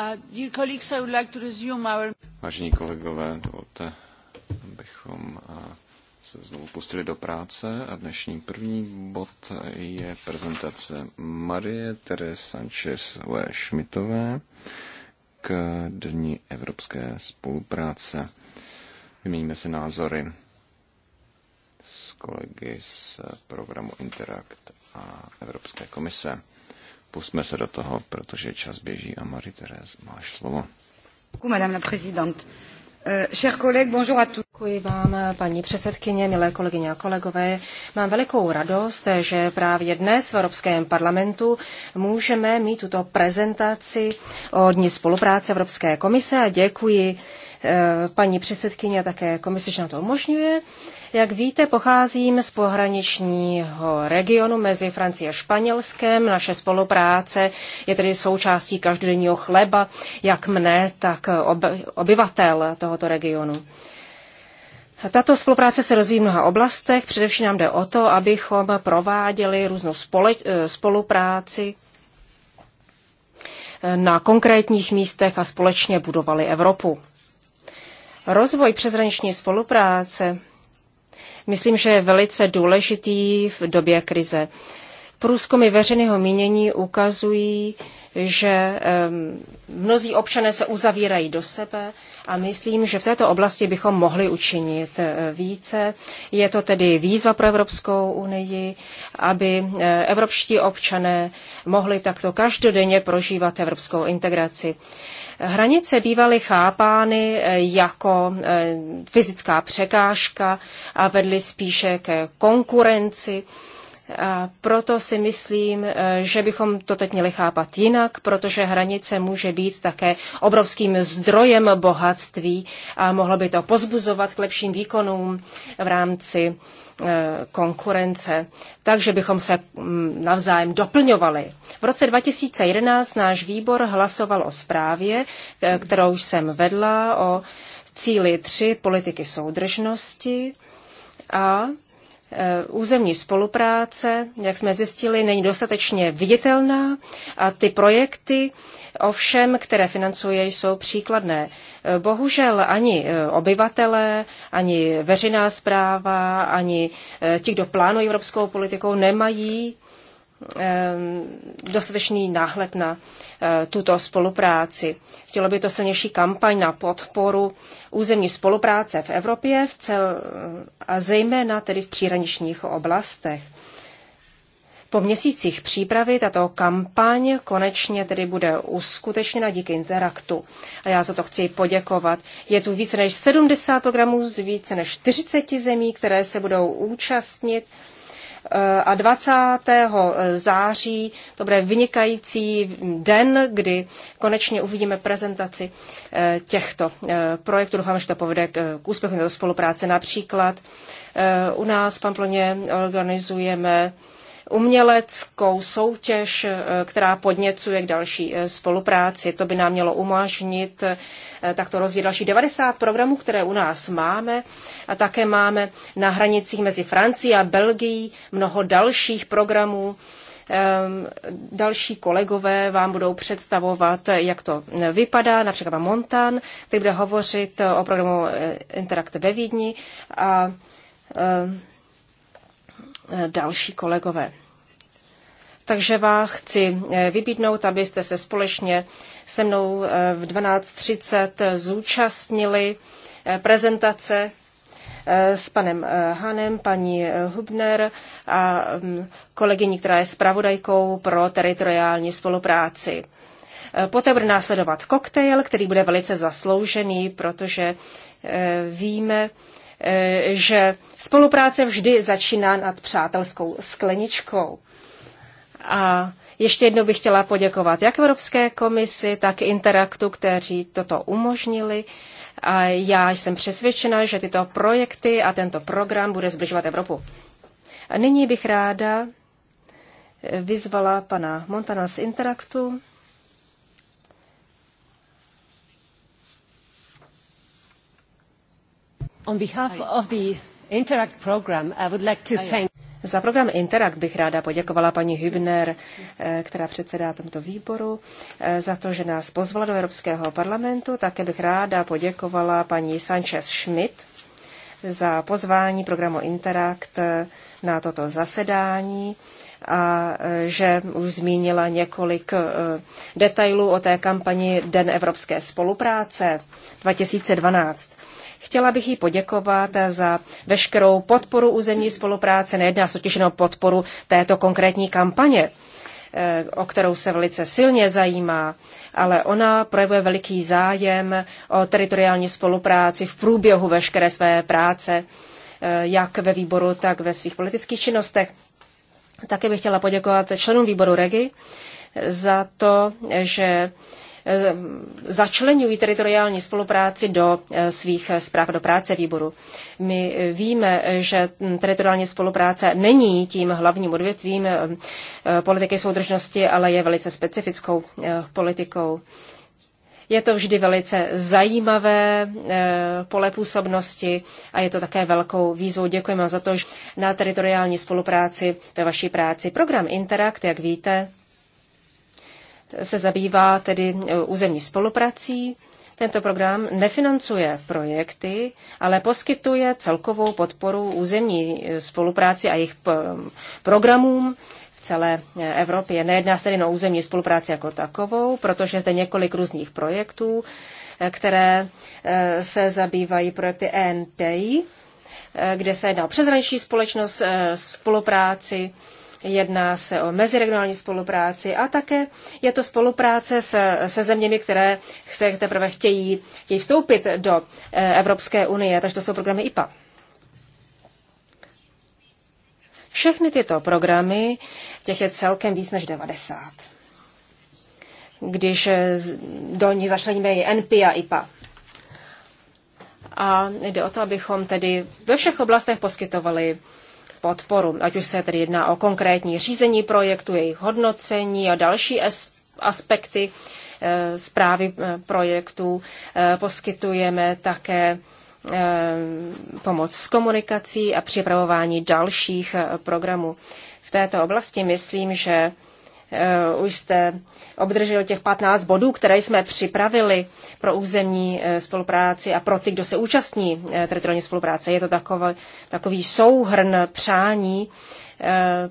Uh, Vážení kolegové, dovolte, abychom uh, se znovu pustili do práce a dnešní první bod je prezentace Marie Teresa Sanchez V. Schmidtové k Dni evropské spolupráce. Vyměníme si názory s kolegy z programu Interact a Evropské komise pusme se do toho, protože čas běží a Marie Therese, máš slovo. Madame la présidente. Euh, děkuji vám, paní předsedkyně, milé kolegyně a kolegové. Mám velikou radost, že právě dnes v Evropském parlamentu můžeme mít tuto prezentaci o dní spolupráce Evropské komise a děkuji eh, paní předsedkyně a také komise, že nám to umožňuje. Jak víte, pocházím z pohraničního regionu mezi Francií a Španělskem. Naše spolupráce je tedy součástí každodenního chleba, jak mne, tak obyvatel tohoto regionu. Tato spolupráce se rozvíjí v mnoha oblastech. Především nám jde o to, abychom prováděli různou spole, eh, spolupráci na konkrétních místech a společně budovali Evropu. Rozvoj přeshraniční spolupráce myslím, že je velice důležitý v době krize. Průzkumy veřejného mínění ukazují, že mnozí občané se uzavírají do sebe a myslím, že v této oblasti bychom mohli učinit eh, více. Je to tedy výzva pro Evropskou unii, aby eh, evropští občané mohli takto každodenně prožívat evropskou integraci. Hranice bývaly chápány eh, jako fyzická překážka a vedly spíše ke konkurenci a proto si myslím, eh, že bychom to teď měli chápat jinak, protože hranice může být také obrovským zdrojem bohatství a mohlo by to pozbuzovat k lepším výkonům v rámci eh, konkurence, takže bychom se mm, navzájem doplňovali. V roce 2011 náš výbor hlasoval o zprávě, eh, kterou jsem vedla o cíli 3 politiky soudržnosti a Eh, územní spolupráce, jak jsme zjistili, není dostatečně viditelná a ty projekty ovšem, které financuje, jsou příkladné. Eh, bohužel ani eh, obyvatelé, ani veřejná zpráva, ani ti, kdo plánují evropskou politikou, nemají dostatečný náhled na e, tuto spolupráci. Chtělo by to silnější kampaň na podporu územní spolupráce v Evropě v cel, a zejména tedy v příhraničních oblastech. Po měsících přípravy tato kampaň konečně tedy bude uskutečněna díky Interaktu. A já za to chci poděkovat. Je tu více než 70 programů z více než 40 zemí, které se budou účastnit a 20. září to bude vynikající den, kdy konečně uvidíme prezentaci eh, těchto eh, projektů. Doufám, že to povede k eh, úspěchu této spolupráce. Například u nás v Pamploně organizujeme uměleckou soutěž, eh, která podněcuje k další eh, spolupráci. To by nám mělo umožnit eh, takto rozvíjet další 90 programů, které u nás máme a také máme na hranicích mezi Francií a Belgií mnoho dalších programů. Ehm, další kolegové vám budou představovat, jak to vypadá, například Montan, který bude hovořit o programu Interact ve Vídni a ehm, E, další kolegové. Takže vás chci e, vybídnout, abyste se společně se mnou e, v 12.30 zúčastnili prezentace s panem Hanem, paní Hubner a kolegyní, která je zpravodajkou pro teritoriální spolupráci. Poté bude následovat koktejl, který bude velice zasloužený, protože víme, Eh, že spolupráce vždy začíná nad přátelskou skleničkou. A ještě jednou bych chtěla poděkovat jak Evropské komisi, tak Interaktu, kteří toto umožnili. A já jsem přesvědčena, že tyto projekty a tento program bude zbližovat Evropu. A nyní bych ráda eh, vyzvala pana Montana z Interaktu, Za program Interact bych ráda poděkovala paní Hübner, eh, která předsedá tomto výboru, eh, za to, že nás pozvala do Evropského parlamentu. Také bych ráda poděkovala paní Sanchez Schmidt za pozvání programu Interact eh, na toto zasedání a že už zmínila několik detailů o té kampani Den evropské spolupráce 2012. Chtěla bych jí poděkovat za veškerou podporu územní spolupráce, nejedná se totiž podporu této konkrétní kampaně eh, o kterou se velice silně zajímá, ale ona projevuje veliký zájem o teritoriální spolupráci v průběhu veškeré své práce, eh, jak ve výboru, tak ve svých politických činnostech. Také bych chtěla poděkovat členům výboru REGI za to, že Eh, začlenují teritoriální spolupráci do eh, svých eh, zpráv do práce výboru. My víme, že hm, teritoriální spolupráce není tím hlavním odvětvím politiky soudržnosti, ale je velice specifickou politikou. Je to vždy velice zajímavé pole působnosti a je to také velkou výzvou. Děkujeme za to, že na teritoriální spolupráci ve vaší práci program Interact, jak víte, se zabývá tedy e, územní spoluprací. Tento program nefinancuje projekty, ale poskytuje celkovou podporu územní e, spolupráci a jejich e, programům v celé Evropě. Nejedná se jen o územní spolupráci jako takovou, protože zde několik různých projektů, které se zabývají projekty ENPI, kde se jedná o přezraniční společnost, spolupráci, jedná se o meziregionální spolupráci a také je to spolupráce se, se zeměmi, které se teprve chtějí, chtějí vstoupit do eh, Evropské unie, takže to jsou programy IPA. Všechny tyto programy, těch je celkem víc než 90. Když eh, do ní začleníme i NP a IPA. A jde o to, abychom tedy ve všech oblastech poskytovali podporu, ať už se tedy jedná o konkrétní řízení projektu, jejich hodnocení a další aspekty eh, zprávy eh, projektu eh, Poskytujeme také pomoc s komunikací a připravování dalších programů. V této oblasti myslím, že Eh, už jste obdrželi těch 15 bodů, které jsme připravili pro územní eh, spolupráci a pro ty, kdo se účastní eh, teritoriální spolupráce. Je to takový, takový souhrn přání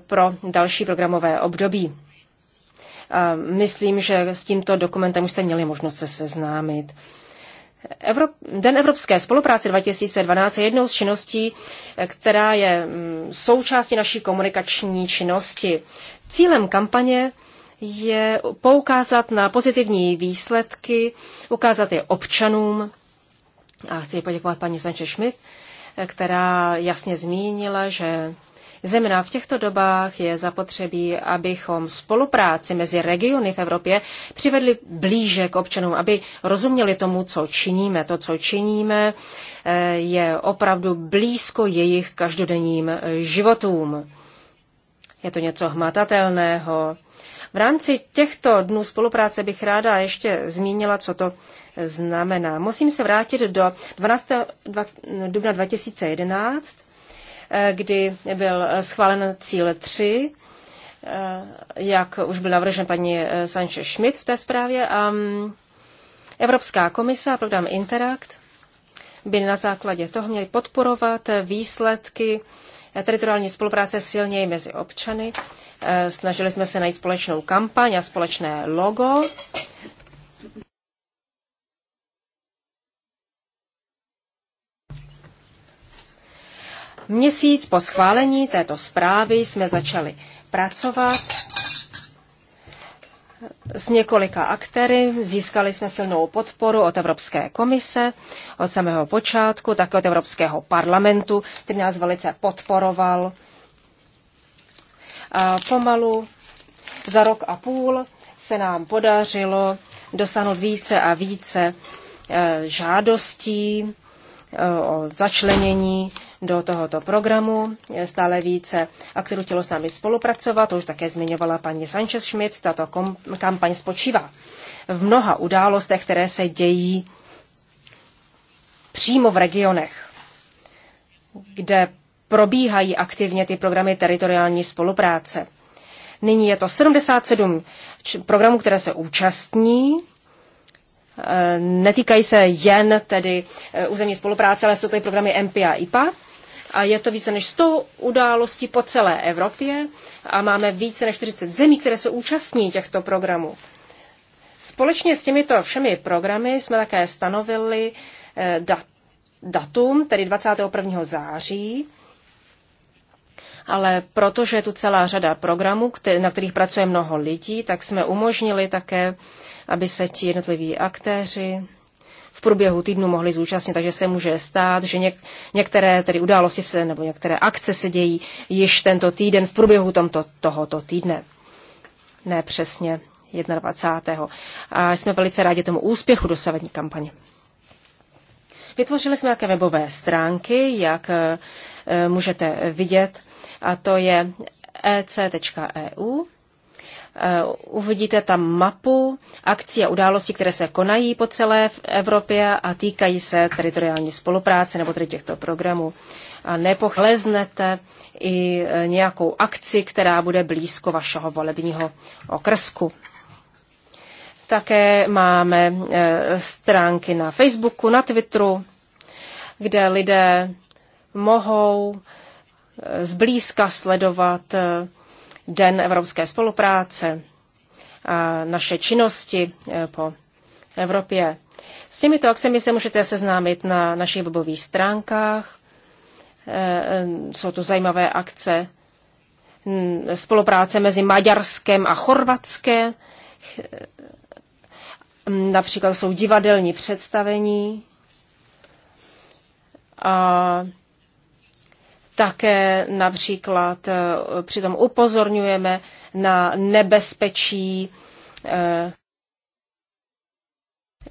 pro další programové období. Myslím, že s tímto dokumentem už jste měli možnost se seznámit. Evrop, Den evropské spolupráce 2012 je jednou z činností, která je mm, součástí naší komunikační činnosti. Cílem kampaně je poukázat na pozitivní výsledky, ukázat je občanům. A chci poděkovat paní Sanče Schmidt, která jasně zmínila, že Zemna v těchto dobách je zapotřebí, abychom spolupráci mezi regiony v Evropě přivedli blíže k občanům, aby rozuměli tomu, co činíme. To, co činíme, eh, je opravdu blízko jejich každodenním eh, životům. Je to něco hmatatelného. V rámci těchto dnů spolupráce bych ráda ještě zmínila, co to znamená. Musím se vrátit do 12. dubna 2011, kdy byl schválen cíl 3, eh, jak už byl navržen paní eh, Sanchez Schmidt v té zprávě. A mm, Evropská komise a program Interact by na základě toho měly podporovat výsledky teritoriální spolupráce silněji mezi občany. Eh, snažili jsme se najít společnou kampaň a společné logo Měsíc po schválení této zprávy jsme začali pracovat s několika aktéry. Získali jsme silnou podporu od Evropské komise od samého počátku, také od Evropského parlamentu, který nás velice podporoval. A pomalu za rok a půl se nám podařilo dosáhnout více a více eh, žádostí eh, o začlenění do tohoto programu. Stále více kterou chtělo s námi spolupracovat, to už také zmiňovala paní Sanchez Schmidt. Tato kampaň spočívá v mnoha událostech, které se dějí přímo v regionech, kde probíhají aktivně ty programy teritoriální spolupráce. Nyní je to 77 programů, které se účastní. E, netýkají se jen tedy e, územní spolupráce, ale jsou to i programy MPA a IPA a je to více než 100 událostí po celé Evropě a máme více než 40 zemí, které se účastní těchto programů. Společně s těmito všemi programy jsme také stanovili eh, datum, tedy 21. září, ale protože je tu celá řada programů, na kterých pracuje mnoho lidí, tak jsme umožnili také, aby se ti jednotliví aktéři v průběhu týdnu mohli zúčastnit, takže se může stát, že něk, některé tedy události se nebo některé akce se dějí již tento týden v průběhu tomto, tohoto týdne. Ne přesně 21. A jsme velice rádi tomu úspěchu dosavadní kampaně. Vytvořili jsme nějaké webové stránky, jak eh, můžete vidět, a to je ec.eu Eh, uvidíte tam mapu akcí a událostí, které se konají po celé v Evropě a týkají se teritoriální spolupráce nebo tedy těchto programů. A nepochleznete i eh, nějakou akci, která bude blízko vašeho volebního okrsku. Také máme eh, stránky na Facebooku, na Twitteru, kde lidé mohou zblízka sledovat Den evropské spolupráce a naše činnosti eh, po Evropě. S těmito akcemi se můžete seznámit na našich webových stránkách. Eh, eh, jsou to zajímavé akce mm, spolupráce mezi Maďarskem a Chorvatskem. Například jsou divadelní představení. A také například eh, přitom upozorňujeme na nebezpečí eh,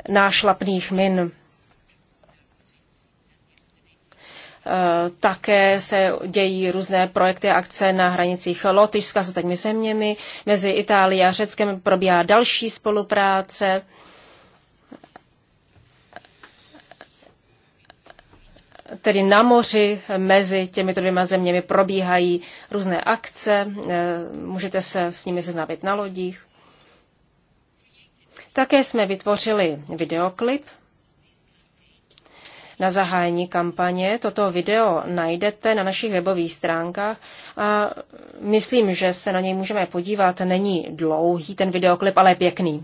nášlapných min. Eh, také se dějí různé projekty a akce na hranicích Lotyšska s ostatními zeměmi. Mezi Itálií a Řeckem probíhá další spolupráce tedy na moři mezi těmito dvěma zeměmi probíhají různé akce, eh, můžete se s nimi seznámit na lodích. Také jsme vytvořili videoklip na zahájení kampaně. Toto video najdete na našich webových stránkách a myslím, že se na něj můžeme podívat. Není dlouhý ten videoklip, ale je pěkný.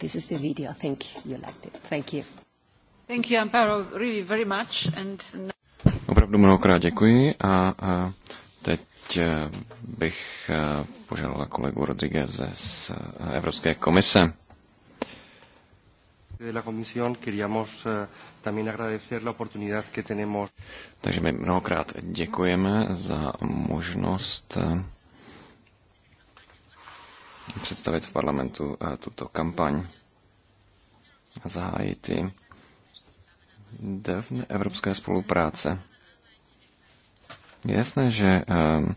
This is the video. I think you liked it. Thank you. Thank you, Amparo, really very much. And... Opravdu mnohokrát děkuji a, a teď eh, bych eh, požádala kolegu Rodriguez z eh, Evropské komise. De la comisión queríamos también agradecer la oportunidad que tenemos. Takže my mnohokrát děkujeme za možnost představit v parlamentu eh, tuto kampaň a zahájit ji evropské spolupráce. Je jasné, že ehm,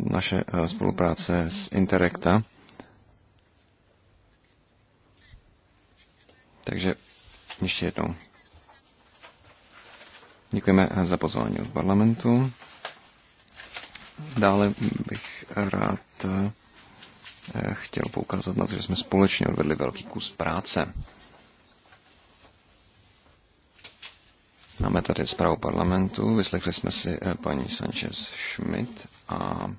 naše eh, spolupráce s Interekta, takže ještě jednou. Děkujeme eh, za pozvání od parlamentu. Dále bych rád Eh, chtěl poukázat na to, že jsme společně odvedli velký kus práce. Máme tady zprávu parlamentu, vyslechli jsme si eh, paní Sanchez Schmidt a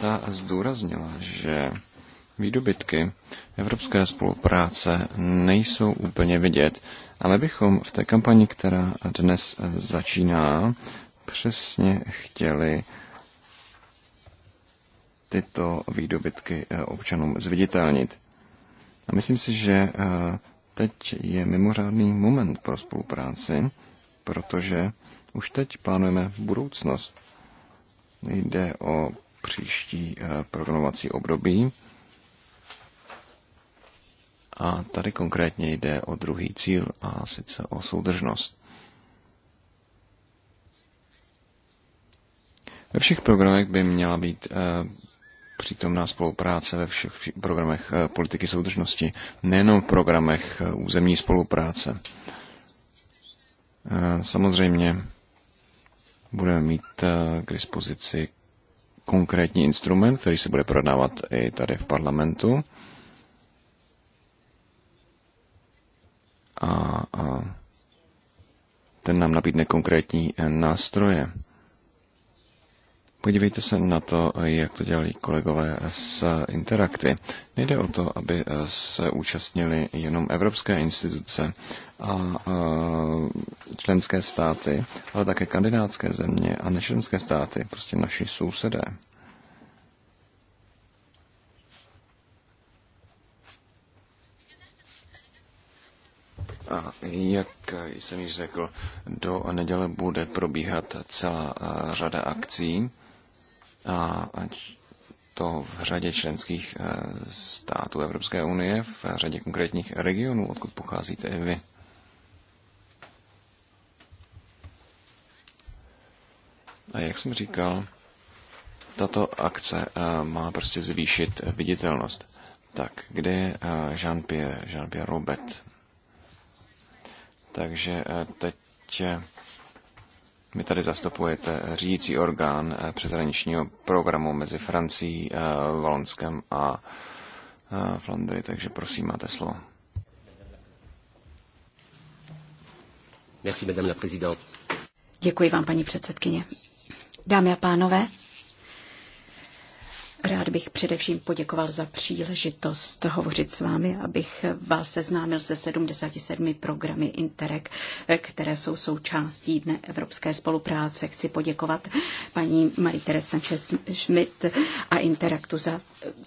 ta zdůraznila, že výdobytky evropské spolupráce nejsou úplně vidět, ale bychom v té kampani, která dnes eh, začíná, přesně chtěli tyto výdobytky eh, občanům zviditelnit. A myslím si, že eh, teď je mimořádný moment pro spolupráci, protože už teď plánujeme budoucnost. Jde o příští eh, programovací období. A tady konkrétně jde o druhý cíl, a sice o soudržnost. Ve všech programech by měla být přítomná spolupráce ve všech programech eh, politiky soudržnosti, nejenom v programech eh, územní spolupráce. Eh, samozřejmě budeme mít k dispozici konkrétní instrument, který se bude prodávat i tady v parlamentu. A, a ten nám nabídne konkrétní nástroje. Podívejte se na to, jak to dělají kolegové z Interakty. Nejde o to, aby eh, se účastnili jenom evropské instituce a eh, členské státy, ale také kandidátské země a nečlenské státy, prostě naši sousedé. A jak jsem již řekl, do neděle bude probíhat celá eh, řada akcí a to v řadě členských eh, států Evropské unie, v řadě konkrétních regionů, odkud pocházíte i vy. A jak jsem říkal, tato akce eh, má prostě zvýšit viditelnost. Tak, kde je eh, Jean-Pierre, Jean-Pierre Robert? Takže teď vy tady zastupujete řídící orgán eh, přeshraničního programu mezi Francií, eh, Valonskem a eh, Flandry, takže prosím, máte slovo. Děkuji vám, paní předsedkyně. Dámy a pánové, Rád bych především poděkoval za příležitost hovořit s vámi, abych vás seznámil se 77 programy Interreg, které jsou součástí Dne Evropské spolupráce. Chci poděkovat paní marie Teresa Schmidt a Interactu za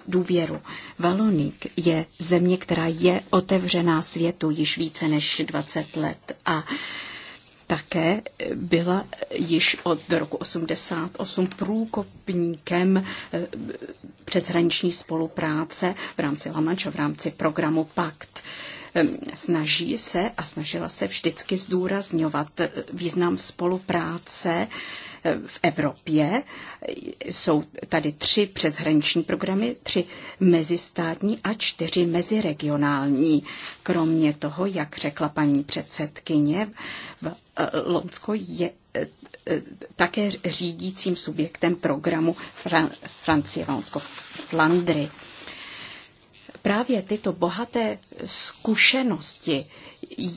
důvěru. Valonik je země, která je otevřená světu již více než 20 let a také byla již od roku 88 průkopníkem eh, přeshraniční spolupráce v rámci Lamanč v rámci programu Pakt ehm, snaží se a snažila se vždycky zdůrazňovat eh, význam spolupráce eh, v Evropě. Jsou tady tři přeshraniční programy, tři mezistátní a čtyři meziregionální. Kromě toho, jak řekla paní předsedkyně, v Lonsko je eh, eh, také řídícím subjektem programu Fran- Francie, Lonsko, Flandry. Právě tyto bohaté zkušenosti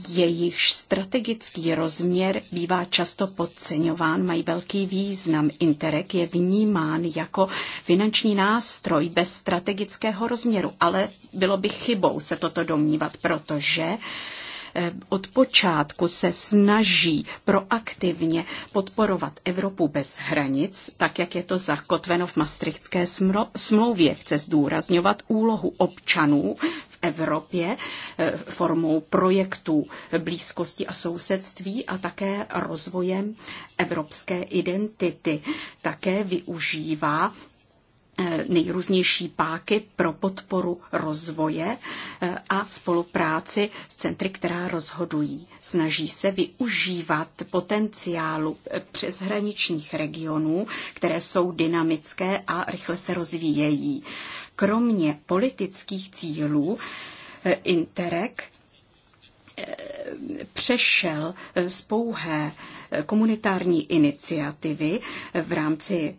jejich strategický rozměr bývá často podceňován, mají velký význam. Interreg je vnímán jako finanční nástroj bez strategického rozměru, ale bylo by chybou se toto domnívat, protože Eh, od počátku se snaží proaktivně podporovat Evropu bez hranic, tak jak je to zakotveno v Maastrichtské smlouvě. Chce zdůrazňovat úlohu občanů v Evropě eh, formou projektů blízkosti a sousedství a také rozvojem evropské identity. Také využívá Eh, nejrůznější páky pro podporu rozvoje eh, a v spolupráci s centry, která rozhodují. Snaží se využívat potenciálu eh, přeshraničních regionů, které jsou dynamické a rychle se rozvíjejí. Kromě politických cílů Interreg přešel z pouhé komunitární iniciativy v rámci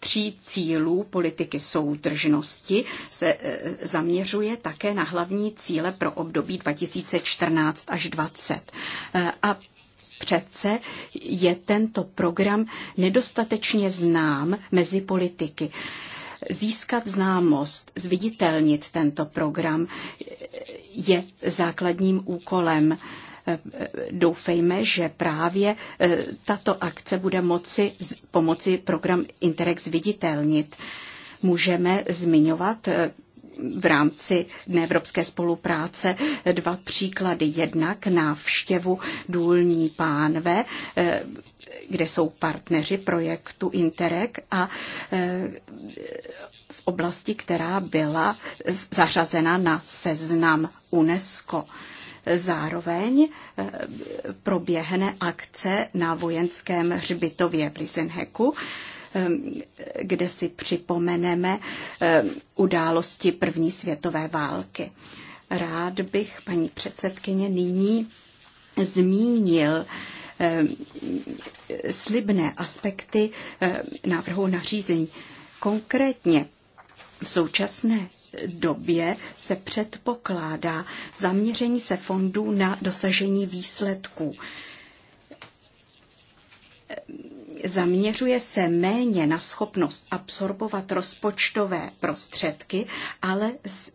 tří cílů politiky soudržnosti se e, zaměřuje také na hlavní cíle pro období 2014 až 2020. E, a Přece je tento program nedostatečně znám mezi politiky. Získat známost, zviditelnit tento program je základním úkolem Doufejme, že právě e, tato akce bude moci pomoci program Interex viditelnit. Můžeme zmiňovat e, v rámci neevropské spolupráce e, dva příklady. Jednak návštěvu důlní pánve, kde jsou partneři projektu Interreg a v oblasti, která byla zařazena na seznam UNESCO. Zároveň eh, proběhne akce na vojenském hřbitově v Lisenheku, eh, kde si připomeneme eh, události první světové války. Rád bych, paní předsedkyně, nyní zmínil slibné aspekty návrhu nařízení. Konkrétně v současné době se předpokládá zaměření se fondů na dosažení výsledků. Zaměřuje se méně na schopnost absorbovat rozpočtové prostředky, ale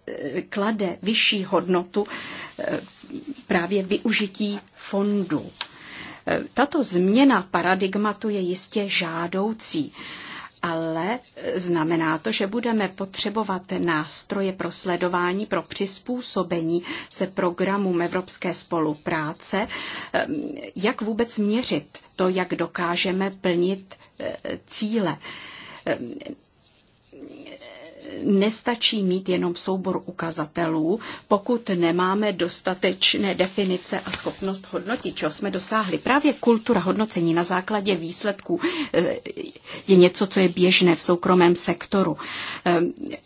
e, klade vyšší hodnotu e, právě využití fondů. E, tato změna paradigmatu je jistě žádoucí ale e, znamená to, že budeme potřebovat nástroje pro sledování, pro přizpůsobení se programům evropské spolupráce, e, jak vůbec měřit to, jak dokážeme plnit e, cíle nestačí mít jenom soubor ukazatelů, pokud nemáme dostatečné definice a schopnost hodnotit, čeho jsme dosáhli. Právě kultura hodnocení na základě výsledků eh, je něco, co je běžné v soukromém sektoru. Eh,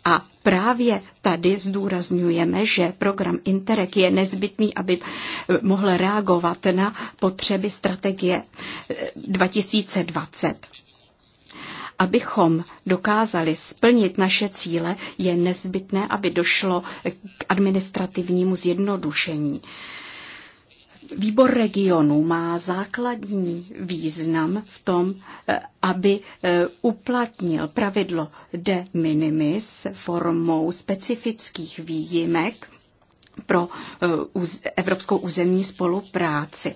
a právě tady zdůrazňujeme, že program Interreg je nezbytný, aby eh, mohl reagovat na potřeby strategie 2020. Abychom dokázali splnit naše cíle, je nezbytné, aby došlo k administrativnímu zjednodušení. Výbor regionu má základní význam v tom, eh, aby eh, uplatnil pravidlo de minimis formou specifických výjimek pro eh, evropskou územní spolupráci.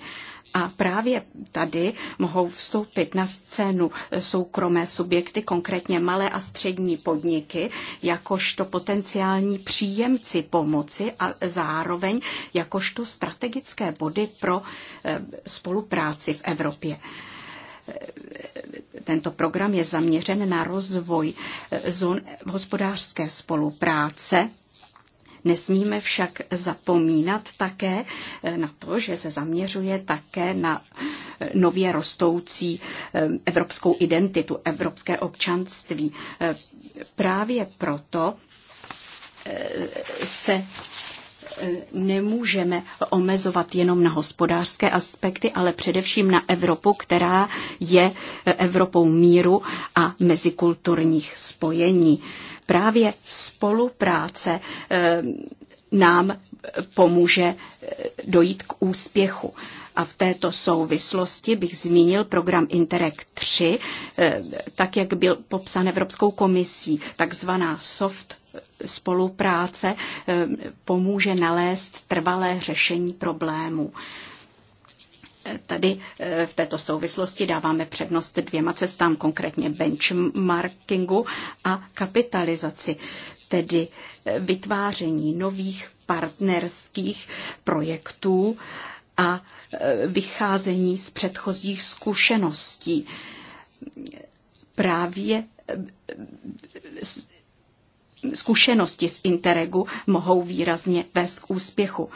A právě tady mohou vstoupit na scénu soukromé subjekty, konkrétně malé a střední podniky, jakožto potenciální příjemci pomoci a zároveň jakožto strategické body pro eh, spolupráci v Evropě eh, tento program je zaměřen na rozvoj eh, zón hospodářské spolupráce Nesmíme však zapomínat také eh, na to, že se zaměřuje také na eh, nově rostoucí eh, evropskou identitu, evropské občanství. Právě proto se nemůžeme omezovat jenom na hospodářské aspekty, ale především na Evropu, která je Evropou míru a mezikulturních spojení právě spolupráce eh, nám pomůže eh, dojít k úspěchu. A v této souvislosti bych zmínil program Interreg 3, eh, tak jak byl popsán Evropskou komisí, takzvaná soft spolupráce pomůže nalézt trvalé řešení problémů. Tady eh, v této souvislosti dáváme přednost dvěma cestám, konkrétně benchmarkingu a kapitalizaci, tedy eh, vytváření nových partnerských projektů a eh, vycházení z předchozích zkušeností. Právě zkušenosti z interegu mohou výrazně vést k úspěchu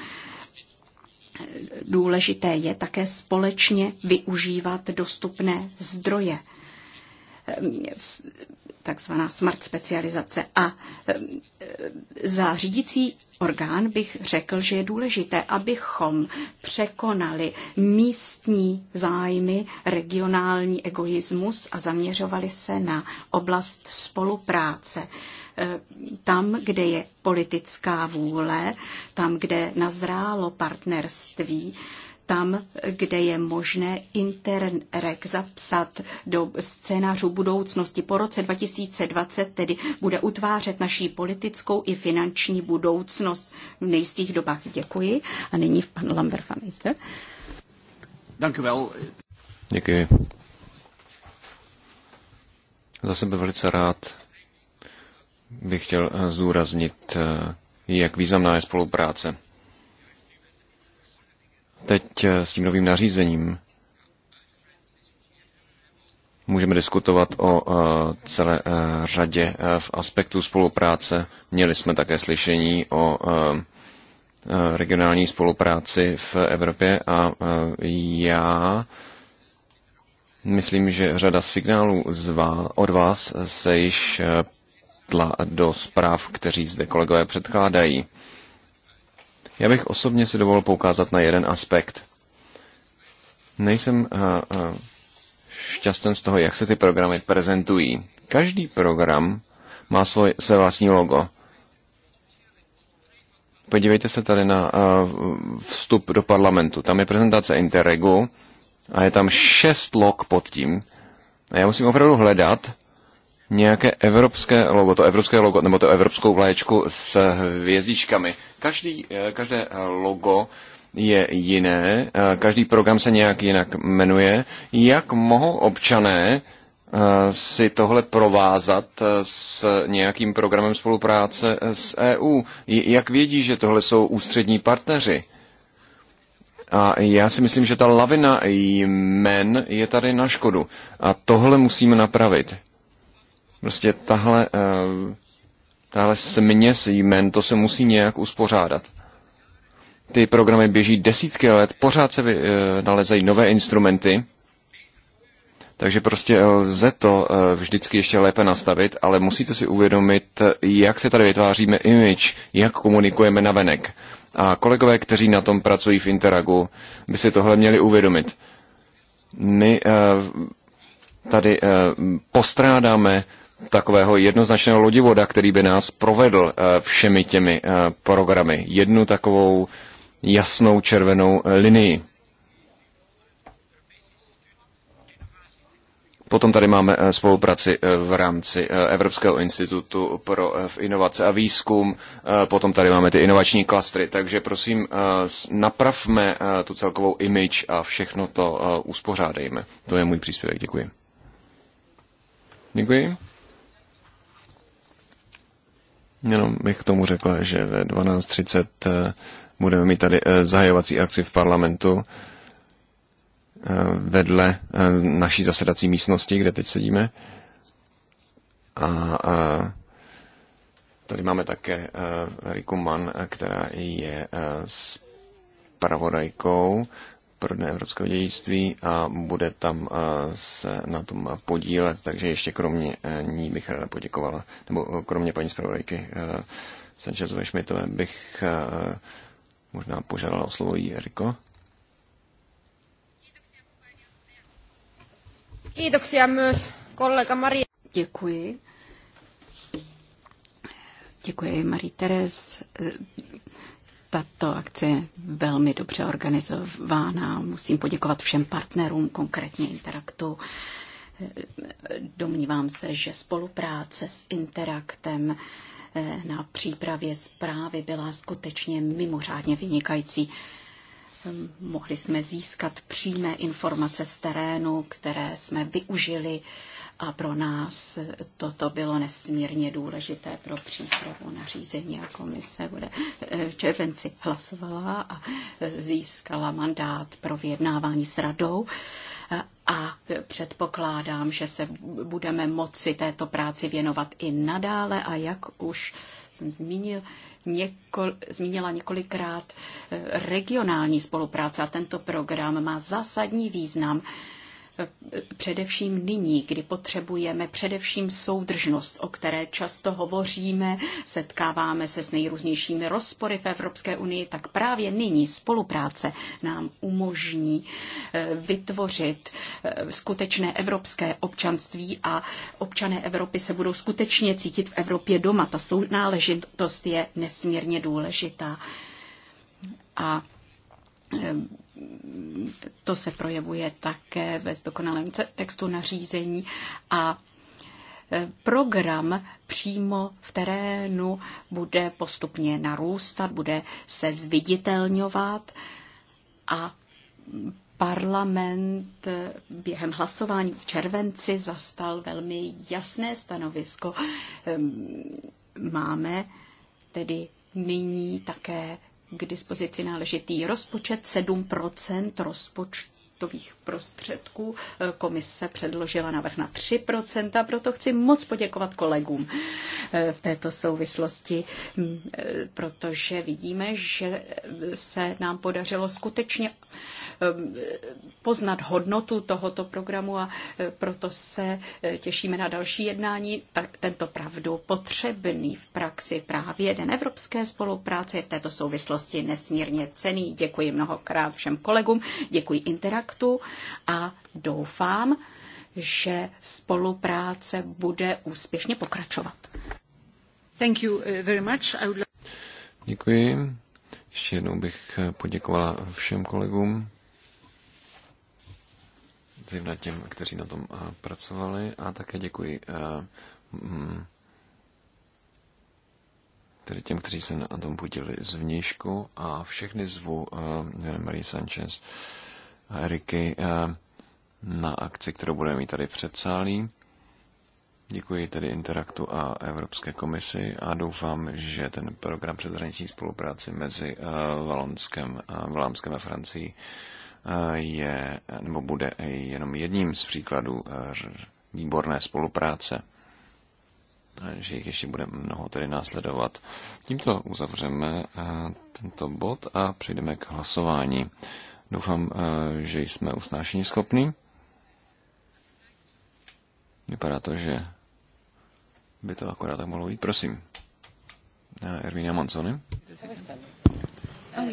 důležité je také společně využívat dostupné zdroje, ehm, takzvaná smart specializace. A ehm, za řídící orgán bych řekl, že je důležité, abychom překonali místní zájmy, regionální egoismus a zaměřovali se na oblast spolupráce tam, kde je politická vůle, tam, kde nazrálo partnerství, tam, kde je možné Interreg zapsat do scénářů budoucnosti. Po roce 2020 tedy bude utvářet naší politickou i finanční budoucnost v nejistých dobách. Děkuji. A nyní pan Lambert van Eister. Děkuji. Za sebe velice rád bych chtěl eh, zdůraznit, eh, jak významná je spolupráce. Teď eh, s tím novým nařízením můžeme diskutovat o celé řadě v aspektu spolupráce. Měli jsme také slyšení o regionální spolupráci v Evropě a já myslím, že řada signálů z vás, od vás se již promítla do zpráv, kteří zde kolegové předkládají. Já bych osobně si dovolil poukázat na jeden aspekt. Nejsem eh, eh, šťasten z toho, jak se ty programy prezentují. Každý program má svoj, své vlastní logo. Podívejte se tady na eh, vstup do parlamentu. Tam je prezentace Interregu a je tam šest log pod tím. A já musím opravdu hledat, nějaké evropské logo, to evropské logo, nebo to evropskou vlaječku s hvězdičkami. Každý, eh, každé logo je jiné, eh, každý program se nějak jinak jmenuje. Jak mohou občané eh, si tohle provázat s nějakým programem spolupráce s EU? Jak vědí, že tohle jsou ústřední partneři? A já si myslím, že ta lavina jmen je tady na škodu. A tohle musíme napravit. Prostě tahle, eh, tahle směs jmen, to se musí nějak uspořádat. Ty programy běží desítky let, pořád se eh, nalezají nové instrumenty, takže prostě lze to eh, vždycky ještě lépe nastavit, ale musíte si uvědomit, jak se tady vytváříme image, jak komunikujeme na venek. A kolegové, kteří na tom pracují v Interagu, by si tohle měli uvědomit. My tady postrádáme takového jednoznačného lodivoda, který by nás provedl eh, všemi těmi eh, programy. Jednu takovou jasnou červenou eh, linii. Potom tady máme spolupráci v rámci Evropského institutu pro inovace a výzkum, potom tady máme ty inovační klastry, takže prosím napravme tu celkovou image a všechno to uspořádejme. To je můj příspěvek, děkuji. Děkuji. Jenom bych k tomu řekla, že ve 12.30 eh, budeme mít tady eh, zahajovací akci v parlamentu eh, vedle naší zasedací místnosti, kde teď sedíme. A, a tady máme také Riku Mann, která je s pravodajkou pro Dne evropského dědictví a bude tam eh, se na tom podílet, takže ještě kromě eh, ní bych ráda poděkovala, nebo eh, kromě paní zpravodajky Sančezové Šmitové bych možná požádala o slovo jí myös kollega Děkuji. Děkuji Marie Teres tato akce je velmi dobře organizována. Musím poděkovat všem partnerům, konkrétně Interaktu. Domnívám se, že spolupráce s Interaktem eh, na přípravě zprávy byla skutečně mimořádně vynikající. Mohli jsme získat přímé informace z terénu, které jsme využili a pro nás toto bylo nesmírně důležité pro přípravu na řízení a komise bude eh, v červenci hlasovala a eh, získala mandát pro vyjednávání s radou a předpokládám, že se budeme moci této práci věnovat i nadále a jak už jsem zmínil, Někol, zmínila několikrát eh, regionální spolupráce a tento program má zásadní význam především nyní, kdy potřebujeme především soudržnost, o které často hovoříme, setkáváme se s nejrůznějšími rozpory v Evropské unii, tak právě nyní spolupráce nám umožní eh, vytvořit eh, skutečné evropské občanství a občané Evropy se budou skutečně cítit v Evropě doma. Ta sounáležitost je nesmírně důležitá. A eh, to se projevuje také ve zdokonalém textu nařízení a e, program přímo v terénu bude postupně narůstat, bude se zviditelňovat a parlament e, během hlasování v červenci zastal velmi jasné stanovisko. Ehm, máme tedy nyní také k dispozici náležitý rozpočet 7 rozpočtových prostředků. E, komise předložila návrh na 3 proto chci moc poděkovat kolegům e, v této souvislosti, e, protože vidíme, že se nám podařilo skutečně Ehm, poznat hodnotu tohoto programu a eh, proto se eh, těšíme na další jednání. Tento pravdu potřebný v praxi právě Den evropské spolupráce je v této souvislosti nesmírně cený. Děkuji mnohokrát všem kolegům, děkuji Interaktu a doufám, že spolupráce bude úspěšně pokračovat. Thank you eh, very much. I would like... Děkuji. Ještě jednou bych poděkovala všem kolegům zejména těm, kteří na tom eh, pracovali a také děkuji eh, mm, tedy těm, kteří se na tom podíleli z vnějšku a všechny zvu eh, Marie Sanchez a Eriky na akci, kterou budeme mít tady před sálí. Děkuji tedy Interaktu a Evropské komisi a doufám, že ten program předhraniční spolupráci mezi Valonskem, Valámskem a Francií je, nebo bude jenom jedním z příkladů eh, výborné spolupráce že jich ještě bude mnoho tedy následovat. Tímto uzavřeme eh, tento bod a přejdeme k hlasování. Doufám, eh, že jsme usnášení schopní. Vypadá to, že by to akorát tak mohlo být. Prosím. Ervina Manzony. Oh,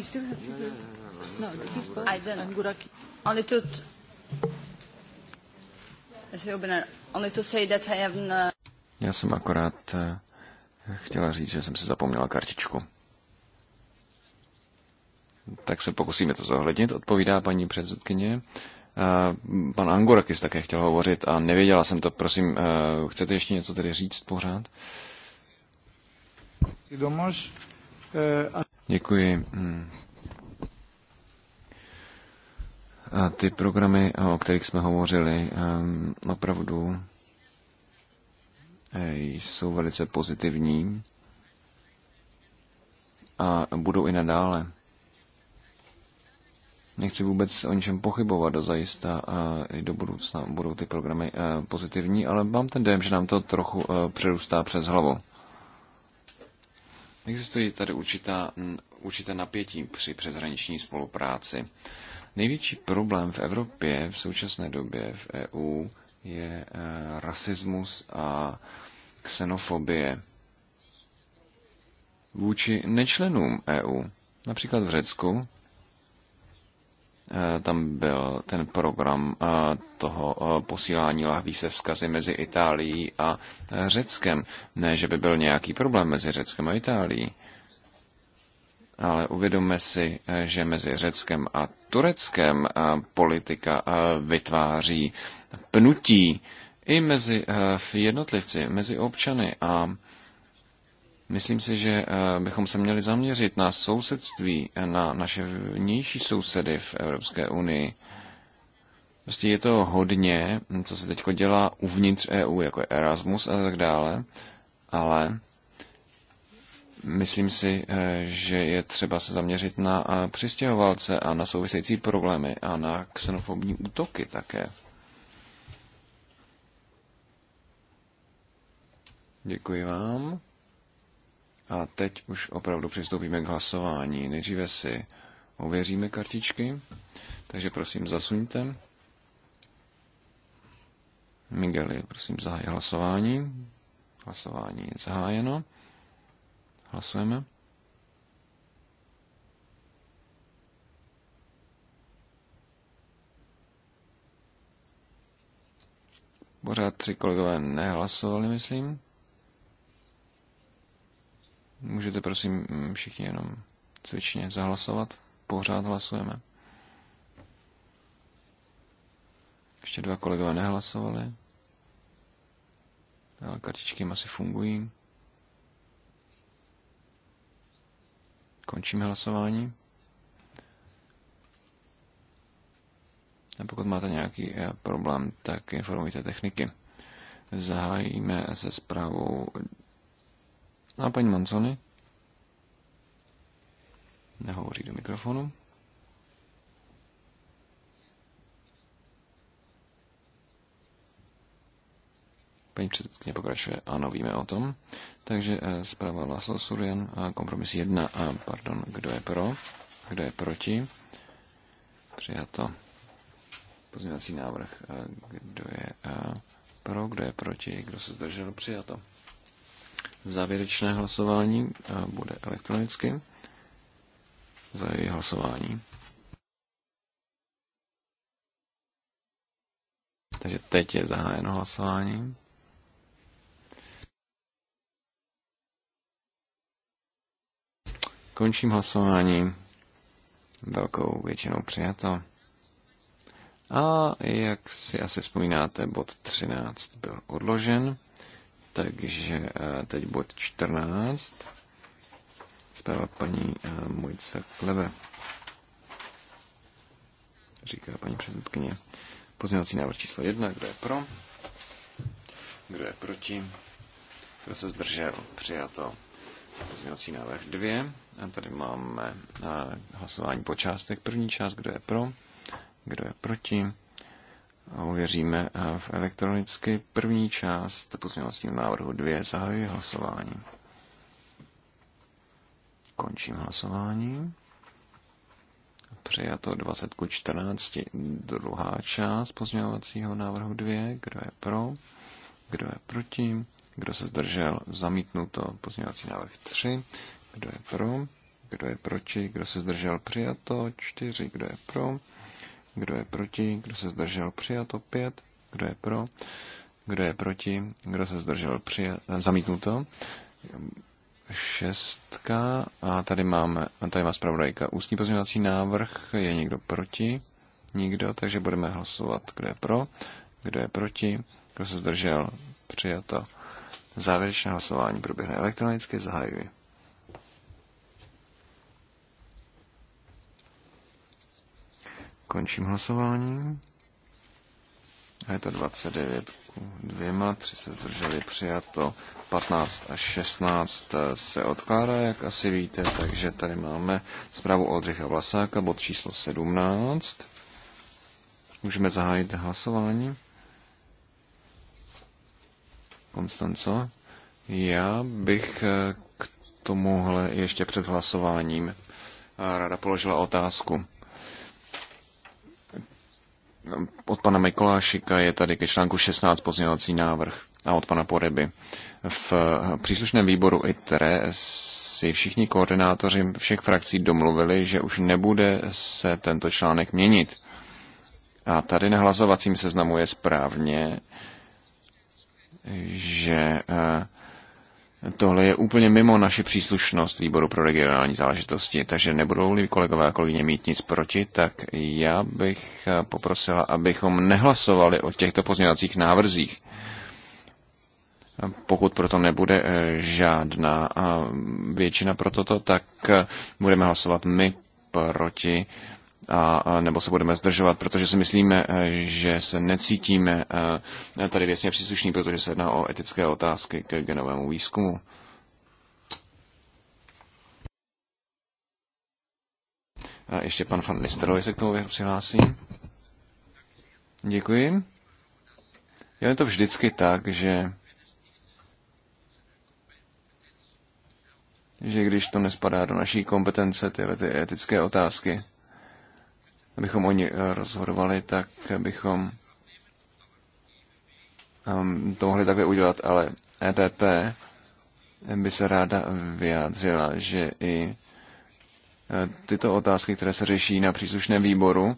já jsem akorát eh, chtěla říct, že jsem si zapomněla kartičku. Tak se pokusíme to zohlednit, odpovídá paní předsedkyně. Eh, pan Angorakis také chtěl hovořit a nevěděla jsem to. Prosím, eh, chcete ještě něco tedy říct pořád? Děkuji. Hmm ty programy, eh, o kterých jsme hovořili, ehm, opravdu eh, jsou velice pozitivní a budou i nadále. Nechci vůbec o ničem pochybovat, dozajista a i do budoucna budou ty programy eh, pozitivní, ale mám ten dojem, že nám to trochu přerůstá přes hlavu. Existují tady určitá, určité napětí při přeshraniční spolupráci. Největší problém v Evropě v současné době v EU je eh, rasismus a xenofobie vůči nečlenům EU. Například v Řecku eh, tam byl ten program eh, toho posílání lahví se vzkazy mezi Itálií a Řeckem. Ne, že by byl nějaký problém mezi Řeckem a Itálií ale uvědomme si, eh, že mezi Řeckem a Tureckem eh, politika eh, vytváří pnutí i mezi jednotlivci, mezi občany a Myslím si, že bychom se měli zaměřit na sousedství, na naše vnější sousedy v Evropské unii. Prostě je to hodně, co se teď dělá uvnitř EU, jako Erasmus a tak dále, ale Myslím si, eh, že je třeba se zaměřit na eh, přistěhovalce a na související problémy a na xenofobní útoky také. Děkuji vám. A teď už opravdu přistoupíme k hlasování. Nejdříve si ověříme kartičky, takže prosím zasuňte. Migeli, prosím zahaj hlasování. Hlasování je zahájeno. Hlasujeme. Pořád tři kolegové nehlasovali, myslím. Můžete prosím všichni jenom cvičně zahlasovat. Pořád hlasujeme. Ještě dva kolegové nehlasovali. Ale kartičky asi fungují. Končím hlasování. A pokud máte nějaký eh, problém, tak informujte techniky. Zahájíme se zprávou na paní Manzony. Nehovoří do mikrofonu. Paní předsedkyně pokračuje, ano, víme o tom. Takže eh, zpráva Laslo Surian, kompromis 1, a pardon, kdo je pro, kdo je proti. Přijato. Pozměňovací návrh, eh, kdo je eh, pro, kdo je proti, kdo se zdržel, přijato. Závěrečné hlasování bude elektronicky. Za její hlasování. Takže teď je zahájeno hlasování. Končím hlasování. Velkou většinou přijato. A jak si asi vzpomínáte, bod 13 byl odložen, takže eh, teď bod 14. Zpráva paní eh, Mojce Klebe. Říká paní předsedkyně. Pozměňovací návrh číslo 1. Kdo je pro? Kdo je proti? Kdo se zdržel? Přijato. Pozměňovací návrh 2. A tady máme eh, hlasování po částech. První část, kdo je pro, kdo je proti. A uvěříme eh, v elektronicky první část pozměňovacího návrhu 2. Zahajuji hlasování. Končím hlasování. Přijato 20 k 14. Druhá část pozměňovacího návrhu 2. Kdo je pro? Kdo je proti? Kdo se zdržel? Zamítnuto pozměňovací návrh 3. Kdo je pro? Kdo je proti? Kdo se zdržel? Přijato. 4. Kdo je pro? Kdo je proti? Kdo se zdržel? Přijato. 5. Kdo je pro? Kdo je proti? Kdo se zdržel? přijato? zamítnuto. Šestka. A tady máme, a tady má zpravodajka. Ústní pozměňovací návrh. Je někdo proti? Nikdo, takže budeme hlasovat, kdo je pro, kdo je proti, kdo se zdržel, přijato. Závěrečné hlasování proběhne elektronicky, zahajuji. Končím hlasování. A je to 29 ku 2, 3 se zdrželi přijato, 15 a 16 eh, se odkládá, jak asi víte, takže tady máme zprávu Oldřicha Vlasáka, bod číslo 17. Můžeme zahájit hlasování. Konstanco, já bych eh, k tomuhle ještě před hlasováním eh, ráda položila otázku od pana Mikolášika je tady ke článku 16 pozměňovací návrh a od pana Poreby. V příslušném výboru ITRE si všichni koordinátoři všech frakcí domluvili, že už nebude se tento článek měnit. A tady na hlasovacím seznamu je správně, že uh, Tohle je úplně mimo naši příslušnost výboru pro regionální záležitosti, takže nebudou-li kolegové a kolegyně mít nic proti, tak já bych eh, poprosila, abychom nehlasovali o těchto pozměňovacích návrzích. Pokud proto nebude eh, žádná většina pro toto, tak eh, budeme hlasovat my proti a, a nebo se budeme zdržovat, protože si myslíme, e, že se necítíme e, tady věcně příslušní, protože se jedná o etické otázky k genovému výzkumu. A ještě pan van Nistelrooy se k tomu přihlásí. Děkuji. Je to vždycky tak, že že když to nespadá do naší kompetence, tyhle ty etické otázky, abychom oni eh, rozhodovali, tak bychom ehm, to mohli také udělat, ale EPP by se ráda vyjádřila, že i eh, tyto otázky, které se řeší na příslušném výboru,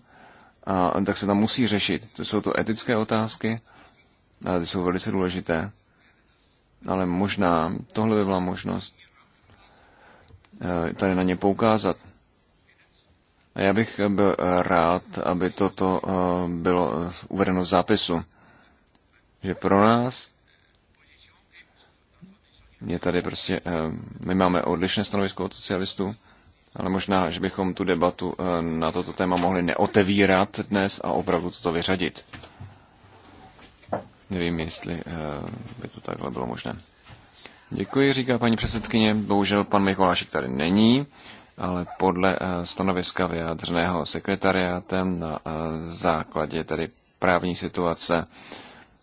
a, tak se tam musí řešit. To jsou to etické otázky, a ty jsou velice důležité. Ale možná tohle by byla možnost eh, tady na ně poukázat. A já bych eh, byl eh, rád, aby toto eh, bylo uvedeno v zápisu, že pro nás je tady prostě, my máme odlišné stanovisko od socialistů, ale možná, že bychom tu debatu na toto téma mohli neotevírat dnes a opravdu toto vyřadit. Nevím, jestli by to takhle bylo možné. Děkuji, říká paní předsedkyně. Bohužel pan Mikolášek tady není, ale podle eh, stanoviska vyjádřeného sekretariátem na eh, základě tedy právní situace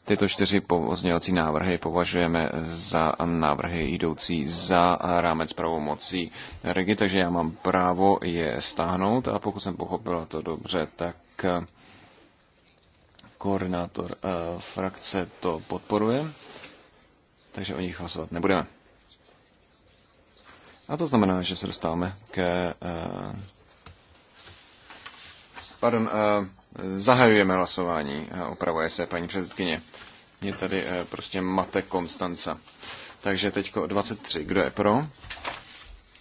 Tyto čtyři pozměňovací návrhy považujeme za návrhy jdoucí za rámec pravomocí Regi, takže já mám právo je stáhnout a pokud jsem pochopil to dobře, tak eh, koordinátor frakce to podporuje, takže o nich hlasovat nebudeme. A to znamená, že se dostáváme ke... Eh, pardon, eh, zahajujeme hlasování, opravuje se paní předsedkyně. Je tady eh, prostě mate Konstanca. Takže teďko 23. Kdo je pro?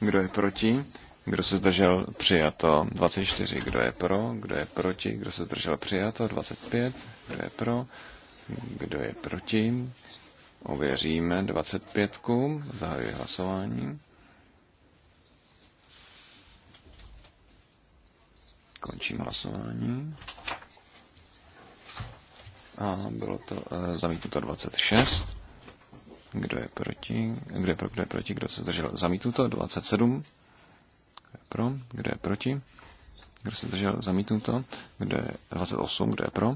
Kdo je proti? Kdo se zdržel přijato? 24. Kdo je pro? Kdo je proti? Kdo se zdržel přijato? 25. Kdo je pro? Kdo je proti? Ověříme 25. Zahajuji hlasování. Končím hlasování. A bylo to e, zamítnuto 26. Kdo je proti? Kdo je pro, kdo je proti? Kdo se zdržel? Zamítnuto 27. Kdo je pro? Kdo je proti? Kdo se zdržel? Zamítnuto. Kdo je 28? Kdo je pro?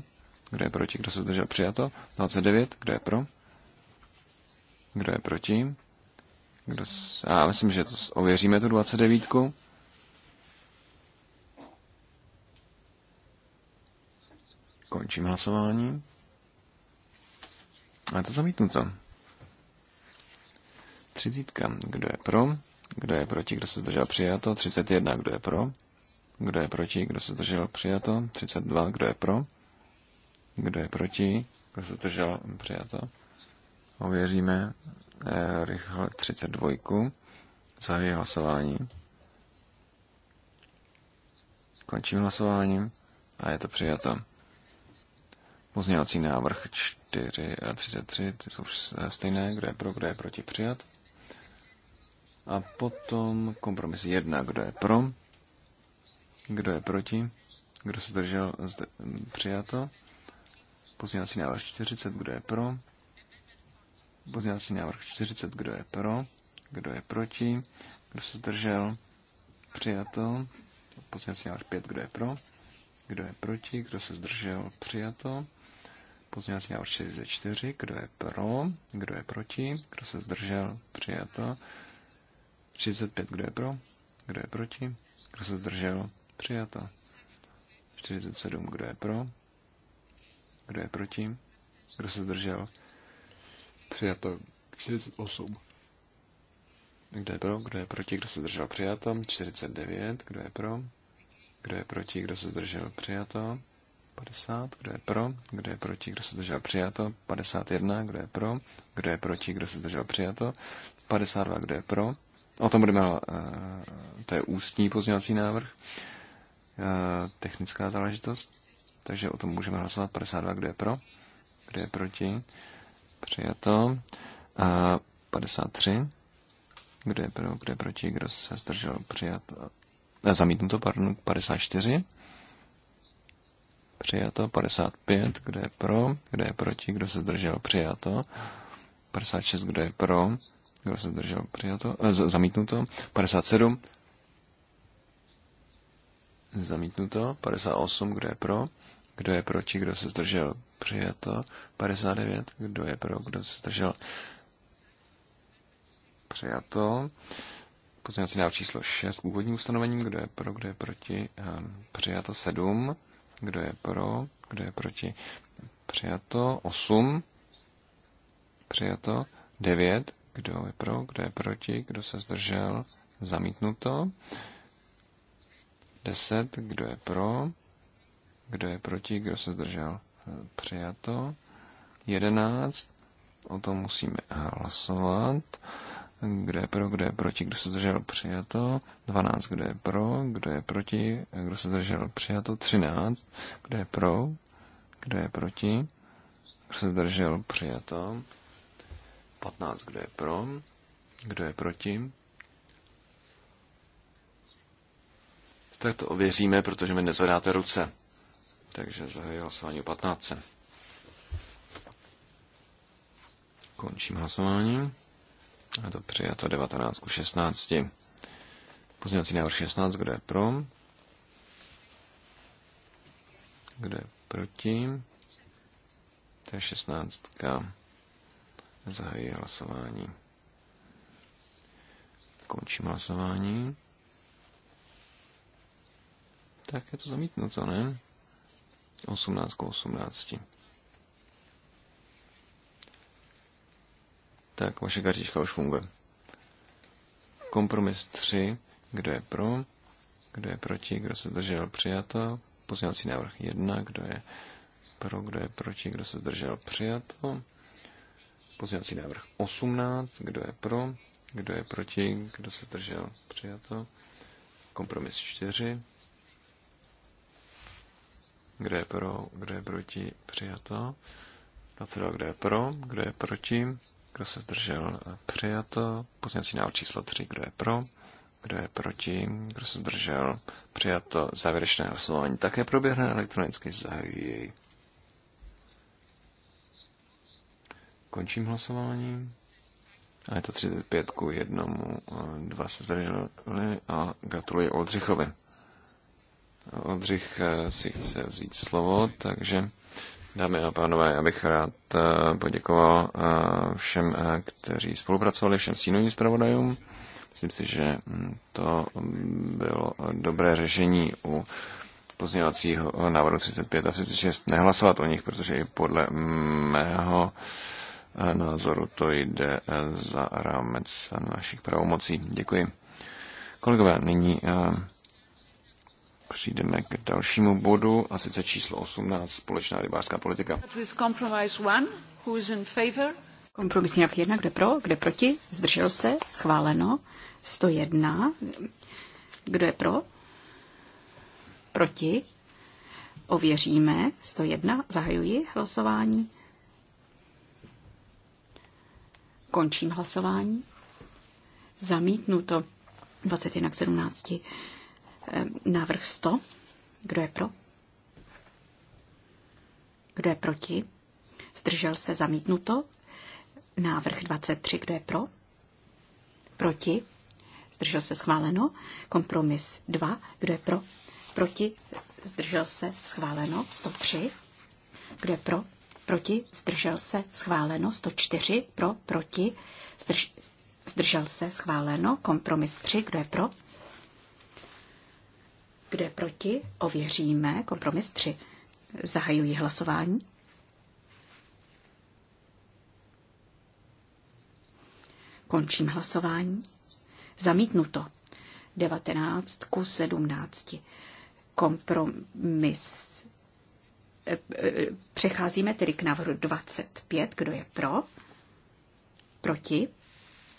Kdo je proti? Kdo se zdržel? Přijato. 29. Kdo je pro? Kdo je proti? Kdo se... A myslím, že to ověříme tu 29. Končím hlasování. A je to zamítnuto. Třicítka. Kdo je pro? Kdo je proti? Kdo se zdržel? Přijato. 31. Kdo je pro? Kdo je proti? Kdo se zdržel? Přijato. 32. Kdo je pro? Kdo je proti? Kdo se zdržel? Přijato. Ověříme e, rychle 32. Zahajuji hlasování. Končím hlasování a je to přijato. Pozměňovací návrh 4 a 33, ty jsou stejné, kdo je pro, kdo je proti přijat. A potom kompromis 1, kdo je pro, kdo je proti, kdo se držel přijato. Pozměňovací návrh 40, kdo je pro, pozměňovací návrh 40, kdo je pro, kdo je proti, kdo se zdržel, přijato. Pozměňovací návrh 5, kdo je pro, kdo je proti, kdo se zdržel, přijato pozměnací návrh 64. Kdo je pro? Kdo je proti? Kdo se zdržel? Přijato. 35. Kdo je pro? Kdo je proti? Kdo se zdržel? Přijato. 47. Kdo je pro? Kdo je proti? Kdo se zdržel? Přijato. 48. Kdo je pro? Kdo je proti? Kdo se zdržel? Přijato. 49. Kdo je pro? Kdo je proti? Kdo se zdržel? Přijato. 50, kdo je pro, kdo je proti, kdo se zdržel přijato, 51, kdo je pro, kdo je proti, kdo se zdržel přijato, 52, kdo je pro, o tom budeme, eh, to je ústní pozměňovací návrh, eh, technická záležitost, takže o tom můžeme hlasovat, 52, kdo je pro, kdo je proti, přijato, 53, eh, kdo je pro, kdo je proti, kdo se zdržel přijato, zamítnuto, pardon, 54, Přijato. 55. Kdo je pro? Kdo je proti? Kdo se zdržel? Přijato. 56. Kdo je pro? Kdo se zdržel? Přijato. Eh, zamítnuto. 57. Zamítnuto. 58. Kdo je pro? Kdo je proti? Kdo se zdržel? Přijato. 59. Kdo je pro? Kdo se zdržel? Přijato. Pozměňovací návrh číslo 6 k úvodním ustanovením. Kdo je pro? Kdo je proti? Ehm, přijato 7. Kdo je pro? Kdo je proti? Přijato. 8. Přijato. 9. Kdo je pro? Kdo je proti? Kdo se zdržel? Zamítnuto. 10. Kdo je pro? Kdo je proti? Kdo se zdržel? Přijato. 11. O tom musíme hlasovat kdo je pro, kdo je proti, kdo se držel přijato, 12, kdo je pro, kdo je proti, kdo se držel přijato, 13, kdo je pro, kdo je proti, kdo se držel přijato, 15, kdo je pro, kdo je proti. Tak to ověříme, protože mi nezvedáte ruce. Takže zahajuji hlasování o 15. Končím hlasování. Je to přijato 19 ku 16. Pozměňovací návrh 16, kdo je pro? Kdo je proti? To je 16. Zahají hlasování. Končím hlasování. Tak je to zamítnuto, ne? 18 k 18. Tak, vaše kartička už funguje. Kompromis 3. Kdo je pro? Kdo je proti? Kdo se zdržel? Přijato. Pozměňovací návrh 1. Kdo je pro? Kdo je proti? Kdo se zdržel? Přijato. Pozměňovací návrh 18. Kdo je pro? Kdo je proti? Kdo se zdržel? Přijato. Kompromis 4. Kdo je pro? Kdo je proti? Přijato. 22. Kdo je pro? Kdo je proti? kdo se zdržel, přijato. Pozměňovací návrh číslo 3, kdo je pro, kdo je proti, kdo se zdržel, přijato. Závěrečné hlasování také proběhne elektronicky, zahajuji jej. Končím hlasování. A je to 35 ku jednomu, dva se zdrželi a gratuluji Oldřichovi. Oldřich eh, si chce vzít slovo, takže Dámy a pánové, já bych rád eh, poděkoval eh, všem, eh, kteří spolupracovali, všem stínovým zpravodajům. Myslím si, že hm, to bylo dobré řešení u pozměňovacího návrhu 35 a 36 nehlasovat o nich, protože i podle mého názoru to jde za rámec našich pravomocí. Děkuji. Kolegové, nyní přijdeme k dalšímu bodu, a sice číslo 18, společná rybářská politika. Kompromisní nějak jedna. kde pro, kde proti, zdržel se, schváleno. 101, kdo je pro, proti, ověříme. 101, zahajuji hlasování. Končím hlasování. Zamítnuto 21 k 17. Návrh 100. Kdo je pro? Kdo je proti? Zdržel se zamítnuto. Návrh 23. Kdo je pro? Proti? Zdržel se schváleno. Kompromis 2. Kdo je pro? Proti? Zdržel se schváleno. 103. Kdo je pro? Proti? Zdržel se schváleno. 104. Pro? Proti? Zdrž, zdržel se schváleno. Kompromis 3. Kdo je pro? Kdo je proti? Ověříme. Kompromis 3. Zahajuji hlasování. Končím hlasování. Zamítnuto. 19 ku 17. Kompromis. E, e, přecházíme tedy k návrhu 25. Kdo je pro? Proti?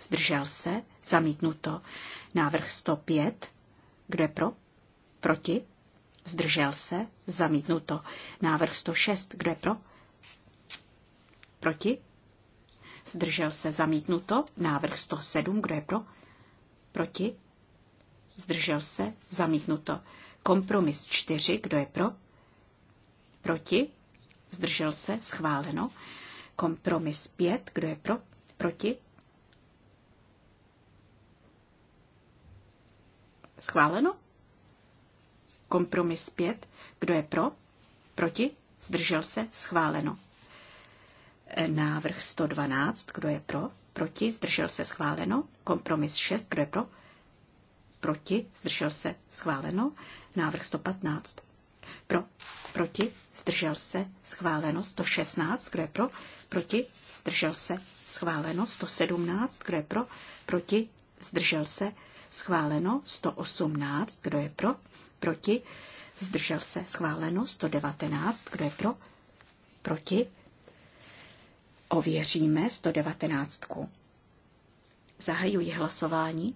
Zdržel se? Zamítnuto. Návrh 105. Kdo je pro? Proti? Zdržel se? Zamítnuto. Návrh 106. Kdo je pro? Proti? Zdržel se? Zamítnuto. Návrh 107. Kdo je pro? Proti? Zdržel se? Zamítnuto. Kompromis 4. Kdo je pro? Proti? Zdržel se? Schváleno. Kompromis 5. Kdo je pro? Proti? Schváleno? Kompromis 5. Kdo je pro? Proti? Zdržel se? Schváleno. Návrh 112. Kdo je pro? Proti? Zdržel se? Schváleno. Kompromis 6. Kdo je pro? Proti? Zdržel se? Schváleno. Návrh 115. Pro? Proti? Zdržel se? Schváleno. 116. Kdo je pro? Proti? Zdržel se? Schváleno. 117. Kdo je pro? Proti? Zdržel se? Schváleno. 118. Kdo je pro? proti, zdržel se, schváleno 119, kdo je pro, proti, ověříme 119. Zahajuji hlasování,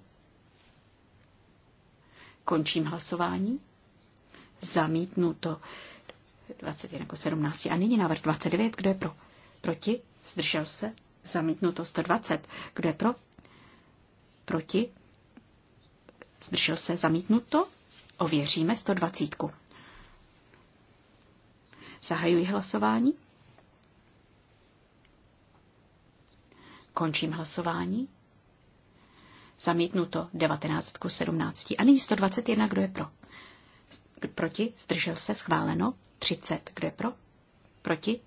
končím hlasování, to 21 jako 17 a nyní návrh 29, kdo je pro, proti, zdržel se, zamítnuto 120, kdo je pro, proti, zdržel se, zamítnuto Ověříme 120. Zahajuji hlasování. Končím hlasování. Zamítnuto 19 k 17. A nyní 121, kdo je pro? Proti? Zdržel se? Schváleno? 30, kdo je pro? Proti?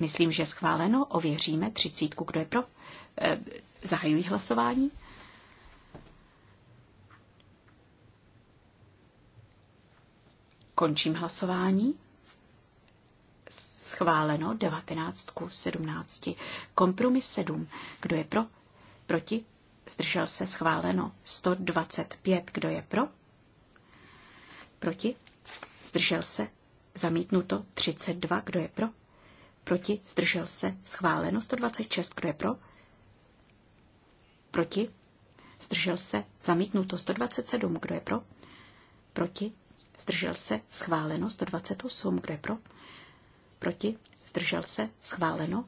Myslím, že schváleno. Ověříme 30, kdo je pro? E, zahajuji hlasování. Končím hlasování. Schváleno 19 ku 17. Kompromis 7. Kdo je pro? Proti? Zdržel se schváleno 125. Kdo je pro? Proti? Zdržel se. Zamítnuto 32. Kdo je pro? Proti? Zdržel se. Schváleno 126. Kdo je pro? Proti? Zdržel se. Zamítnuto 127. Kdo je pro? Proti? zdržel se, schváleno 128, kde pro, proti, zdržel se, schváleno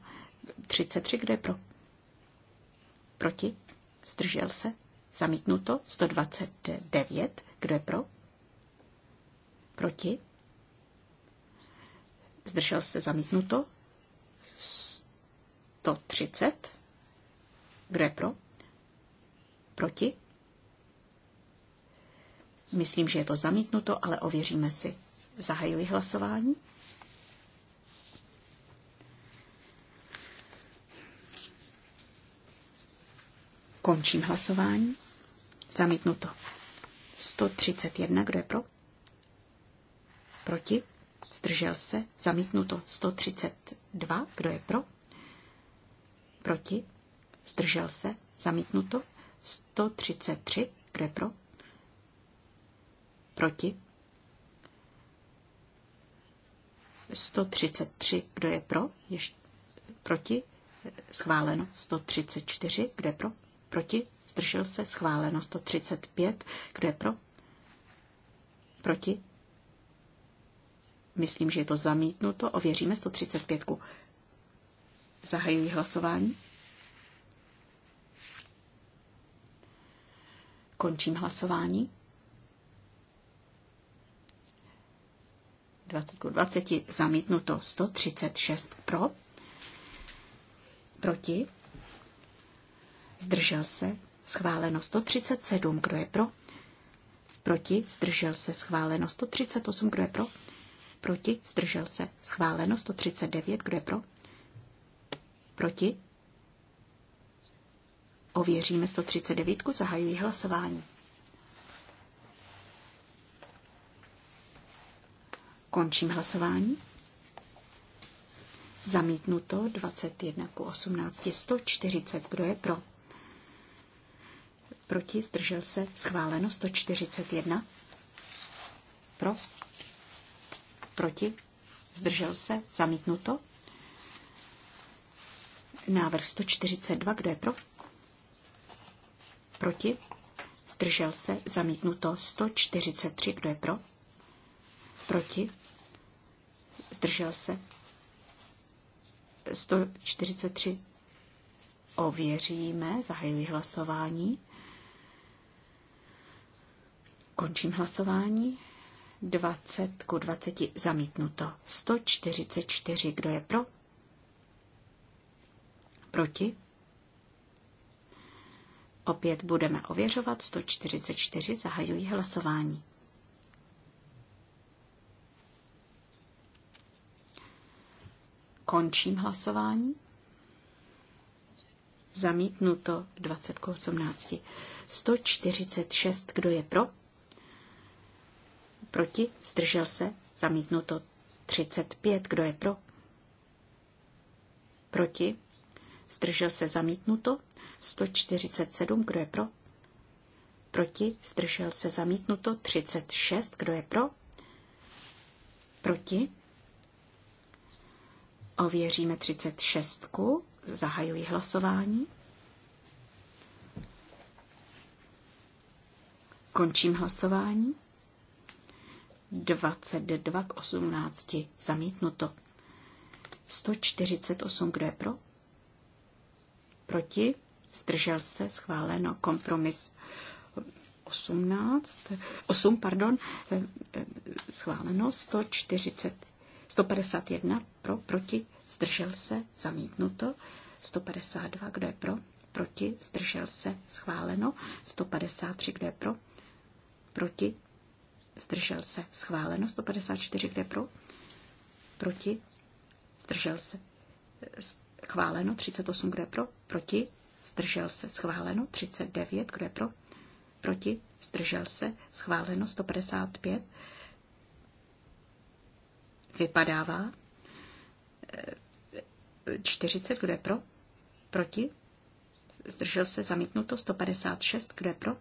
33, kde pro, proti, zdržel se, zamítnuto 129, kde pro, proti, zdržel se, zamítnuto 130, kde pro, proti, Myslím, že je to zamítnuto, ale ověříme si. Zahajuji hlasování. Končím hlasování. Zamítnuto. 131, kdo je pro? Proti? Zdržel se? Zamítnuto. 132, kdo je pro? Proti? Zdržel se? Zamítnuto. 133, kdo je pro? Proti? 133. Kdo je pro? Ještě, proti? Schváleno. 134. Kdo je pro? Proti? Zdržel se? Schváleno. 135. Kdo je pro? Proti? Myslím, že je to zamítnuto. Ověříme 135. -ku. Zahajuji hlasování. Končím hlasování. 20 ku 20, zamítnuto 136 pro, proti, zdržel se, schváleno 137, kdo je pro, proti, zdržel se, schváleno 138, kdo je pro, proti, zdržel se, schváleno 139, kdo je pro, proti, ověříme 139, zahajuji hlasování. Končím hlasování. Zamítnuto 21 ku 18, 140. Kdo je pro? Proti zdržel se schváleno 141. Pro? Proti? Zdržel se? Zamítnuto? Návrh 142. Kdo je pro? Proti? Zdržel se? Zamítnuto 143. Kdo je pro? Proti? zdržel se. 143. Ověříme, zahajuji hlasování. Končím hlasování. 20 ku 20 zamítnuto. 144. Kdo je pro? Proti? Opět budeme ověřovat. 144. Zahajují hlasování. Končím hlasování. Zamítnuto 20 k 18. 146, kdo je pro? Proti, zdržel se, zamítnuto 35, kdo je pro? Proti, zdržel se, zamítnuto 147, kdo je pro? Proti, zdržel se, zamítnuto 36, kdo je pro? Proti, Ověříme 36. Zahajuji hlasování. Končím hlasování. 22 k 18. Zamítnuto. 148. Kdo je pro? Proti? Zdržel se? Schváleno. Kompromis 18. 8, pardon. Schváleno. 140. 151 pro, proti, zdržel se, zamítnuto. 152, kdo je pro, proti, zdržel se, schváleno. 153, kdo je pro, proti, zdržel se, schváleno. 154, kdo je pro, proti, zdržel se, schváleno. 38, kdo je pro, proti, zdržel se, schváleno. 39, kdo je pro, proti, zdržel se, schváleno. 155, vypadává. 40, kdo je pro? Proti? Zdržel se zamítnuto. 156, kdo je pro?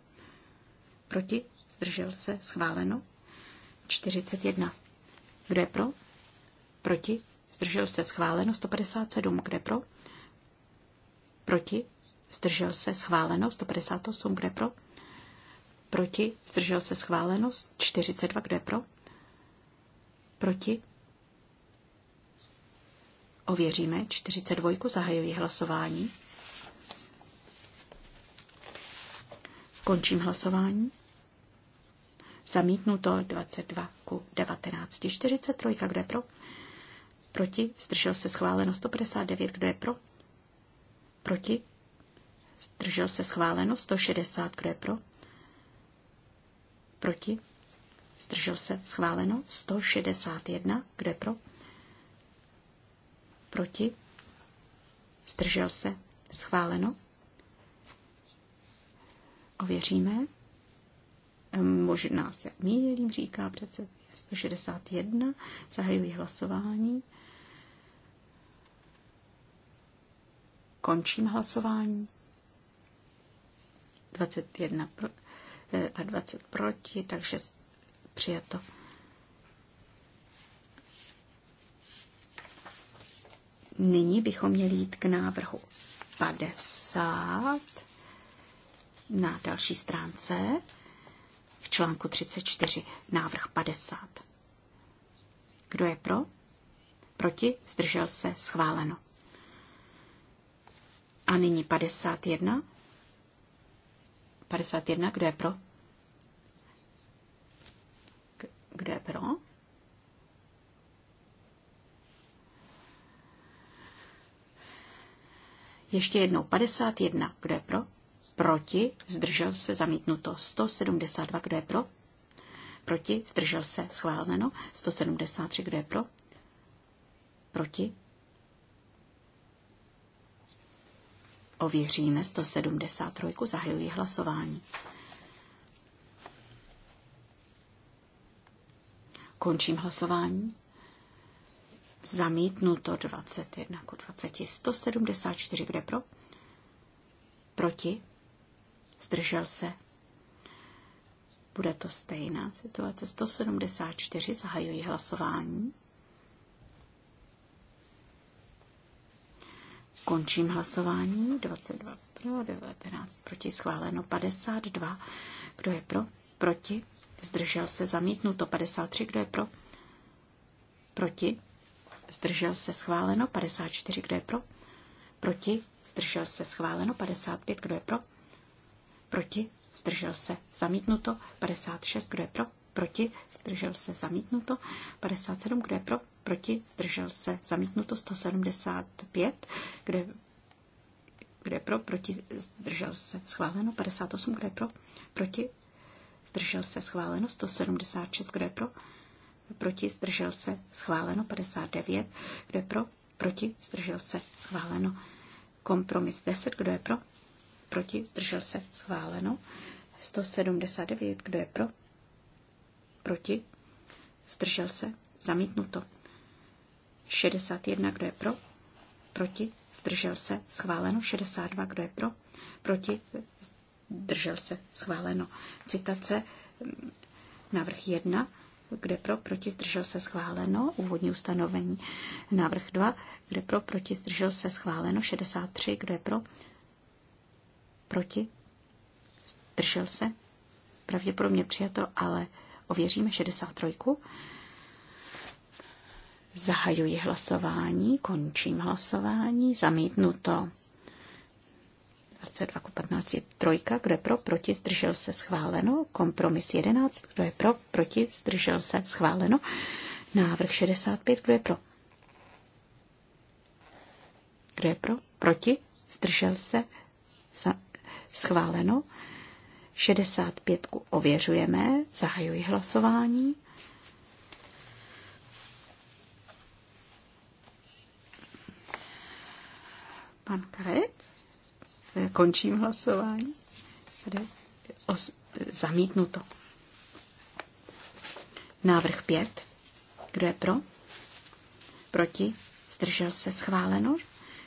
Proti? Zdržel se schváleno. 41. Kdo je pro? Proti? Zdržel se schváleno. 157, kde pro? Proti? Zdržel se schváleno. 158, kde pro? Proti? Zdržel se schváleno. 42, kde pro? Proti? Ověříme 42. Zahajuji hlasování. Končím hlasování. Zamítnuto 22 ku 19. 43. Kdo je pro? Proti? Zdržel se schváleno 159. Kdo je pro? Proti? Zdržel se schváleno 160. Kdo je pro? Proti? Zdržel se schváleno 161. Kdo je pro? Proti? Zdržel se? Schváleno? Ověříme. Ehm, možná se mílím, říká přece 161. Zahajuji hlasování. Končím hlasování. 21 pro, eh, a 20 proti, takže přijato. Nyní bychom měli jít k návrhu 50 na další stránce v článku 34, návrh 50. Kdo je pro? Proti? Zdržel se? Schváleno. A nyní 51. 51, kdo je pro? Kdo je pro? Ještě jednou 51, kdo je pro? Proti, zdržel se, zamítnuto 172, kdo je pro? Proti, zdržel se, schváleno 173, kdo je pro? Proti. Ověříme 173, zahajuji hlasování. Končím hlasování. Zamítnuto 21 k 20. 174, kde pro? Proti? Zdržel se? Bude to stejná situace. 174, zahajují hlasování. Končím hlasování. 22 pro, 19 proti, schváleno 52. Kdo je pro? Proti? Zdržel se zamítnuto 53. Kdo je pro? Proti? zdržel se schváleno 54, kdo je pro, proti, zdržel se schváleno 55, kdo je pro, proti, zdržel se zamítnuto 56, kdo je pro, proti, zdržel se zamítnuto 57, kdo je pro, proti, zdržel se zamítnuto 175, kdo je kdo je pro, proti, zdržel se, schváleno, 58, kdo je pro, proti, zdržel se, schváleno, 176, kdo je pro, proti, zdržel se, schváleno. 59, kdo je pro, proti, zdržel se, schváleno. Kompromis 10, kdo je pro, proti, zdržel se, schváleno. 179, kdo je pro, proti, zdržel se, zamítnuto. 61, kdo je pro, proti, zdržel se, schváleno. 62, kdo je pro, proti, zdržel se, schváleno. Citace, návrh 1, kde pro, proti, zdržel se schváleno, úvodní ustanovení, návrh 2, kde pro, proti, zdržel se schváleno, 63, kde pro, proti, zdržel se, pravděpodobně přijato, ale ověříme 63. Zahajuji hlasování, končím hlasování, zamítnuto. 22 ku 15 je trojka, kdo je pro, proti, zdržel se, schváleno. Kompromis 11, kdo je pro, proti, zdržel se, schváleno. Návrh 65, kdo je pro? Kdo je pro? Proti? Zdržel se? Schváleno. 65 ku ověřujeme, zahajuji hlasování. Pan Karet? Končím hlasování. Tady os, zamítnuto. Návrh 5. Kdo je pro? Proti? Zdržel se schváleno.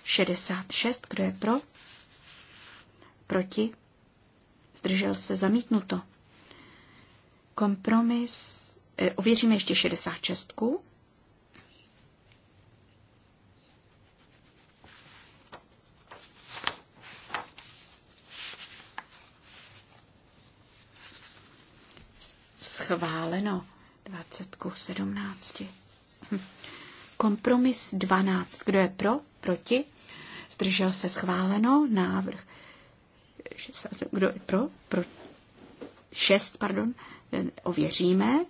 66. Kdo je pro? Proti? Zdržel se zamítnuto. Kompromis. Eh, ověříme ještě 66. Schváleno 20 ku 17. Hm. Kompromis 12. Kdo je pro? Proti? Zdržel se schváleno návrh. Kdo je pro? pro 6, pardon. E, ověříme.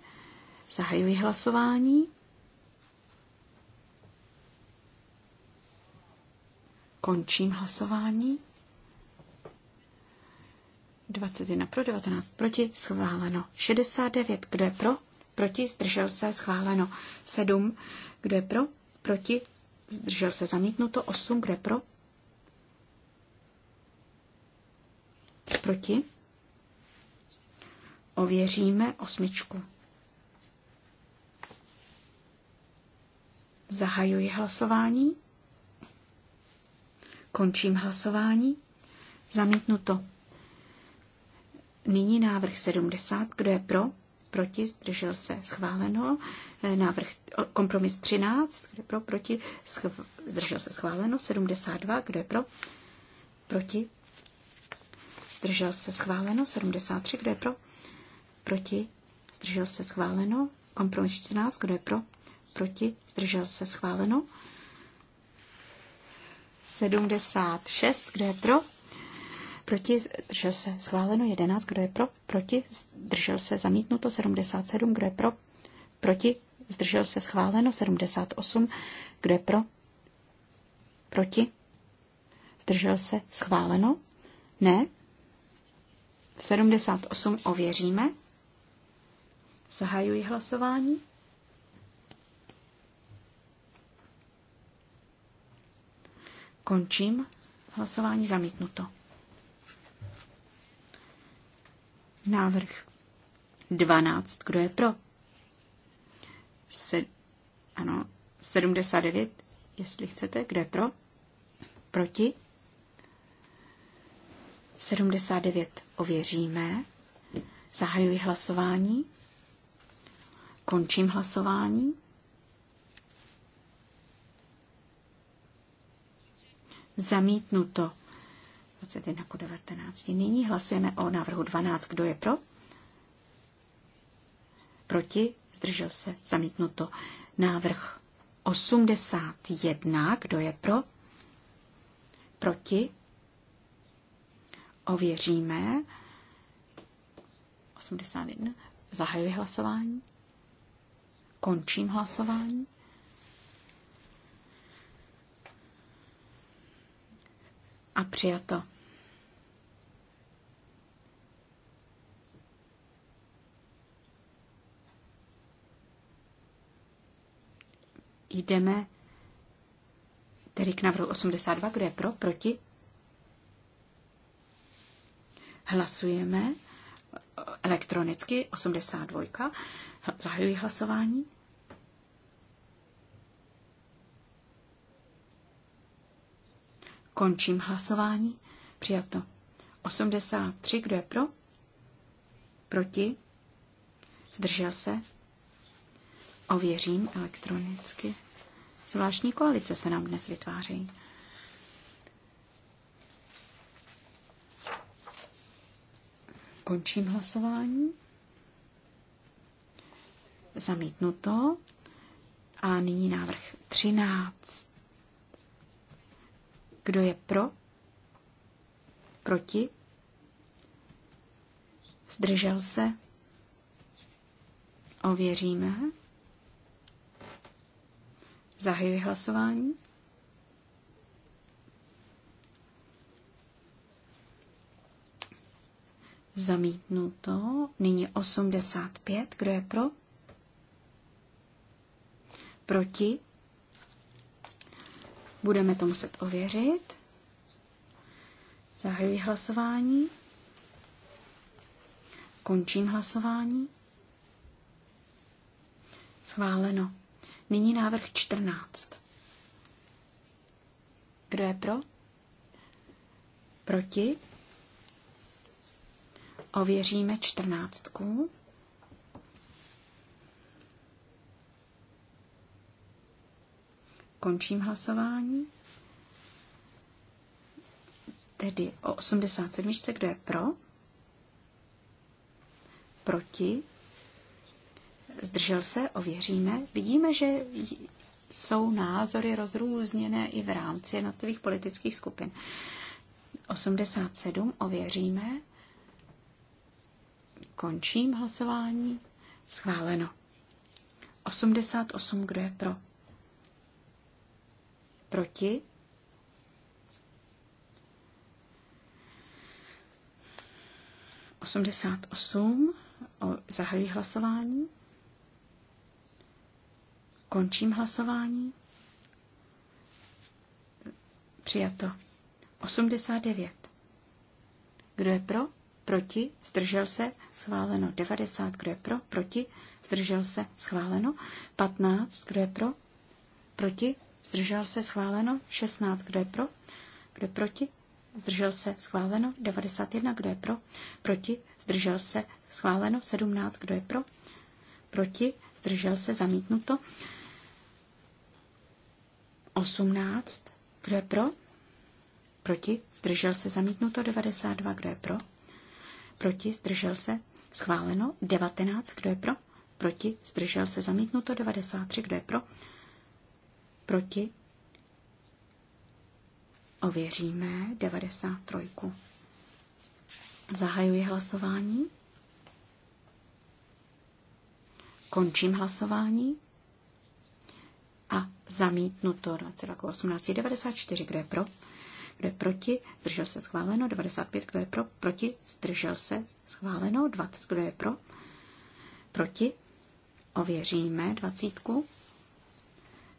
Zahajuji hlasování. Končím hlasování. 21 pro, 19 proti, schváleno. 69, kdo je pro, proti, zdržel se, schváleno. 7, kdo je pro, proti, zdržel se, zamítnuto. 8, kdo je pro, proti. Ověříme osmičku. Zahajuji hlasování. Končím hlasování. Zamítnuto. Nyní návrh 70. Kdo je pro? Proti? Zdržel se? Schváleno. Eh, návrh kompromis 13. Kdo je pro? Proti? Schv, zdržel se? Schváleno. 72. Kdo je pro? Proti? Zdržel se? Schváleno. 73. Kdo je pro? Proti? Zdržel se? Schváleno. Kompromis 14. Kdo je pro? Proti? Zdržel se? Schváleno. 76. Kdo je pro? proti, zdržel se, schváleno 11, kdo je pro, proti, zdržel se, zamítnuto 77, kdo je pro, proti, zdržel se, schváleno 78, kdo je pro, proti, zdržel se, schváleno, ne, 78 ověříme, zahajuji hlasování. Končím. Hlasování zamítnuto. Návrh 12. Kdo je pro? Se, ano, 79, jestli chcete. Kdo je pro? Proti? 79 ověříme. Zahajuji hlasování. Končím hlasování. Zamítnuto. 21 k 19. Nyní hlasujeme o návrhu 12. Kdo je pro? Proti? Zdržel se? Zamítnuto. Návrh 81. Kdo je pro? Proti? Ověříme. 81. Zahajuji hlasování. Končím hlasování. a přijato. Jdeme tedy k návrhu 82, kdo je pro, proti. Hlasujeme eh, elektronicky 82. Zahajuji hlasování. Končím hlasování. Přijato. 83, kdo je pro? Proti? Zdržel se? Ověřím elektronicky. Zvláštní koalice se nám dnes vytvářejí. Končím hlasování. Zamítnuto. A nyní návrh 13. Kdo je pro? Proti? Zdržel se? Ověříme. Zahajuji hlasování. Zamítnuto. Nyní 85. Kdo je pro? Proti? Budeme to muset ověřit. Zahajuji hlasování. Končím hlasování. Schváleno. Nyní návrh 14. Kdo je pro? Proti? Ověříme čtrnáctku. Končím hlasování. Tedy o 87. Kdo je pro? Proti? Zdržel se? Ověříme. Vidíme, že jsou názory rozrůzněné i v rámci jednotlivých politických skupin. 87 ověříme. Končím hlasování. Schváleno. 88, kdo je pro? Proti? Osmdesát osm. zahají hlasování. Končím hlasování. Přijato. osmdesát devět. Kdo je pro? Proti? Zdržel se? Schváleno. devadesát. Kdo je pro? Proti? Zdržel se? Schváleno. patnáct. Kdo je pro? Proti? Zdržel se schváleno 16, kdo je pro? Kdo je proti? Zdržel se schváleno 91, kdo je pro? Proti? Zdržel se schváleno 17, kdo je pro? Proti? Zdržel se zamítnuto 18, kdo je pro? Proti? Zdržel se zamítnuto 92, kdo je pro? Proti? Zdržel se schváleno 19, kdo je pro? Proti? Zdržel se zamítnuto 93, kdo je pro? Proti? Ověříme 93. Zahajuji hlasování. Končím hlasování. A zamítnuto 20 94, kdo je pro, kdo je proti, zdržel se schváleno, 95, kdo je pro, proti, zdržel se schváleno, 20, kdo je pro, proti, ověříme 20.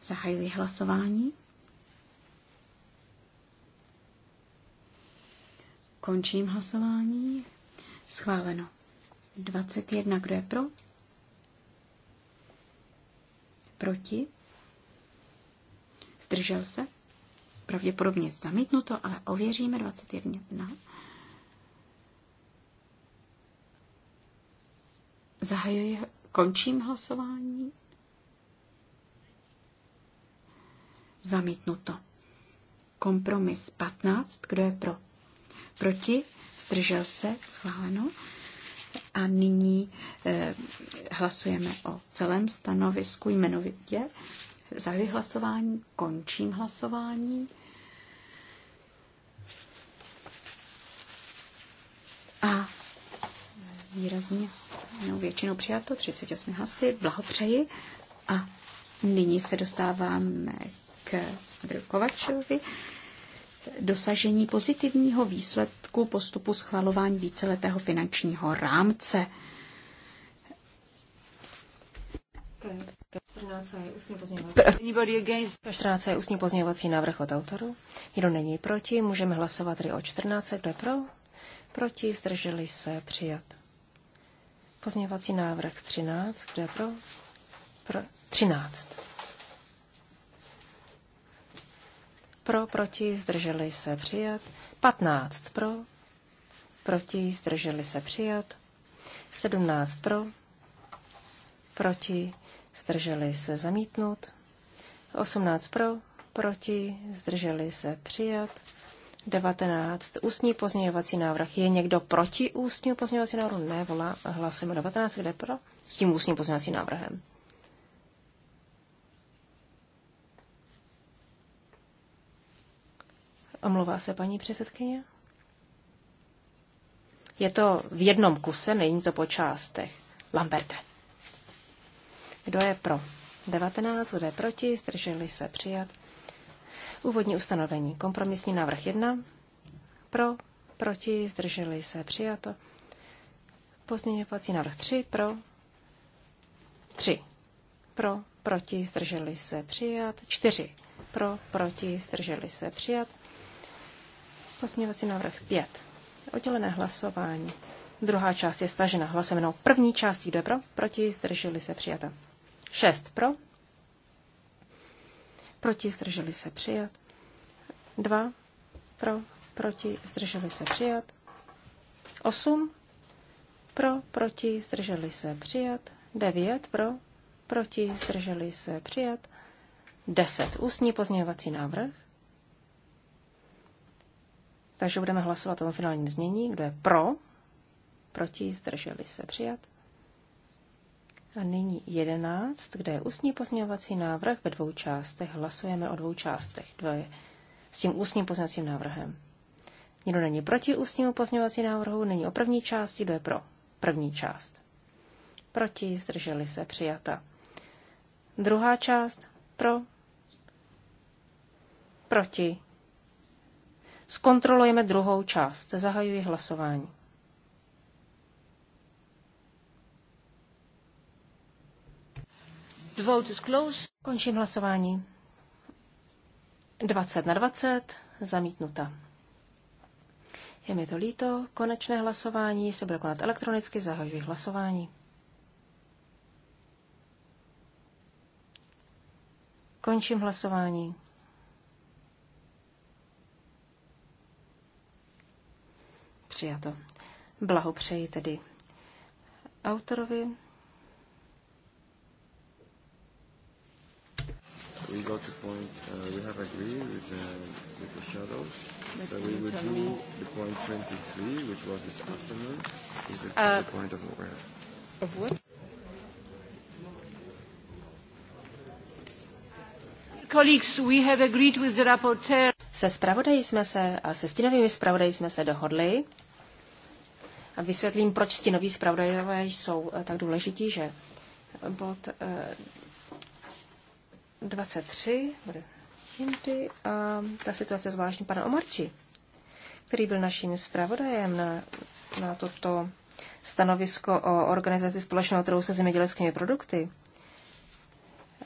Zahajuji hlasování. Končím hlasování. Schváleno. 21. Kdo je pro? Proti? Zdržel se? Pravděpodobně zamítnuto, ale ověříme 21. Zahajuji, končím hlasování. Zamítnuto. Kompromis 15. Kdo je pro? Proti? Zdržel se? Schváleno. A nyní eh, hlasujeme o celém stanovisku jmenovitě. Zahajuji hlasování, končím hlasování. A výrazně no, většinou přijato, 38 hlasy, blahopřeji. A nyní se dostáváme k Andrew Kovačovi dosažení pozitivního výsledku postupu schvalování víceletého finančního rámce. K14 je ústní pozměňovací návrh od autorů. Kdo není proti, můžeme hlasovat tedy o 14. Kdo je pro? Proti, zdrželi se, přijat. Pozměňovací návrh 13. Kdo je pro? pro 13. pro, proti, zdrželi se přijat. 15 pro, proti, zdrželi se přijat. 17 pro, proti, zdrželi se zamítnout. 18 pro, proti, zdrželi se přijat. 19. Ústní pozměňovací návrh. Je někdo proti ústní pozměňovací návrhu? Ne, volá, hlasujeme 19. Kde pro? S tím ústním pozměňovacím návrhem. Omlouvá se paní předsedkyně? Je to v jednom kuse, není to po částech. Lamberte. Kdo je pro? 19, kdo je proti, zdrželi se přijat. Úvodní ustanovení. Kompromisní návrh 1. Pro, proti, zdrželi se přijato. Pozměňovací návrh 3. Pro, 3. Pro, proti, zdrželi se přijat. 4. Pro, proti, zdrželi se přijat. Pozměňovací návrh 5. Oddělené hlasování. Druhá část je stažena. Hlasujeme na první částí. Kdo pro? Proti? Zdrželi se přijata. 6 pro. Proti? Zdrželi se přijat. 2 pro. Proti? Zdrželi se přijat. 8 pro. Proti? Zdrželi se přijat. 9 pro. Proti? Zdrželi se přijat. 10. Ústní pozměňovací návrh. Takže budeme hlasovat o tom finálním znění. Kdo je pro? Proti? Zdrželi se přijat? A nyní jedenáct. kde je ústní pozměňovací návrh ve dvou částech. Hlasujeme o dvou částech. Dva je s tím ústním pozměňovacím návrhem. Nikdo není proti ústnímu pozměňovací návrhu, není o první části, kdo je pro první část. Proti, zdrželi se, přijata. Druhá část, pro, proti, Zkontrolujeme druhou část. Zahajuji hlasování. The vote is closed. Končím hlasování. 20 na 20, zamítnuta. Je mi to líto, konečné hlasování se bude konat elektronicky, zahajuji hlasování. Končím hlasování. Přijato. Blahopřeji tedy autorovi. we got to point, uh, we have agreed with, uh, with the shadows so we do the point 23, which was this afternoon, is the, uh, is the point of Of what? Colleagues, we have agreed with the rapporteur. Se spravodají jsme se a se stinovými spravodají jsme se dohodli. A vysvětlím, proč stinoví spravodajové jsou eh, tak důležití, že bod 23 eh, bude jindy a ta situace zvláštní pana Omarči, který byl naším spravodajem na, na toto stanovisko o organizaci společného trhu se zemědělskými produkty.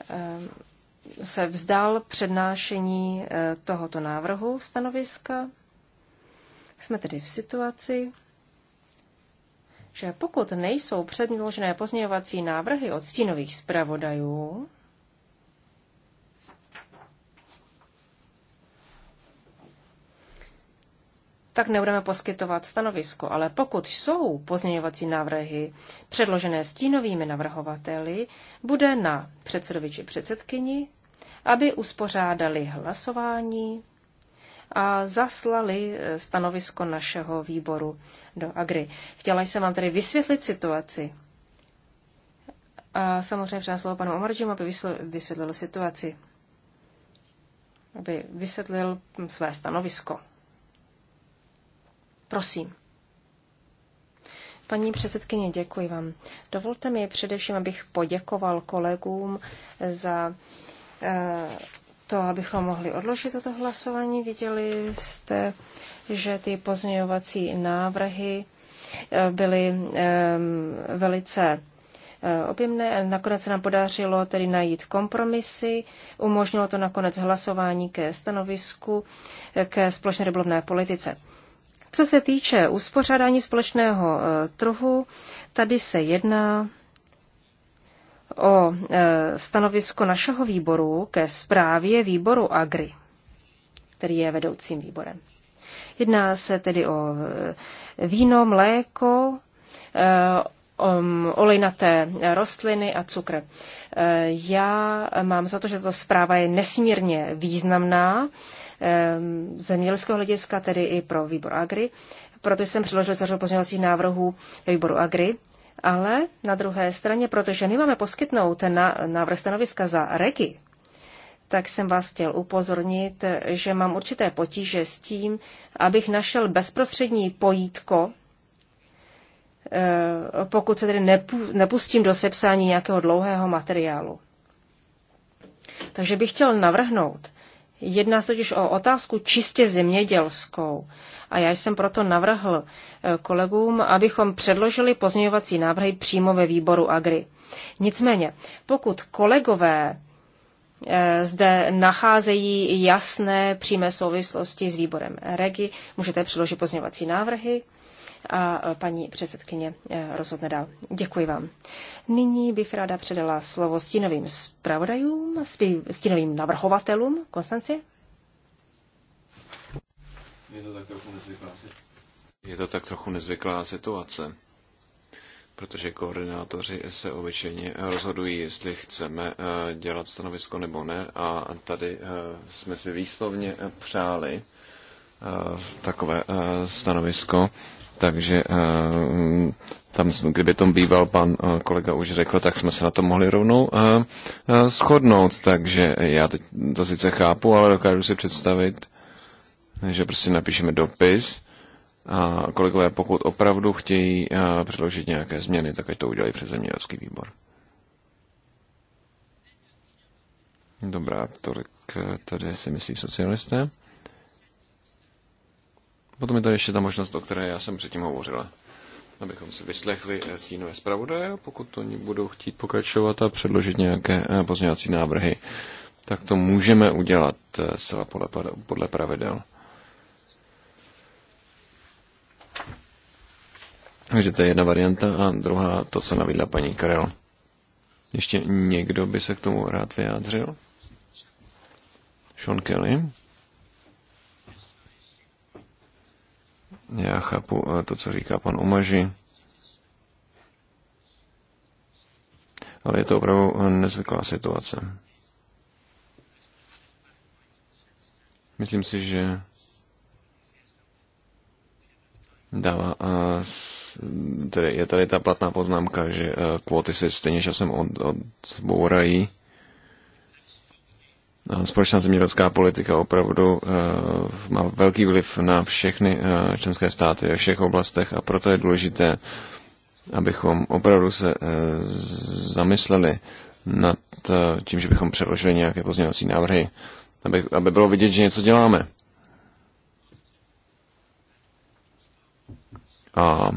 Ehm, se vzdal přednášení eh, tohoto návrhu stanoviska. Jsme tedy v situaci, že pokud nejsou předložené pozměňovací návrhy od stínových zpravodajů, tak nebudeme poskytovat stanovisko. Ale pokud jsou pozměňovací návrhy předložené stínovými navrhovateli, bude na předsedovi či předsedkyni, aby uspořádali hlasování a zaslali eh, stanovisko našeho výboru do Agri. Chtěla jsem vám tedy vysvětlit situaci. A samozřejmě předám slovo panu Omaržím, aby vysvětlil situaci, aby vysvětlil své stanovisko. Prosím. Paní předsedkyně, děkuji vám. Dovolte mi především, abych poděkoval kolegům za eh, to, abychom mohli odložit toto hlasování. Viděli jste, že ty pozměňovací návrhy eh, byly ehm, velice eh, objemné. Nakonec se nám podařilo tedy najít kompromisy. Umožnilo to nakonec hlasování ke stanovisku ke společné rybolovné politice. Co se týče uspořádání společného e, trhu, tady se jedná o e, stanovisko našeho výboru ke zprávě výboru Agri, který je vedoucím výborem. Jedná se tedy o e, víno, mléko, olejnaté rostliny a cukr. Já mám za to, že tato zpráva je nesmírně významná Ehm, zemědělského hlediska, tedy i pro výbor Agri. Proto jsem přiložil zařadu pozměňovacích návrhů výboru Agri, ale na druhé straně, protože my máme poskytnout ten návrh stanoviska za REGI, tak jsem vás chtěl upozornit, že mám určité potíže s tím, abych našel bezprostřední pojítko, eh, pokud se tedy nepustím do sepsání nějakého dlouhého materiálu. Takže bych chtěl navrhnout, Jedná se totiž o otázku čistě zemědělskou. A já jsem proto navrhl eh, kolegům, abychom předložili pozměňovací návrhy přímo ve výboru Agri. Nicméně, pokud kolegové eh, zde nacházejí jasné přímé souvislosti s výborem Regi, můžete přiložit pozměňovací návrhy a paní předsedkyně eh, rozhodne dál. Děkuji vám. Nyní bych ráda předala slovo stínovým zpravodajům, stínovým navrhovatelům. Konstanci? Je to tak trochu nezvyklá Je to tak trochu nezvyklá situace protože koordinátoři se obyčejně rozhodují, jestli chceme eh, dělat stanovisko nebo ne. A tady eh, jsme si výslovně přáli takové stanovisko takže eh, tam, kdyby tom býval pan eh, kolega už řekl, tak jsme se na to mohli rovnou eh, shodnout. Takže já teď to sice chápu, ale dokážu si představit, že prostě napíšeme dopis a kolegové, pokud opravdu chtějí předložit nějaké změny, tak ať to udělají přes zemědělský výbor. Dobrá, tolik tady si myslí socialisté. Potom je tady ještě ta možnost, o které já jsem předtím hovořil. Abychom si vyslechli eh, stínové zpravodaje, pokud oni budou chtít pokračovat a předložit nějaké eh, pozměňovací návrhy, tak to můžeme udělat eh, zcela podle, podle pravidel. Takže to je jedna varianta a druhá to, co navídla paní Karel. Ještě někdo by se k tomu rád vyjádřil? Sean Kelly? Já chápu eh, to, co říká pan Umaži. Ale je to opravdu eh, nezvyklá situace. Myslím si, že dává, a eh, tedy je tady ta platná poznámka, že kvóty se stejně časem od, společná zemědělská politika opravdu eh, má velký vliv na všechny eh, členské státy ve všech oblastech a proto je důležité, abychom opravdu se eh, zamysleli nad tím, že bychom předložili nějaké pozměňovací návrhy, aby, aby bylo vidět, že něco děláme. A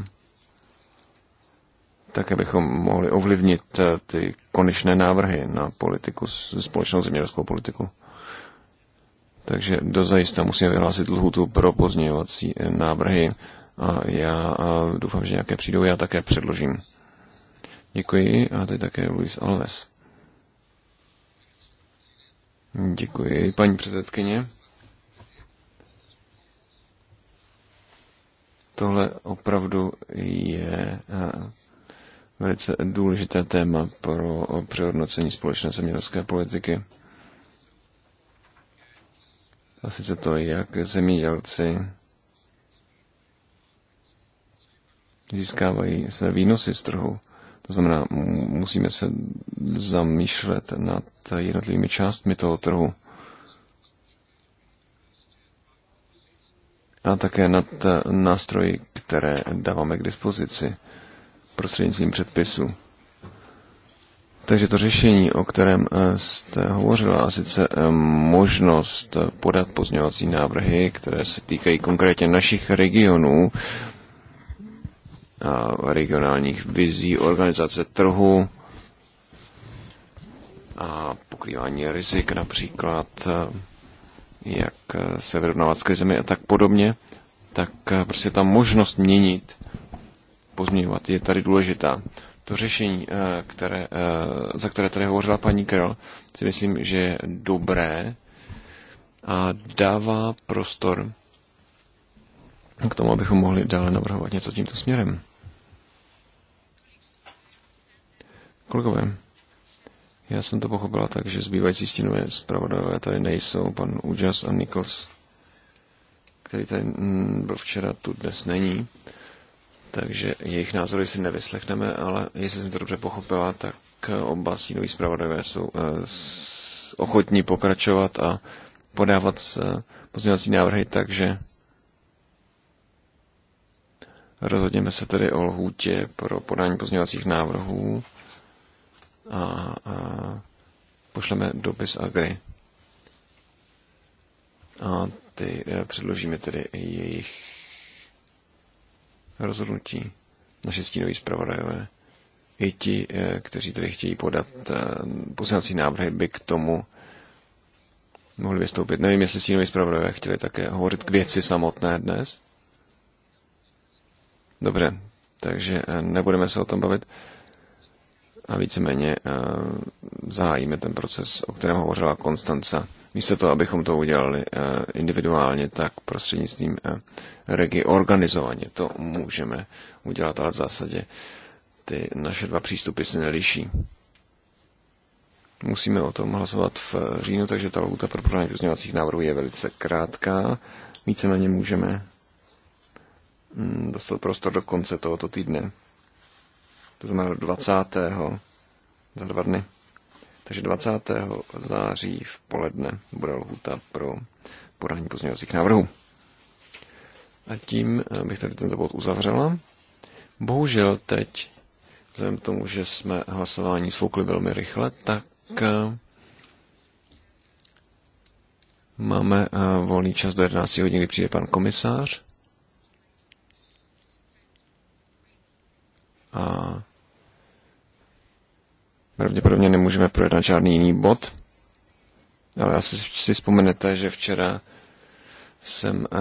tak abychom mohli ovlivnit eh, ty konečné návrhy na politiku, společnou zemědělskou politiku. Takže do zajista musíme vyhlásit lhutu pro pozměňovací eh, návrhy a já eh, doufám, že nějaké přijdou, já také předložím. Děkuji a teď také Luis Alves. Děkuji, paní předsedkyně. Tohle opravdu je velice důležité téma pro přehodnocení společné zemědělské politiky. A sice to, jak zemědělci získávají své výnosy z trhu. To znamená, musíme se zamýšlet nad jednotlivými částmi toho trhu. A také nad nástroji, které dáváme k dispozici prostřednictvím předpisu. Takže to řešení, o kterém eh, jste hovořila, a sice eh, možnost eh, podat pozměňovací návrhy, které se týkají konkrétně našich regionů, a regionálních vizí, organizace trhu a pokrývání rizik například, jak se vyrovnávat s krizemi a tak podobně, tak prostě ta možnost měnit pozměňovat, je tady důležitá. To řešení, eh, které, eh, za které tady hovořila paní Krl, si myslím, že je dobré a dává prostor k tomu, abychom mohli dále navrhovat něco tímto směrem. Kolegové, já jsem to pochopila tak, že zbývající stínové zpravodajové tady nejsou, pan Ujas a Nichols, který tady mm, byl včera, tu dnes není takže jejich názory si nevyslechneme, ale jestli jsem to dobře pochopila, tak oba sínoví zpravodajové jsou eh, ochotní pokračovat a podávat eh, pozměňovací návrhy, takže rozhodněme se tedy o lhůtě pro podání pozměňovacích návrhů a, a pošleme dopis Agri. A ty eh, předložíme tedy jejich rozhodnutí. Naše stínoví zpravodajové i ti, eh, kteří tedy chtějí podat eh, poslanecí návrhy, by k tomu mohli vystoupit. Nevím, jestli stínoví zpravodajové chtěli také hovořit k věci samotné dnes. Dobře, takže eh, nebudeme se o tom bavit a víceméně zahájíme ten proces, o kterém hovořila Konstanca Místo toho, abychom to udělali eh, individuálně, tak prostřednictvím eh, regi organizovaně to můžeme udělat, ale v zásadě ty naše dva přístupy se neliší. Musíme o tom hlasovat v říjnu, takže ta lhůta pro podání pozměňovacích návrhů je velice krátká. na ně můžeme mm, dostat prostor do konce tohoto týdne. To znamená 20. za dva dny. Takže 20. září v poledne bude lhůta pro podání pozměňovacích návrhů. A tím eh, bych tady tento bod uzavřela. Bohužel teď, vzhledem k tomu, že jsme hlasování svoukli velmi rychle, tak eh, máme eh, volný čas do 11 hodin, kdy přijde pan komisář. A pravděpodobně nemůžeme projednat žádný jiný bod, ale asi si vzpomenete, že včera jsem uh,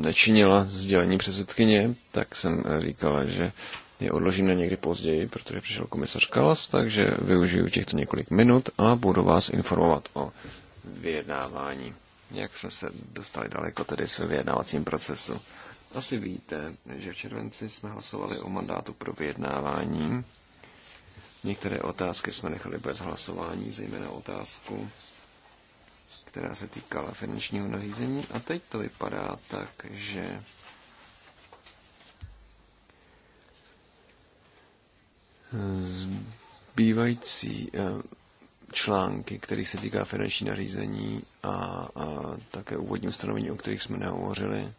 nečinila sdělení předsedkyně, tak jsem eh, říkala, že je odložím na někdy později, protože přišel komisař Kalas, takže využiju těchto několik minut a budu vás informovat o vyjednávání. Jak jsme se dostali daleko tedy s vyjednávacím procesu asi víte, že v červenci jsme hlasovali o mandátu pro vyjednávání. Některé otázky jsme nechali bez hlasování, zejména otázku, která se týkala finančního nařízení. A teď to vypadá tak, že zbývající eh, články, který se týká finanční nařízení a, a také úvodní ustanovení, o kterých jsme nehovořili,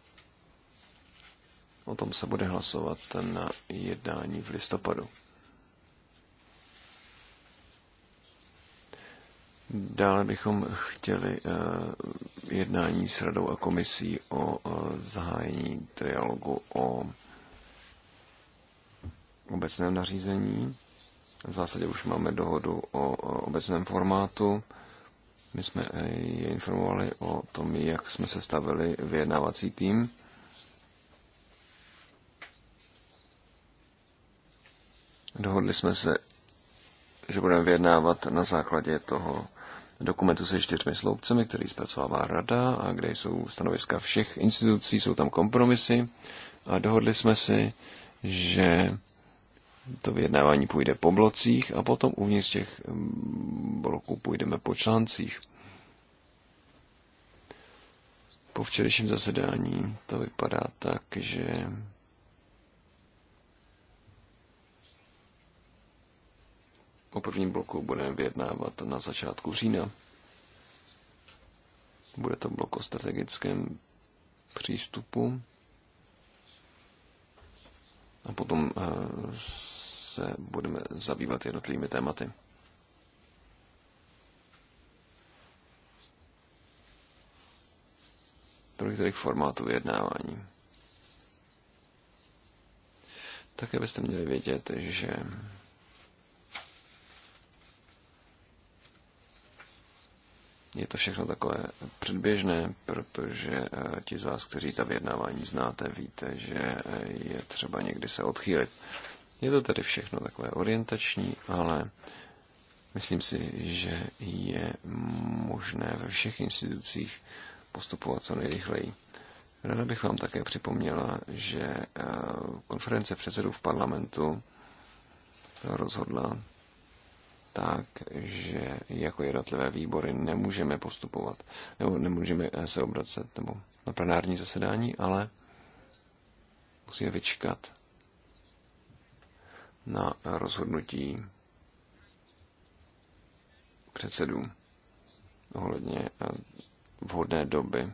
O tom se bude hlasovat na jednání v listopadu. Dále bychom chtěli eh, jednání s radou a komisí o eh, zahájení trialogu o obecném nařízení. V zásadě už máme dohodu o obecném formátu. My jsme eh, je informovali o tom, jak jsme sestavili vyjednávací tým. Dohodli jsme se, že budeme vyjednávat na základě toho dokumentu se čtyřmi sloupcemi, který zpracovává rada a kde jsou stanoviska všech institucí, jsou tam kompromisy a dohodli jsme si, že to vyjednávání půjde po blocích a potom uvnitř těch bloků půjdeme po článcích. Po včerejším zasedání to vypadá tak, že O prvním bloku budeme vyjednávat na začátku října. Bude to blok o strategickém přístupu. A potom eh, se budeme zabývat jednotlivými tématy. Tolik tedy k formátu vyjednávání. Také byste měli vědět, že Je to všechno takové předběžné, protože eh, ti z vás, kteří ta vyjednávání znáte, víte, že eh, je třeba někdy se odchýlit. Je to tedy všechno takové orientační, ale myslím si, že je možné ve všech institucích postupovat co nejrychleji. Ráda bych vám také připomněla, že eh, konference předsedů v parlamentu rozhodla tak, že jako jednotlivé výbory nemůžeme postupovat, nebo nemůžeme se obracet nebo na plenární zasedání, ale musíme vyčkat na rozhodnutí předsedů ohledně eh, vhodné doby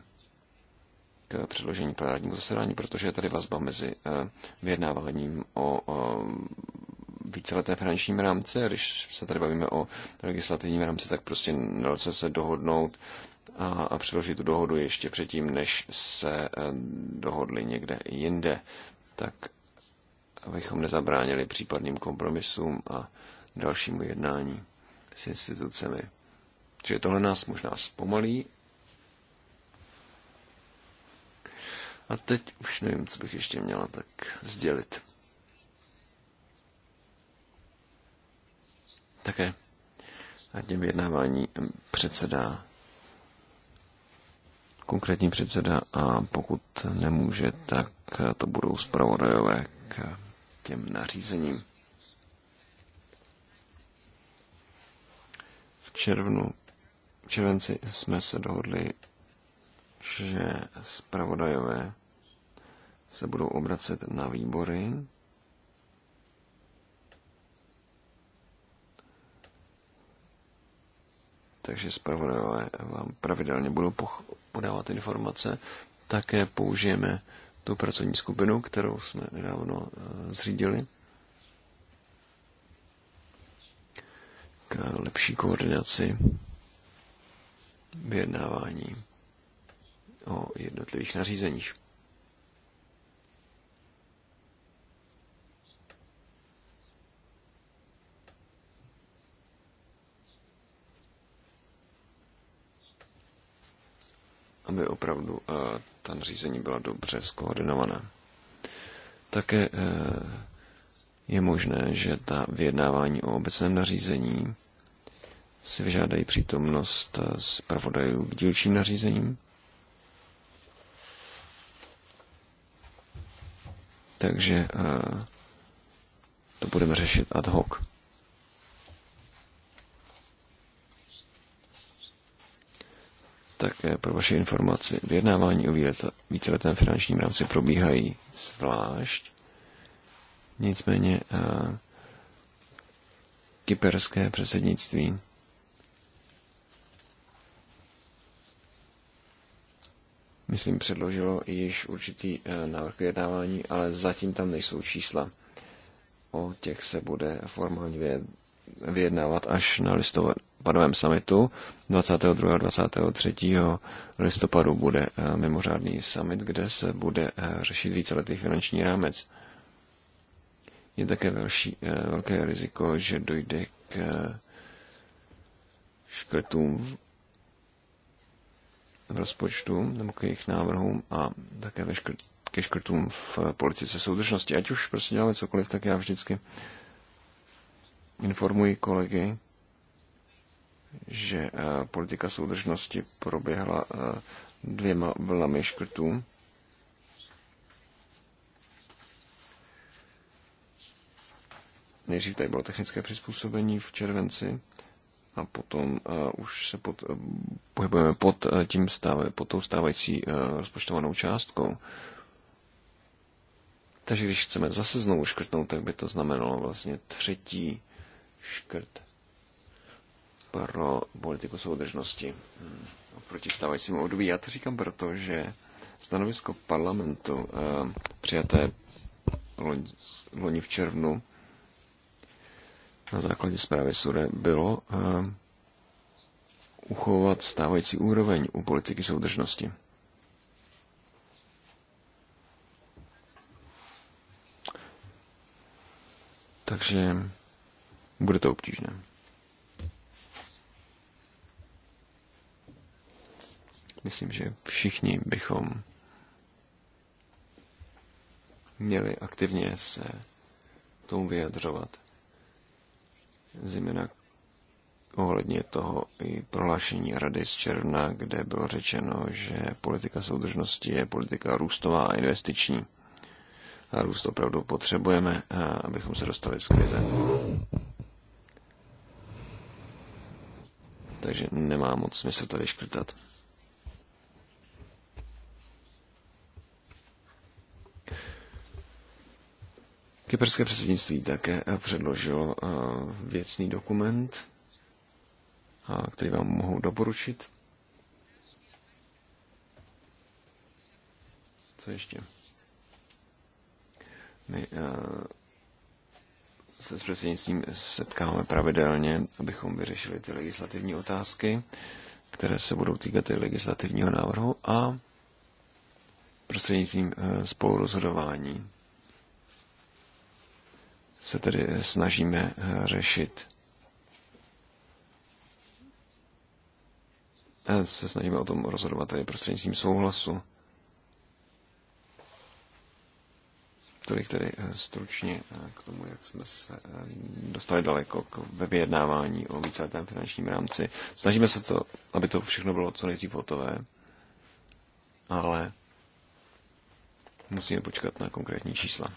k předložení plenárního zasedání, protože je tady vazba mezi eh, vyjednáváním o eh, víceleté finančním rámci. A když se tady bavíme o legislativním rámci, tak prostě nelze se dohodnout a, a přeložit tu dohodu ještě předtím, než se eh, dohodli někde jinde. Tak abychom nezabránili případným kompromisům a dalšímu jednání s institucemi. Čili tohle nás možná zpomalí. A teď už nevím, co bych ještě měla tak sdělit. také a těm vyjednávání předseda, konkrétní předseda a pokud nemůže, tak to budou zpravodajové k těm nařízením. V červnu, v červenci jsme se dohodli, že zpravodajové se budou obracet na výbory takže zpravodajové vám pravidelně budou podávat informace. Také použijeme tu pracovní skupinu, kterou jsme nedávno eh, zřídili k lepší koordinaci vyjednávání o jednotlivých nařízeních. aby opravdu eh, ta nařízení byla dobře skoordinovaná. Také eh, je možné, že ta vyjednávání o obecném nařízení si vyžádají přítomnost eh, pravodajů k dílčím nařízením. Takže to budeme řešit ad hoc. také pro vaše informaci. Vyjednávání o víceletém finančním rámci probíhají zvlášť. Nicméně eh, kyperské předsednictví myslím, předložilo již určitý eh, návrh vyjednávání, ale zatím tam nejsou čísla. O těch se bude formálně vyjednávat až na listopadovém samitu. 22. a 23. listopadu bude eh, mimořádný summit, kde se bude eh, řešit víceletý finanční rámec. Je také velší, eh, velké riziko, že dojde k škrtům v v rozpočtu nebo k jejich návrhům a také ve škrt, ke škrtům v politice soudržnosti. Ať už prostě děláme cokoliv, tak já vždycky informuji kolegy, že eh, politika soudržnosti proběhla eh, dvěma vlnami škrtů. Nejdřív tady bylo technické přizpůsobení v červenci a potom uh, už se pod, uh, pohybujeme pod, uh, tím stáve, pod tou stávající uh, rozpočtovanou částkou. Takže když chceme zase znovu škrtnout, tak by to znamenalo vlastně třetí uh, škrt pro politiku soudržnosti hmm. Proti stávajícímu období. Já to říkám proto, že stanovisko parlamentu eh, přijaté loni v červnu na základě zprávy SURE bylo eh, uchovat stávající úroveň u politiky soudržnosti. Takže bude to obtížné. Myslím, že všichni bychom měli aktivně se tomu vyjadřovat. Zejména ohledně toho i prohlášení Rady z června, kde bylo řečeno, že politika soudržnosti je politika růstová a investiční. A růst opravdu potřebujeme, abychom se dostali z krize. takže nemá moc smysl tady škrtat. Kyperské předsednictví také předložilo eh, věcný dokument, který vám mohu doporučit. Co ještě? My, uh se s předsednictvím setkáme pravidelně, abychom vyřešili ty legislativní otázky, které se budou týkat i legislativního návrhu a prostřednictvím eh, spolurozhodování se tedy snažíme eh, řešit. Eh, se snažíme o tom rozhodovat tady prostřednictvím souhlasu. Tolik tedy eh, stručně eh, k tomu, jak jsme se eh, dostali daleko ve vyjednávání o víceletém finančním rámci. Snažíme se to, aby to všechno bylo co nejdřív hotové, ale musíme počkat na konkrétní čísla.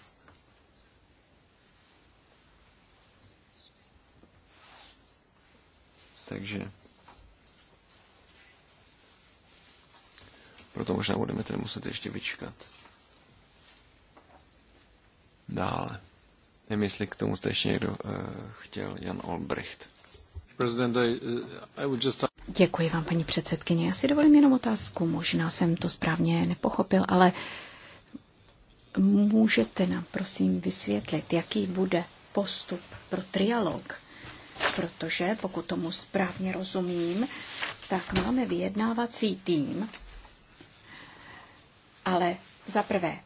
Takže proto možná budeme tedy muset ještě vyčkat dále. Nevím, jestli k tomu jste ještě někdo uh, chtěl, Jan Olbricht. Eh, Děkuji vám, paní předsedkyně. Já si dovolím jenom otázku. Možná jsem to správně nepochopil, ale můžete nám, prosím, vysvětlit, jaký bude postup pro trialog? Protože, pokud tomu správně rozumím, tak máme vyjednávací tým, ale za prvé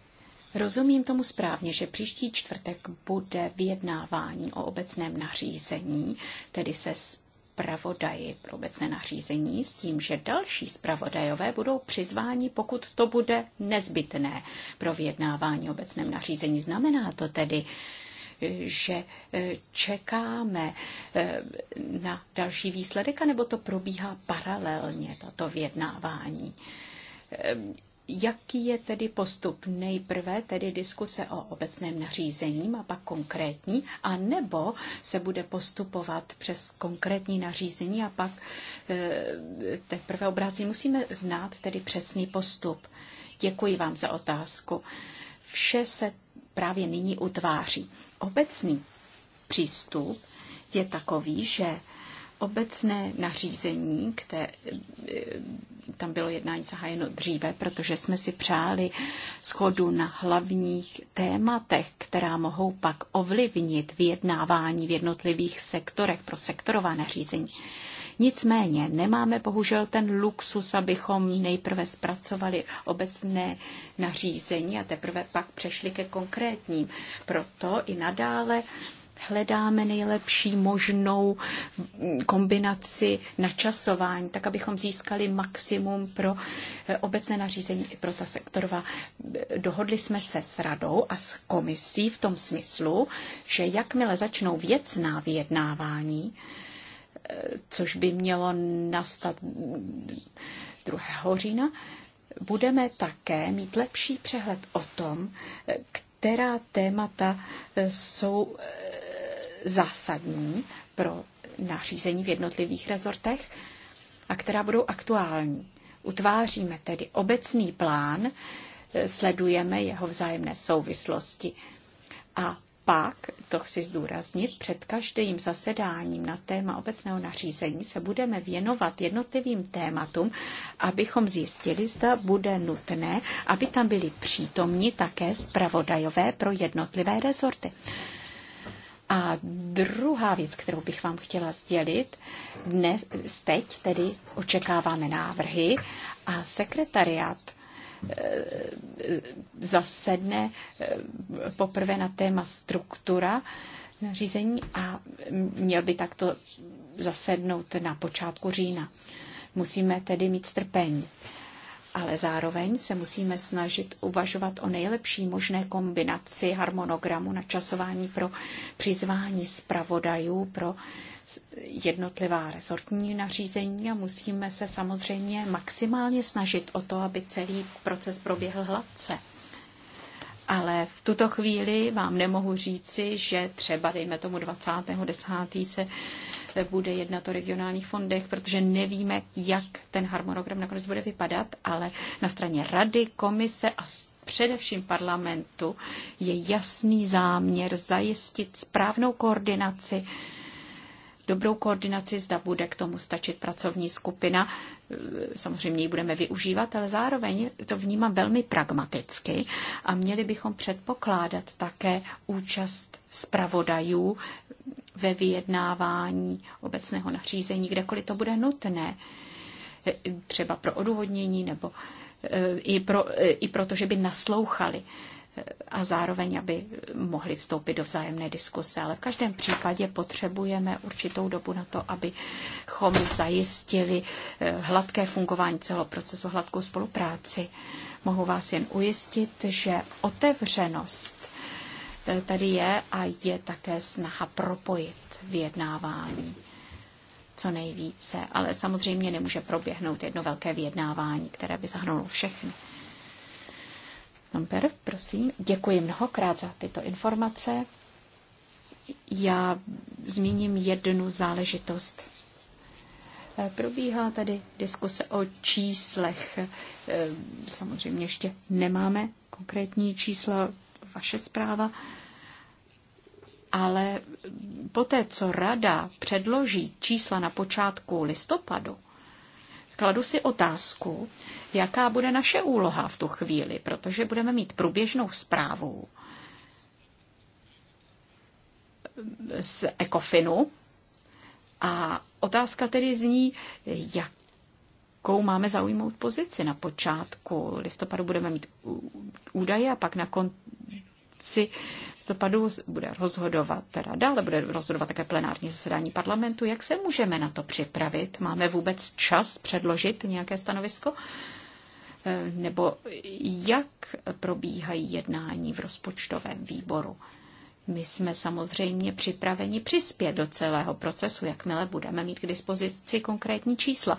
Rozumím tomu správně, že příští čtvrtek bude vyjednávání o obecném nařízení, tedy se zpravodaji pro obecné nařízení s tím, že další zpravodajové budou přizváni, pokud to bude nezbytné pro vyjednávání obecném nařízení. Znamená to tedy, že e, čekáme e, na další výsledek, anebo to probíhá paralelně, toto vyjednávání Jaký je tedy postup? Nejprve tedy diskuse o obecném nařízení a pak konkrétní, a nebo se bude postupovat přes konkrétní nařízení a pak eh, teprve obrazí. Musíme znát tedy přesný postup. Děkuji vám za otázku. Vše se právě nyní utváří. Obecný přístup je takový, že obecné nařízení, které eh, tam bylo jednání zahájeno dříve, protože jsme si přáli schodu na hlavních tématech, která mohou pak ovlivnit vyjednávání v jednotlivých sektorech pro sektorová nařízení. Nicméně nemáme bohužel ten luxus, abychom nejprve zpracovali obecné nařízení a teprve pak přešli ke konkrétním. Proto i nadále hledáme nejlepší možnou kombinaci načasování, tak abychom získali maximum pro eh, obecné nařízení i pro ta sektorová. Dohodli jsme se s radou a s komisí v tom smyslu, že jakmile začnou věcná vyjednávání, eh, což by mělo nastat 2. října, budeme také mít lepší přehled o tom, eh, která témata e, jsou e, zásadní pro nařízení v jednotlivých rezortech a která budou aktuální. Utváříme tedy obecný plán, e, sledujeme jeho vzájemné souvislosti a pak, to chci zdůraznit, před každým zasedáním na téma obecného nařízení se budeme věnovat jednotlivým tématům, abychom zjistili, zda bude nutné, aby tam byli přítomni také zpravodajové pro jednotlivé rezorty. A druhá věc, kterou bych vám chtěla sdělit, dnes, teď tedy očekáváme návrhy a sekretariat Eh, zasedne eh, poprvé na téma struktura nařízení a měl by takto zasednout na počátku října. Musíme tedy mít strpení ale zároveň se musíme snažit uvažovat o nejlepší možné kombinaci harmonogramu na časování pro přizvání zpravodajů pro jednotlivá rezortní nařízení a musíme se samozřejmě maximálně snažit o to, aby celý proces proběhl hladce. Ale v tuto chvíli vám nemohu říci, že třeba, dejme tomu 20.10. se bude jednat o regionálních fondech, protože nevíme, jak ten harmonogram nakonec bude vypadat, ale na straně rady, komise a především parlamentu je jasný záměr zajistit správnou koordinaci dobrou koordinaci, zda bude k tomu stačit pracovní skupina. E, samozřejmě ji budeme využívat, ale zároveň to vnímám velmi pragmaticky a měli bychom předpokládat také účast zpravodajů ve vyjednávání obecného nařízení, kdekoliv to bude nutné, třeba pro odůvodnění nebo eh, i, pro, eh, i proto, že by naslouchali eh, a zároveň, aby mohli vstoupit do vzájemné diskuse. Ale v každém případě potřebujeme určitou dobu na to, abychom zajistili hladké fungování celého procesu, hladkou spolupráci. Mohu vás jen ujistit, že otevřenost Eh, tady je a je také snaha propojit vyjednávání co nejvíce. Ale samozřejmě nemůže proběhnout jedno velké vyjednávání, které by zahrnulo všechny. Lambert, prosím. Děkuji mnohokrát za tyto informace. Já zmíním jednu záležitost. Eh, probíhá tady diskuse o číslech. Eh, samozřejmě ještě nemáme konkrétní čísla vaše zpráva. Ale poté, co rada předloží čísla na počátku listopadu, kladu si otázku, jaká bude naše úloha v tu chvíli, protože budeme mít průběžnou zprávu z ECOFINu a otázka tedy zní, jak jakou máme zaujmout pozici. Na počátku listopadu budeme mít údaje a pak na kon, v listopadu bude rozhodovat teda dále bude rozhodovat také plenární zasedání parlamentu. Jak se můžeme na to připravit? Máme vůbec čas předložit nějaké stanovisko? E, nebo jak probíhají jednání v rozpočtovém výboru? My jsme samozřejmě připraveni přispět do celého procesu, jakmile budeme mít k dispozici konkrétní čísla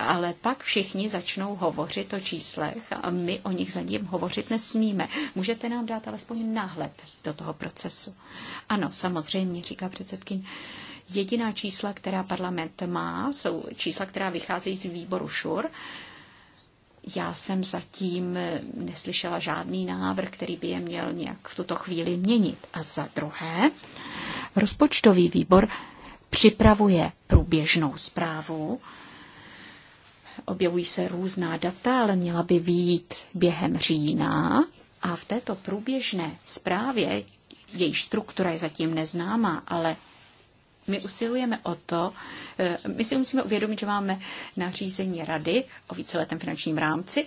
ale pak všichni začnou hovořit o číslech a my o nich zatím hovořit nesmíme. Můžete nám dát alespoň náhled do toho procesu? Ano, samozřejmě, říká předsedkyně. Jediná čísla, která parlament má, jsou čísla, která vycházejí z výboru ŠUR. Já jsem zatím neslyšela žádný návrh, který by je měl nějak v tuto chvíli měnit. A za druhé, rozpočtový výbor připravuje průběžnou zprávu, objevují se různá data, ale měla by výjít během října. A v této průběžné zprávě, jejíž struktura je zatím neznámá, ale my usilujeme o to, eh, my si musíme uvědomit, že máme nařízení rady o víceletém finančním rámci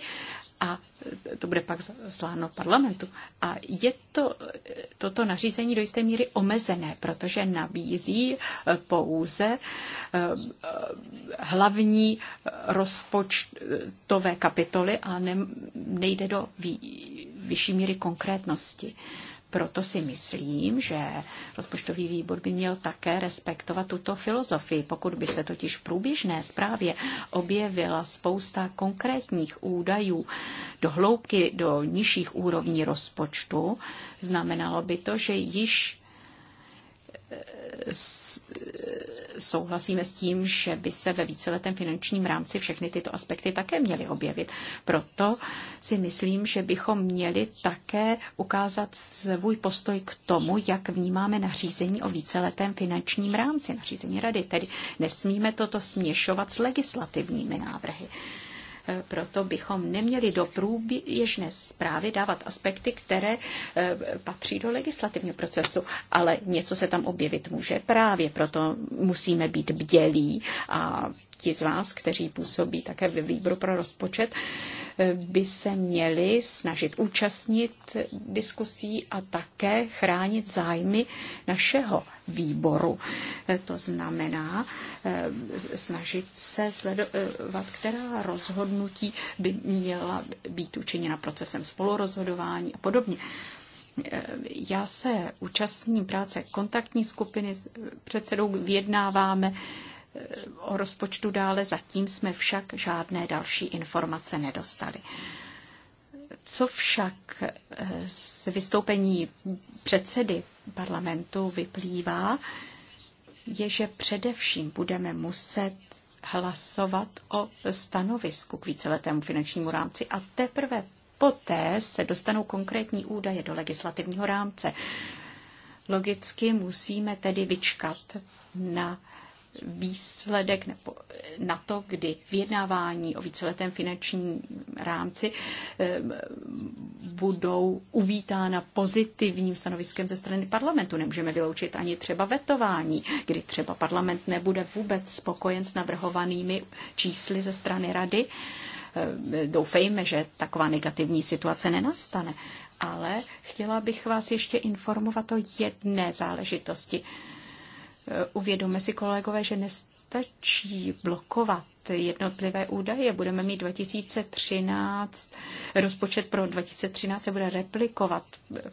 a to bude pak sláno parlamentu. A je to, toto nařízení do jisté míry omezené, protože nabízí eh, pouze eh, hlavní rozpočtové kapitoly a nejde do vyšší míry konkrétnosti. Uh, proto si myslím, že rozpočtový výbor by měl také respektovat tuto filozofii. Pokud by se totiž v průběžné zprávě objevila spousta konkrétních údajů do hloubky do nižších úrovní rozpočtu, znamenalo by to, že již eh, souhlasíme s tím, že by se ve víceletém finančním rámci všechny tyto aspekty také měly objevit. Proto si myslím, že bychom měli také ukázat svůj postoj k tomu, jak vnímáme nařízení o víceletém finančním rámci, nařízení rady. Tedy nesmíme toto směšovat s legislativními návrhy. Eh, proto bychom neměli do průběžné zprávy dávat aspekty, které eh, patří do legislativního procesu, ale něco se tam objevit může. Právě proto musíme být bdělí a ti z vás, kteří působí také ve výboru pro rozpočet, eh, by se měli snažit účastnit diskusí a také chránit zájmy našeho výboru. Eh, to znamená eh, snažit se sledovat, která rozhodnutí by měla být učiněna procesem spolurozhodování a podobně. Já se účastním práce kontaktní skupiny, s předsedou vyjednáváme Eh, o rozpočtu dále. Zatím jsme však žádné další informace nedostali. Co však eh, z vystoupení předsedy parlamentu vyplývá, je, že především budeme muset hlasovat o stanovisku k víceletému finančnímu rámci a teprve poté se dostanou konkrétní údaje do legislativního rámce. Logicky musíme tedy vyčkat na výsledek nebo na to, kdy vyjednávání o víceletém finančním rámci eh, budou uvítána pozitivním stanoviskem ze strany parlamentu. Nemůžeme vyloučit ani třeba vetování, kdy třeba parlament nebude vůbec spokojen s navrhovanými čísly ze strany rady. Eh, doufejme, že taková negativní situace nenastane. Ale chtěla bych vás ještě informovat o jedné záležitosti. Eh, uvědomme si, kolegové, že nestačí blokovat jednotlivé údaje. Budeme mít 2013, rozpočet pro 2013 se bude replikovat eh,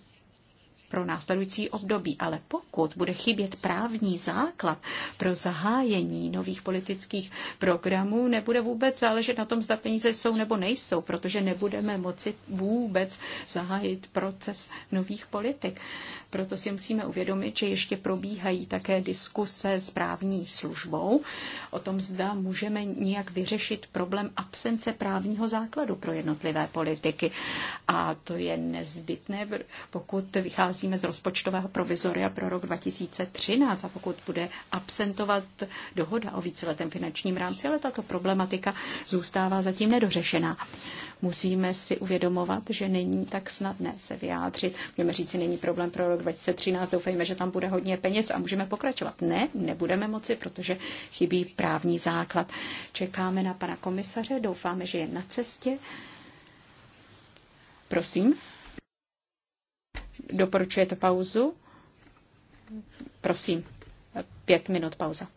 pro následující období. Ale pokud bude chybět právní základ pro zahájení nových politických programů, nebude vůbec záležet na tom, zda peníze jsou nebo nejsou, protože nebudeme moci vůbec zahájit proces nových politik. Proto si musíme uvědomit, že ještě probíhají také diskuse s právní službou o tom, zda můžeme nějak vyřešit problém absence právního základu pro jednotlivé politiky. A to je nezbytné, pokud vycházíme z rozpočtového provizoria pro rok 2013 a pokud bude absentovat dohoda o víceletém finančním rámci, ale tato problematika zůstává zatím nedořešená musíme si uvědomovat, že není tak snadné se vyjádřit. Můžeme říct, že není problém pro rok 2013, doufejme, že tam bude hodně peněz a můžeme pokračovat. Ne, nebudeme moci, protože chybí právní základ. Čekáme na pana komisaře, doufáme, že je na cestě. Prosím. Doporučujete pauzu? Prosím, pět minut pauza.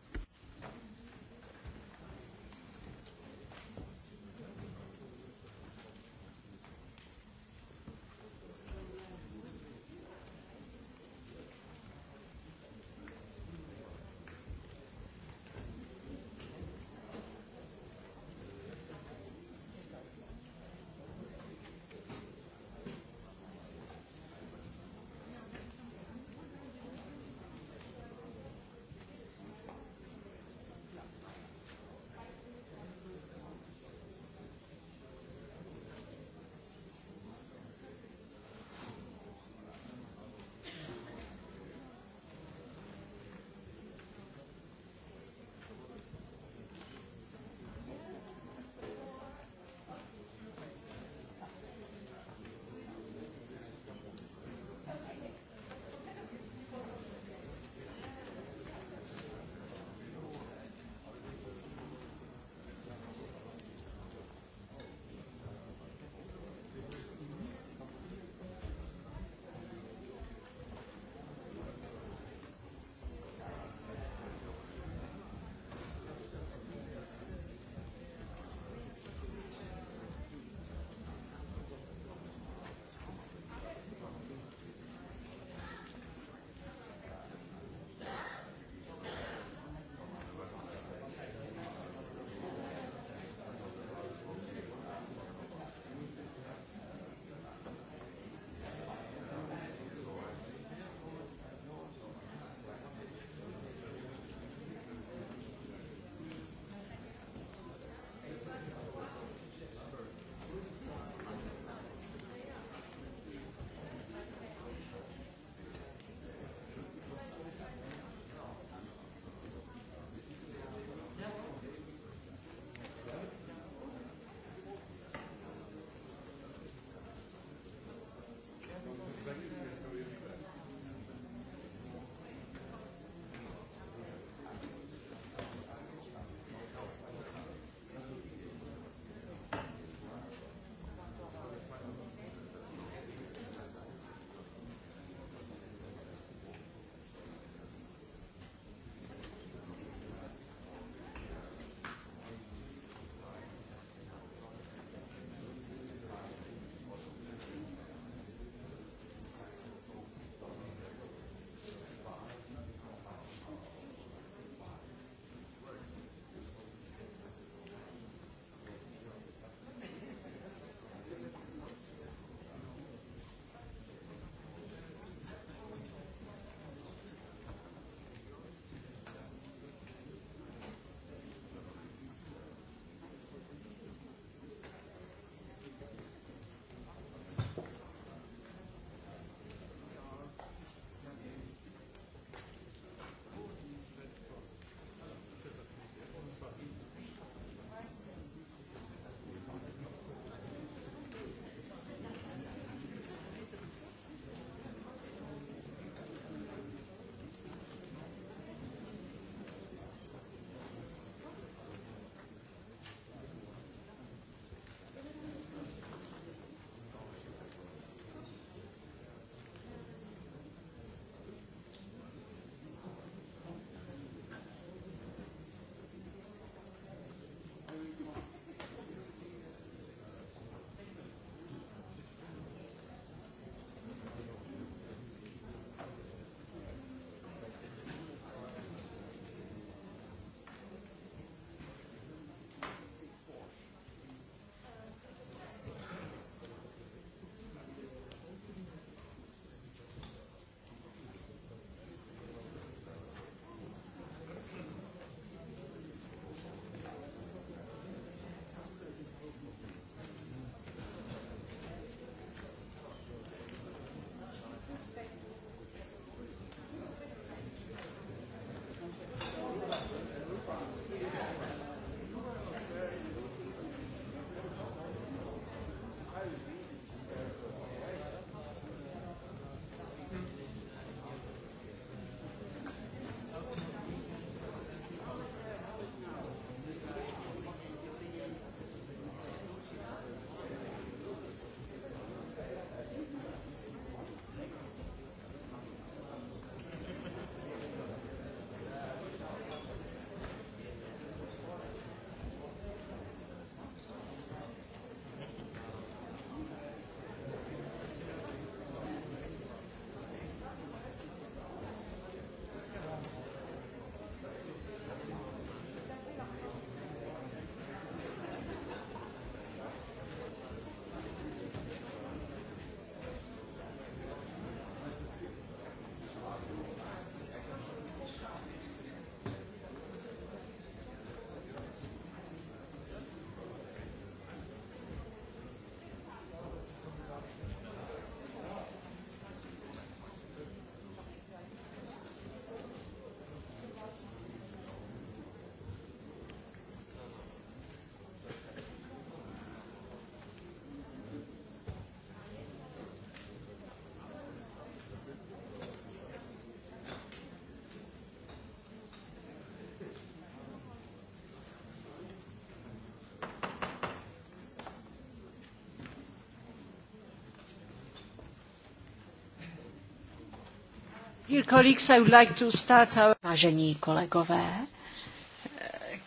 Vážení kolegové,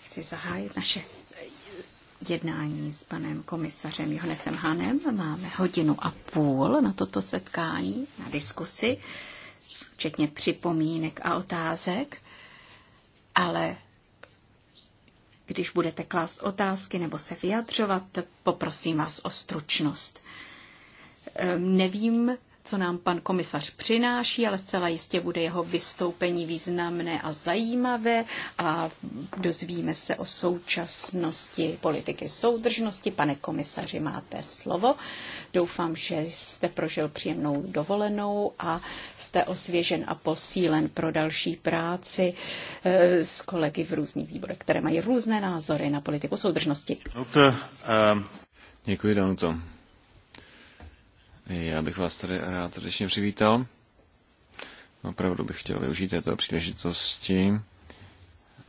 chci zahájit naše jednání s panem komisařem Johnesem Hanem. Máme hodinu a půl na toto setkání, na diskusi, včetně připomínek a otázek, ale když budete klást otázky nebo se vyjadřovat, poprosím vás o stručnost. Nevím, co nám pan komisař přináší, ale zcela jistě bude jeho vystoupení významné a zajímavé a dozvíme se o současnosti politiky soudržnosti. Pane komisaři, máte slovo. Doufám, že jste prožil příjemnou dovolenou a jste osvěžen a posílen pro další práci eh, s kolegy v různých výborech, které mají různé názory na politiku soudržnosti. Eh, děkuji, Danuto. Já bych vás tady rád srdečně přivítal. Opravdu bych chtěl využít této příležitosti.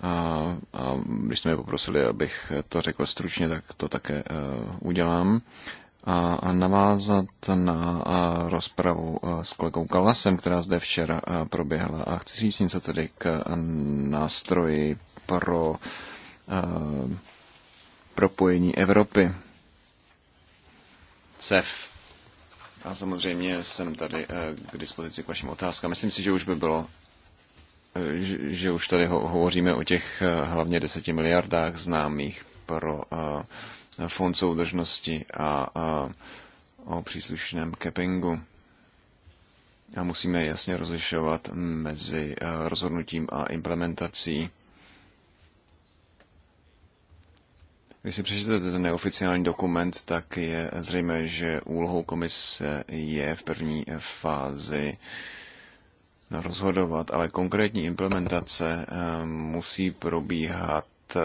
A, a když jste mě poprosili, abych to řekl stručně, tak to také uh, udělám. A, a navázat na a eh, rozpravu eh, s kolegou Kalasem, která zde včera a proběhla. A chci říct něco tedy k nástroji pro uh, propojení Evropy. CEF. A samozřejmě jsem tady eh, k dispozici k vašim otázkám. Myslím si, že už by bylo eh, že už tady hovoříme o těch eh, hlavně deseti miliardách známých pro fond soudržnosti a o příslušném cappingu. A musíme jasně rozlišovat mezi rozhodnutím a implementací Když si přečtete ten neoficiální dokument, tak je zřejmé, že úlohou komise je v první fázi rozhodovat, ale konkrétní implementace eh, musí probíhat eh,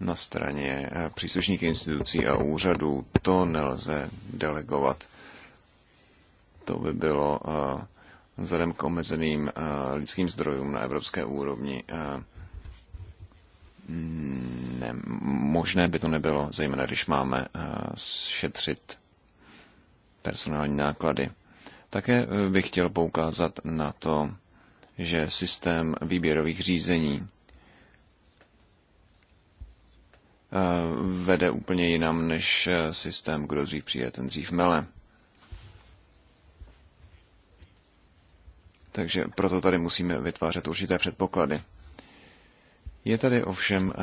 na straně eh, příslušných institucí a úřadů. To nelze delegovat. To by bylo vzhledem k omezeným lidským zdrojům na evropské úrovni ne, možné by to nebylo, zejména když máme eh, šetřit personální náklady. Také eh, bych chtěl poukázat na to, že systém výběrových řízení eh, vede úplně jinam než systém, kdo dřív přijde, ten dřív mele. Takže proto tady musíme vytvářet určité předpoklady. Je tady ovšem eh,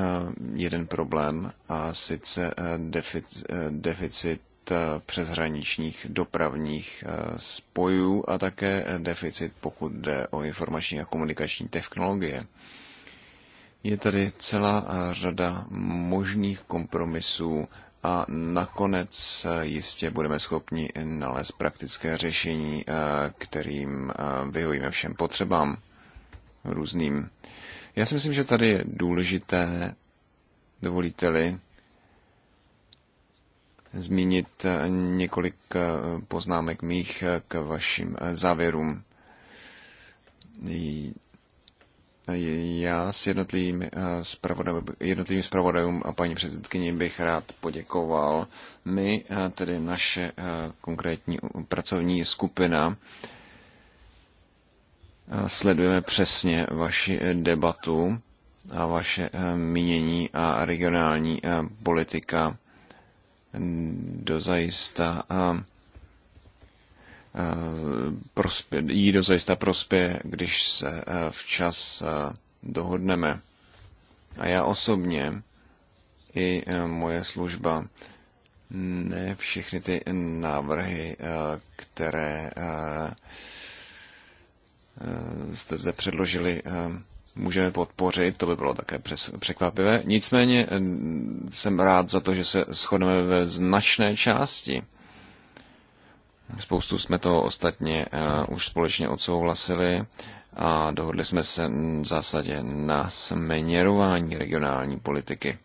jeden problém a sice eh, eh, deficit přeshraničních dopravních spojů a také deficit, pokud jde o informační a komunikační technologie. Je tady celá řada možných kompromisů a nakonec jistě budeme schopni nalézt praktické řešení, kterým vyhovíme všem potřebám různým. Já si myslím, že tady je důležité, dovolíte-li, zmínit eh, několik eh, poznámek mých eh, k vašim závěrům. Já s jednotlivým spravodajům, jednotlivým spravodajům a paní předsedkyni bych rád poděkoval. My, tedy naše konkrétní pracovní skupina, sledujeme přesně vaši debatu a vaše eh, mínění a regionální eh, politika dozajista eh, jí dozajista prospěje, když se včas dohodneme. A já osobně i moje služba ne všechny ty návrhy, které Eh, jste zde předložili, eh, můžeme podpořit, to by bylo také překvapivé. Nicméně eh, jsem rád za to, že se shodneme ve značné části. Spoustu jsme to ostatně už společně odsouhlasili a dohodli jsme se v zásadě na směrování regionální politiky.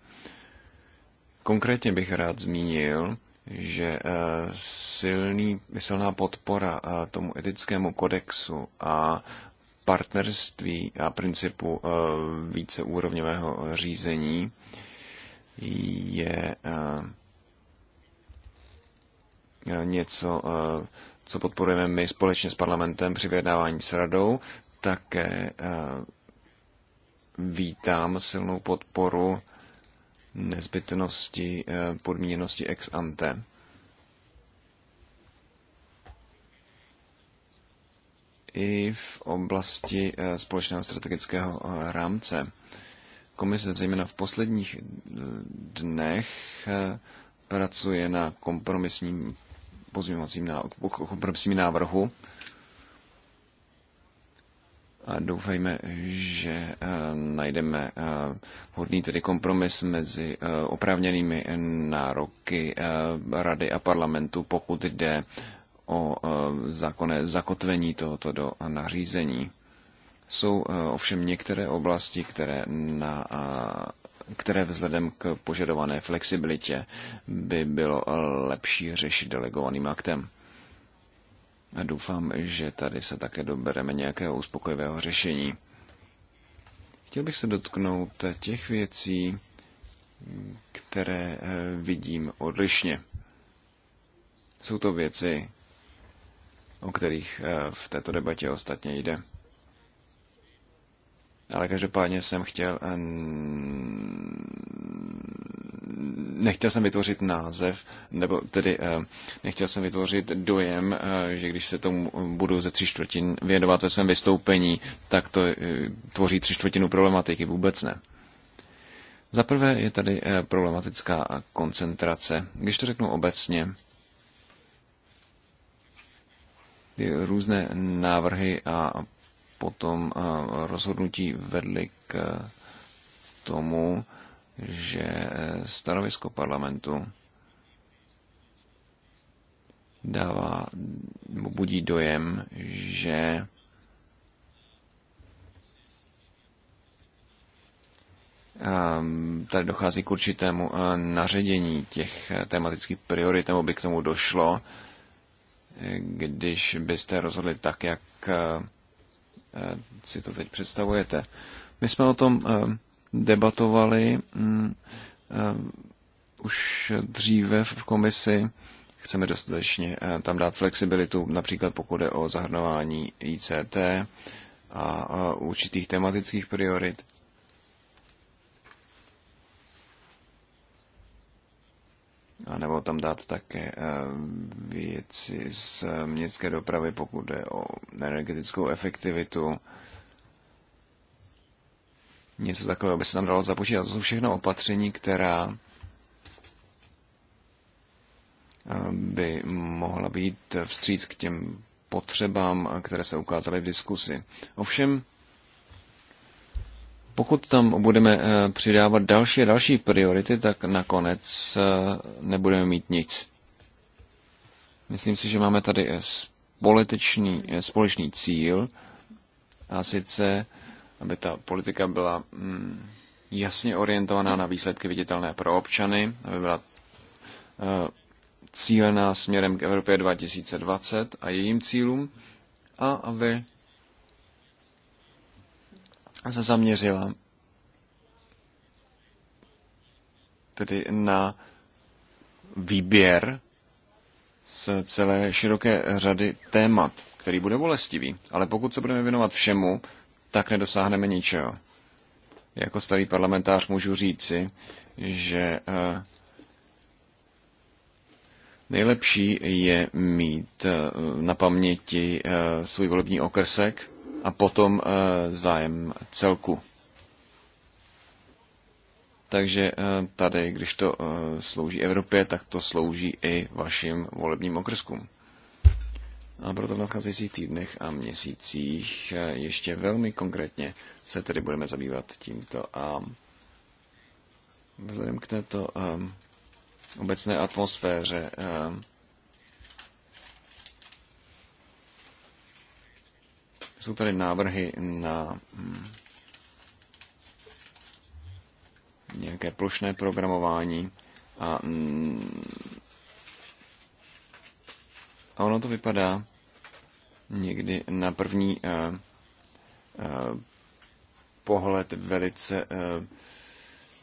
Konkrétně bych rád zmínil že eh, silný, silná podpora eh, tomu etickému kodexu a partnerství a principu eh, víceúrovňového řízení je něco, co podporujeme my společně s parlamentem při vyjednávání s radou. Také vítám silnou podporu nezbytnosti eh, podmíněnosti ex ante. I v oblasti eh, společného strategického eh, rámce. Komise zejména v posledních dnech pracuje na kompromisním pozměňovacím kompromisním návrhu, a doufejme, že eh, najdeme eh, vhodný tedy kompromis mezi eh, oprávněnými nároky Rady a parlamentu, pokud jde o zákonné zakotvení tohoto do nařízení. Jsou ovšem některé oblasti, které, na, které vzhledem k požadované flexibilitě by bylo lepší řešit delegovaným aktem. A doufám, že tady se také dobereme nějakého uspokojivého řešení. Chtěl bych se dotknout těch věcí, které eh, vidím odlišně. Jsou to věci, o kterých eh, v této debatě ostatně jde. Ale každopádně jsem chtěl... Eh, nechtěl jsem vytvořit název, nebo tedy eh, nechtěl jsem vytvořit dojem, eh, že když se tomu budu ze tři čtvrtin věnovat ve svém vystoupení, tak to tvoří tři čtvrtinu problematiky. Vůbec ne. Za prvé je tady problematická koncentrace. Když to řeknu obecně, ty různé návrhy a potom eh, rozhodnutí vedly k eh, tomu, že eh, stanovisko parlamentu dává, budí dojem, že ehm, tady dochází k určitému naředění těch tematických priorit, nebo by k tomu došlo, když byste rozhodli tak, jak Eh, si to teď představujete. My jsme o tom eh, debatovali mm, eh, už dříve v komisi. Chceme dostatečně tam dát flexibilitu, například pokud je o zahrnování ICT a určitých tematických priorit. A nebo tam dát také eh, věci z městské dopravy, pokud jde o energetickou efektivitu. Něco takového by se tam dalo započítat. To jsou všechno opatření, která eh, by mohla být vstříc k těm potřebám, eh, které se ukázaly v diskusi. Ovšem, pokud tam budeme eh, přidávat další a další priority, tak nakonec eh, nebudeme mít nic. Myslím si, že máme tady eh, společný, společný cíl, a sice, aby ta politika byla mm, jasně orientovaná na výsledky viditelné pro občany, aby byla cílená směrem k Evropě 2020 a jejím cílům a aby zaměřila tedy na výběr z celé široké řady témat, který bude bolestivý. Ale pokud se budeme věnovat všemu, tak nedosáhneme ničeho. Jako starý parlamentář můžu říci, že eh, nejlepší je mít eh, na paměti eh, svůj volební okrsek a potom eh, zájem celku. Takže eh, tady, když to eh, slouží Evropě, tak to slouží i vašim volebním okrskům. A proto v nadcházejících týdnech a měsících ještě velmi konkrétně se tedy budeme zabývat tímto. A vzhledem k této obecné atmosféře Jsou tady návrhy na hm, nějaké plošné programování a, hm, a ono to vypadá někdy na první uh, uh, pohled velice uh,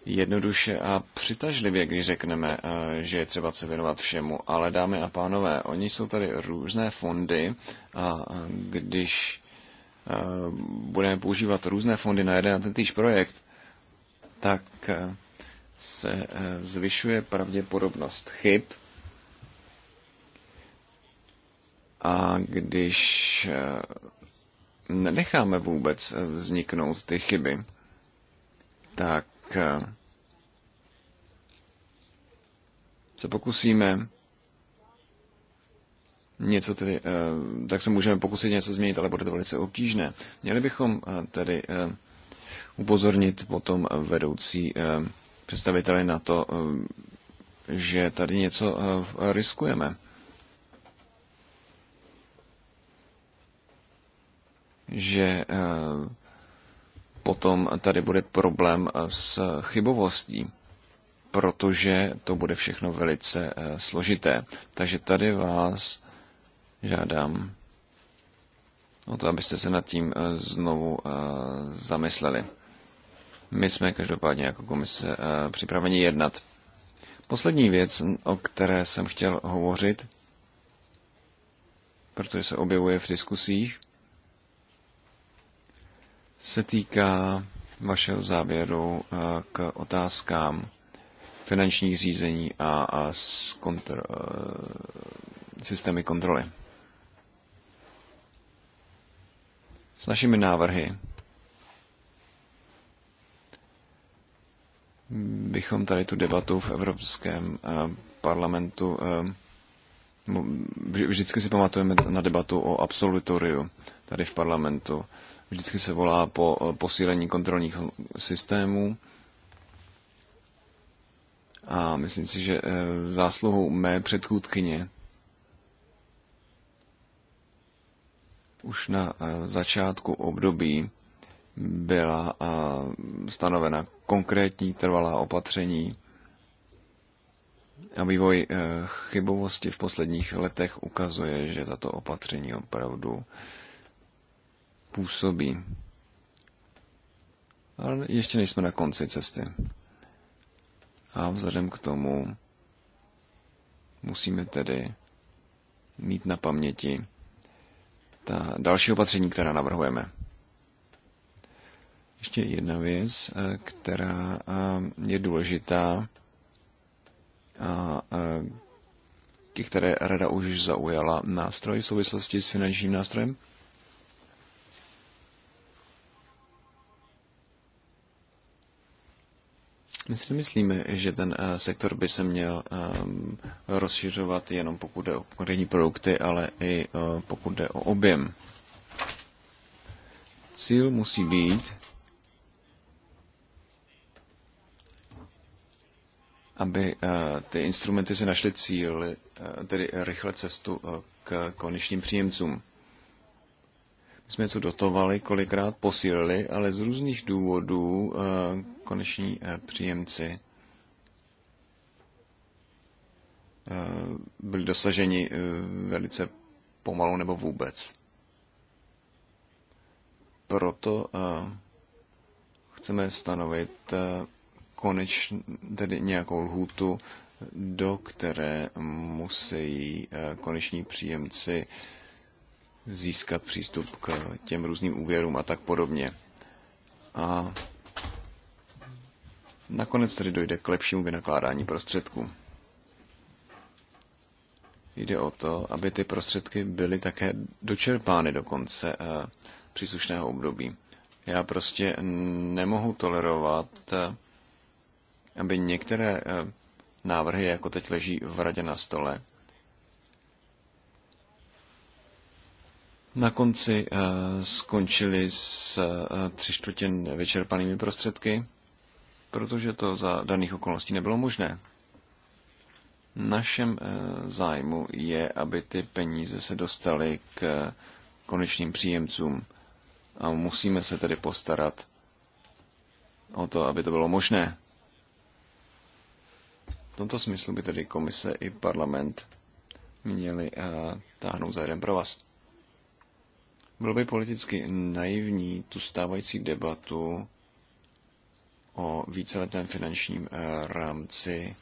jednoduše a přitažlivě, když řekneme, že je třeba se věnovat všemu. Ale dámy a pánové, oni jsou tady různé fondy a když Eh, budeme používat různé fondy na jeden a ten týž projekt, tak eh, se eh, zvyšuje pravděpodobnost chyb. A když nenecháme vůbec vzniknout ty chyby, tak se pokusíme něco tedy, eh, tak se můžeme pokusit něco změnit, ale bude to velice obtížné. Měli bychom eh, tedy eh, upozornit potom vedoucí představiteli na to, že tady něco riskujeme. Že potom tady bude problém s chybovostí, protože to bude všechno velice složité. Takže tady vás žádám o to, abyste se nad tím eh, znovu eh, zamysleli. My jsme každopádně jako komise eh, připraveni jednat. Poslední věc, o které jsem chtěl hovořit, protože se objevuje v diskusích, se týká vašeho závěru k otázkám finančních řízení a, a kontr- systémy kontroly. s našimi návrhy bychom tady tu debatu v Evropském eh, parlamentu eh, vždycky si pamatujeme na debatu o absolutoriu tady v parlamentu. Vždycky se volá po eh, posílení kontrolních systémů. A myslím si, že zásluhou mé předchůdkyně už na eh, začátku období byla eh, stanovena konkrétní trvalá opatření a vývoj eh, chybovosti v posledních letech ukazuje, že tato opatření opravdu působí. Ale ještě nejsme na konci cesty. A vzhledem k tomu musíme tedy mít na paměti, ta další opatření, která navrhujeme. Ještě jedna věc, eh, která eh, je důležitá a eh, které rada už zaujala nástroj v souvislosti s finančním nástrojem My si myslíme, že ten eh, sektor by se měl ehm, rozšiřovat jenom pokud jde o konkrétní produkty, ale i eh, pokud jde o objem. Cíl musí být, aby eh, ty instrumenty se našly cíl, tedy rychle cestu k konečným příjemcům. My jsme to dotovali, kolikrát posílili, ale z různých důvodů koneční eh, příjemci eh, byli dosaženi eh, velice pomalu nebo vůbec. Proto chceme stanovit koneč, tedy nějakou lhůtu, do které musí koneční příjemci získat přístup k těm různým úvěrům a tak podobně. A Nakonec tedy dojde k lepšímu vynakládání prostředků. Jde o to, aby ty prostředky byly také dočerpány do konce eh, příslušného období. Já prostě nemohu tolerovat, eh, aby některé eh, návrhy, jako teď leží v radě na stole, na konci skončili s tři čtvrtin vyčerpanými prostředky protože to za daných okolností nebylo možné. Našem eh, zájmu je, aby ty peníze se dostaly k eh, konečným příjemcům a musíme se tedy postarat o to, aby to bylo možné. V tomto smyslu by tedy komise i parlament měli eh, táhnout za jeden pro vás. Bylo by politicky naivní tu stávající debatu o víceletém finančním eh, rámci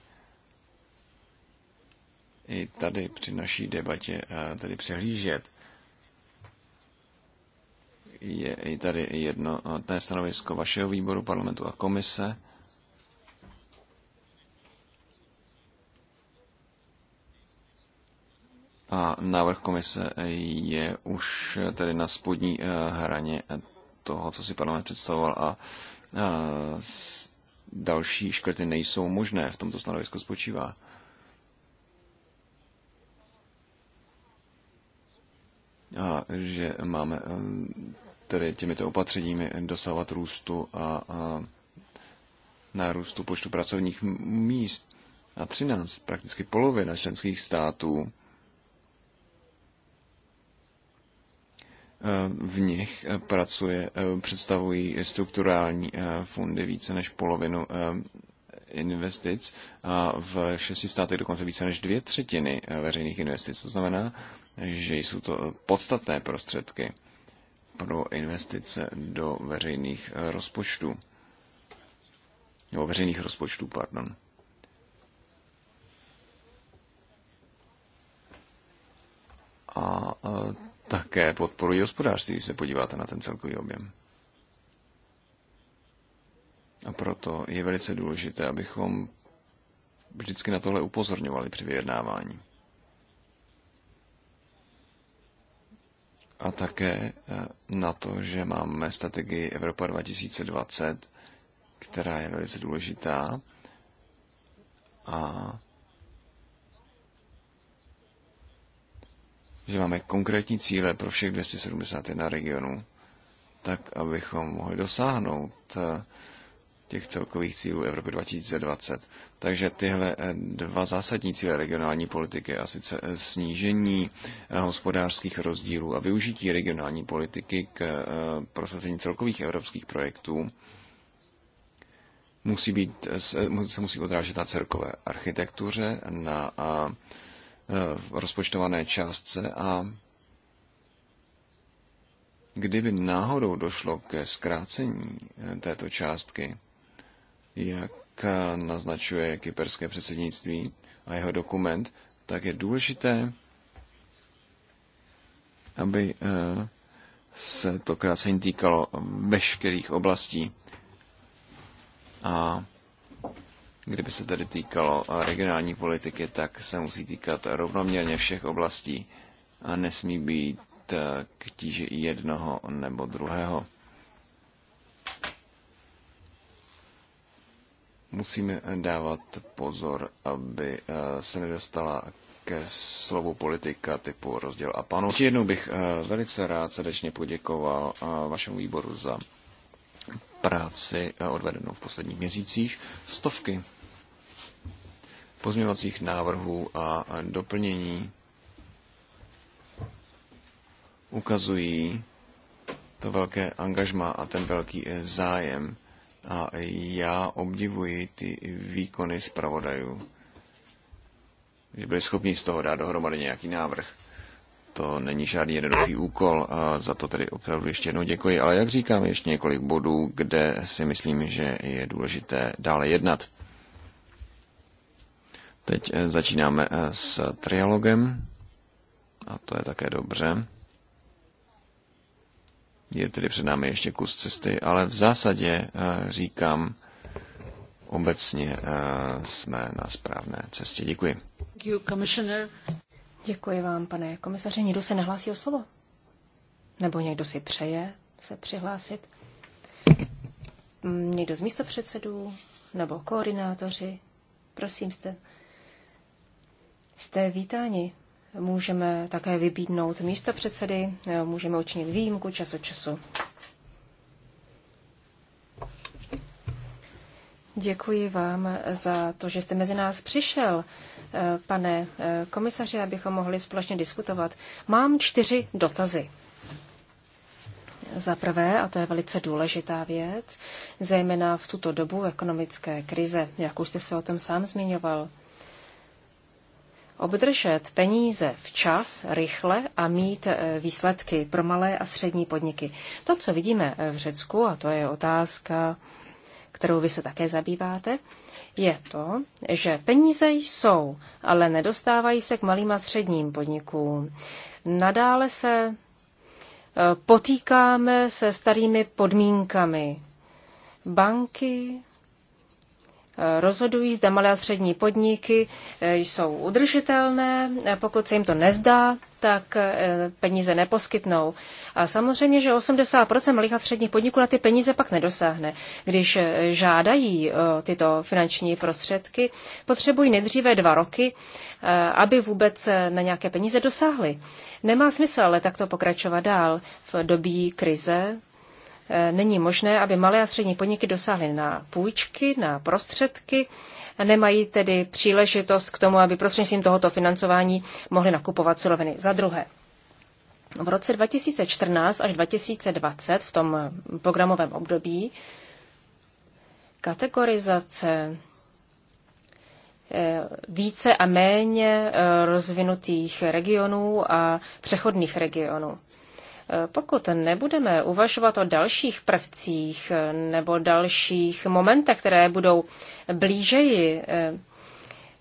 i tady při naší debatě eh, tady přehlížet. Je i tady jedno eh, té stanovisko vašeho výboru parlamentu a komise. A návrh komise je už tedy na spodní hraně toho, co si parlament představoval a, a další škrty nejsou možné, v tomto stanovisku spočívá. A že máme e, tedy těmito opatřeními dosahovat růstu a, a nárůstu počtu pracovních míst. A 13, prakticky polovina členských států v nich eh, pracuje, eh, představují strukturální eh, fondy více než polovinu investic a v šesti státech dokonce více než dvě třetiny veřejných investic. To znamená, že jsou to podstatné prostředky pro investice do veřejných rozpočtů. Nebo veřejných rozpočtů, pardon. A také podporují hospodářství, když se podíváte na ten celkový objem. A proto je velice důležité, abychom vždycky na tohle upozorňovali při vyjednávání. A také eh, na to, že máme strategii Evropa 2020, která je velice důležitá a že máme konkrétní cíle pro všech 271 regionů, tak abychom mohli dosáhnout eh, těch celkových cílů Evropy 2020. Takže tyhle eh, dva zásadní cíle regionální politiky, a sice eh, snížení hospodářských rozdílů a využití regionální politiky k prosazení celkových evropských projektů, musí být, se musí odrážet na celkové architektuře, na v rozpočtované částce a kdyby náhodou došlo ke zkrácení eh, této částky, jak eh, naznačuje kyperské předsednictví a jeho dokument, tak je důležité, aby eh, se to krácení týkalo veškerých oblastí. A Kdyby se tedy týkalo eh, regionální politiky, tak se musí týkat rovnoměrně všech oblastí a nesmí být eh, k tíži jednoho nebo druhého. Musíme eh, dávat pozor, aby se nedostala ke slovu politika typu rozděl a panu. Ještě jednou bych velice rád srdečně poděkoval vašemu výboru za práci eh, odvedenou v posledních měsících. Stovky pozměňovacích návrhů a doplnění ukazují to velké angažma a ten velký eh, zájem. A já obdivuji ty výkony zpravodajů, že byli schopni z toho dát dohromady nějaký návrh to není žádný jednoduchý úkol a za to tedy opravdu ještě jednou děkuji. Ale jak říkám, ještě několik bodů, kde si myslím, že je důležité dále jednat. Teď eh, začínáme eh, s trialogem a to je také dobře. Je tedy před námi ještě kus cesty, ale v zásadě eh, říkám, obecně jsme na správné cestě. Děkuji. Děkuji vám, pane komisaře. Někdo se nehlásí o slovo? Nebo někdo si přeje se přihlásit? Mm, někdo z místopředsedů? Nebo koordinátoři? Prosím, jste, jste vítáni. Můžeme také vybídnout místopředsedy, eh, můžeme učinit výjimku čas od času. Děkuji vám za to, že jste mezi nás přišel. Eh, pane eh, komisaři, abychom mohli společně diskutovat. Mám čtyři dotazy. Za prvé, a to je velice důležitá věc, zejména v tuto dobu ekonomické krize, jak už jste se o tom sám zmiňoval, obdržet peníze včas, rychle a mít eh, výsledky pro malé a střední podniky. To, co vidíme v Řecku, a to je otázka kterou vy se také zabýváte, je to, že peníze jsou, ale nedostávají se k malým a středním podnikům. Nadále se e, potýkáme se starými podmínkami. Banky rozhodují, zda malé a střední podniky eh, jsou udržitelné. Eh, Pokud se jim to nezdá, tak eh, peníze neposkytnou. A samozřejmě, že 80% malých a středních podniků na ty peníze pak nedosáhne. Když žádají tyto finanční prostředky, potřebují nejdříve dva roky, aby vůbec na nějaké peníze dosáhly. Nemá smysl ale takto pokračovat dál. V dobí krize E, není možné, aby malé a střední podniky dosáhly na půjčky, na prostředky, a nemají tedy příležitost k tomu, aby prostřednictvím tohoto financování mohli nakupovat suroviny. Za druhé, v roce 2014 až 2020 v tom programovém období kategorizace e, více a méně e, rozvinutých regionů a přechodných regionů. Pokud nebudeme uvažovat o dalších prvcích nebo dalších momentech, které budou blížeji eh,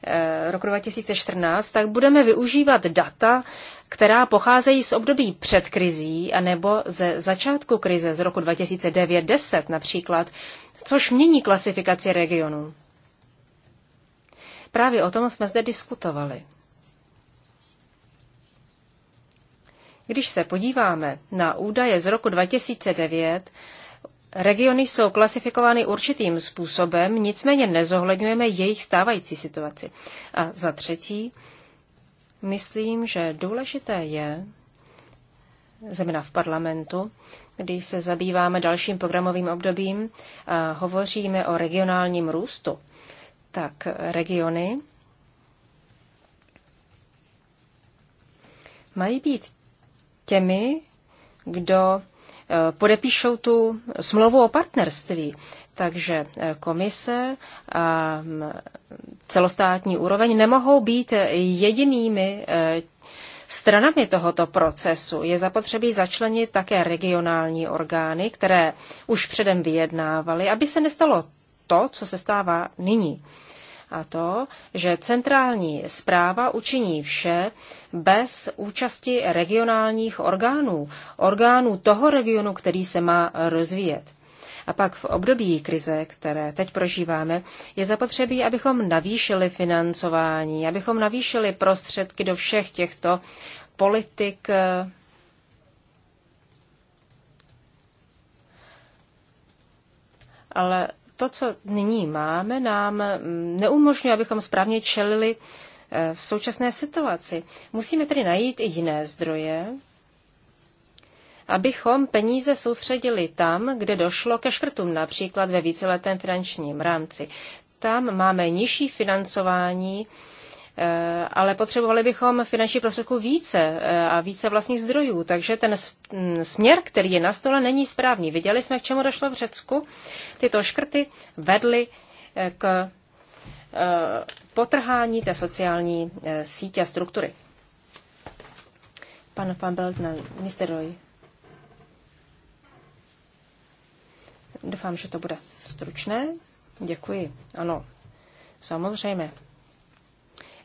eh, roku 2014, tak budeme využívat data, která pocházejí z období před krizí a nebo ze začátku krize z roku 2009-10 například, což mění klasifikaci regionu. Právě o tom jsme zde diskutovali. Když se podíváme na údaje z roku 2009, regiony jsou klasifikovány určitým způsobem, nicméně nezohledňujeme jejich stávající situaci. A za třetí, myslím, že důležité je, zejména v parlamentu, když se zabýváme dalším programovým obdobím a hovoříme o regionálním růstu, tak regiony mají být těmi, kdo eh, podepíšou tu smlouvu o partnerství. Takže eh, komise a mm, celostátní úroveň nemohou být jedinými eh, stranami tohoto procesu. Je zapotřebí začlenit také regionální orgány, které už předem vyjednávaly, aby se nestalo to, co se stává nyní a to, že centrální zpráva učiní vše bez účasti regionálních orgánů, orgánů toho regionu, který se má rozvíjet. A pak v období krize, které teď prožíváme, je zapotřebí, abychom navýšili financování, abychom navýšili prostředky do všech těchto politik ale to, co nyní máme, nám mm, neumožňuje, abychom správně čelili v eh, současné situaci. Musíme tedy najít i jiné zdroje, abychom peníze soustředili tam, kde došlo ke škrtům, například ve víceletém finančním rámci. Tam máme nižší financování Eh, ale potřebovali bychom finanční prostředků více eh, a více vlastních zdrojů, takže ten mm, směr, který je na stole, není správný. Viděli jsme, k čemu došlo v Řecku. Tyto škrty vedly eh, k potrhání té sociální sítě a struktury. Pan Van Beltner, Mr. Roy. Doufám, že to bude stručné. Děkuji. Ano, samozřejmě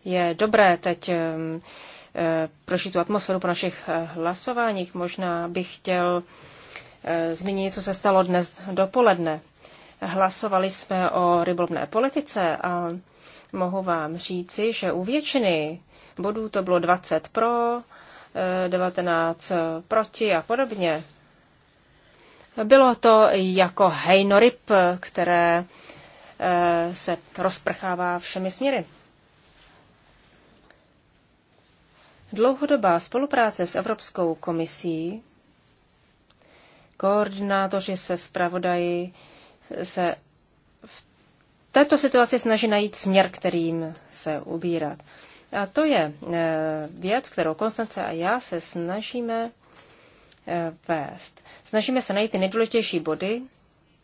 je dobré teď eh, eh, prožít tu atmosféru po našich eh, hlasováních. Možná bych chtěl zmínit, co se stalo dnes dopoledne. Hlasovali jsme o rybolovné politice a mohu vám říci, že u většiny bodů to bylo 20 pro, 19 proti a podobně. Bylo to jako hejno ryb, které se rozprchává všemi směry. Dlouhodobá spolupráce s Evropskou komisí, koordinátoři se zpravodají, se v této situaci snaží najít směr, kterým se ubírat. A to je eh, věc, kterou Konstance a já se snažíme eh, vést. Snažíme se najít ty nejdůležitější body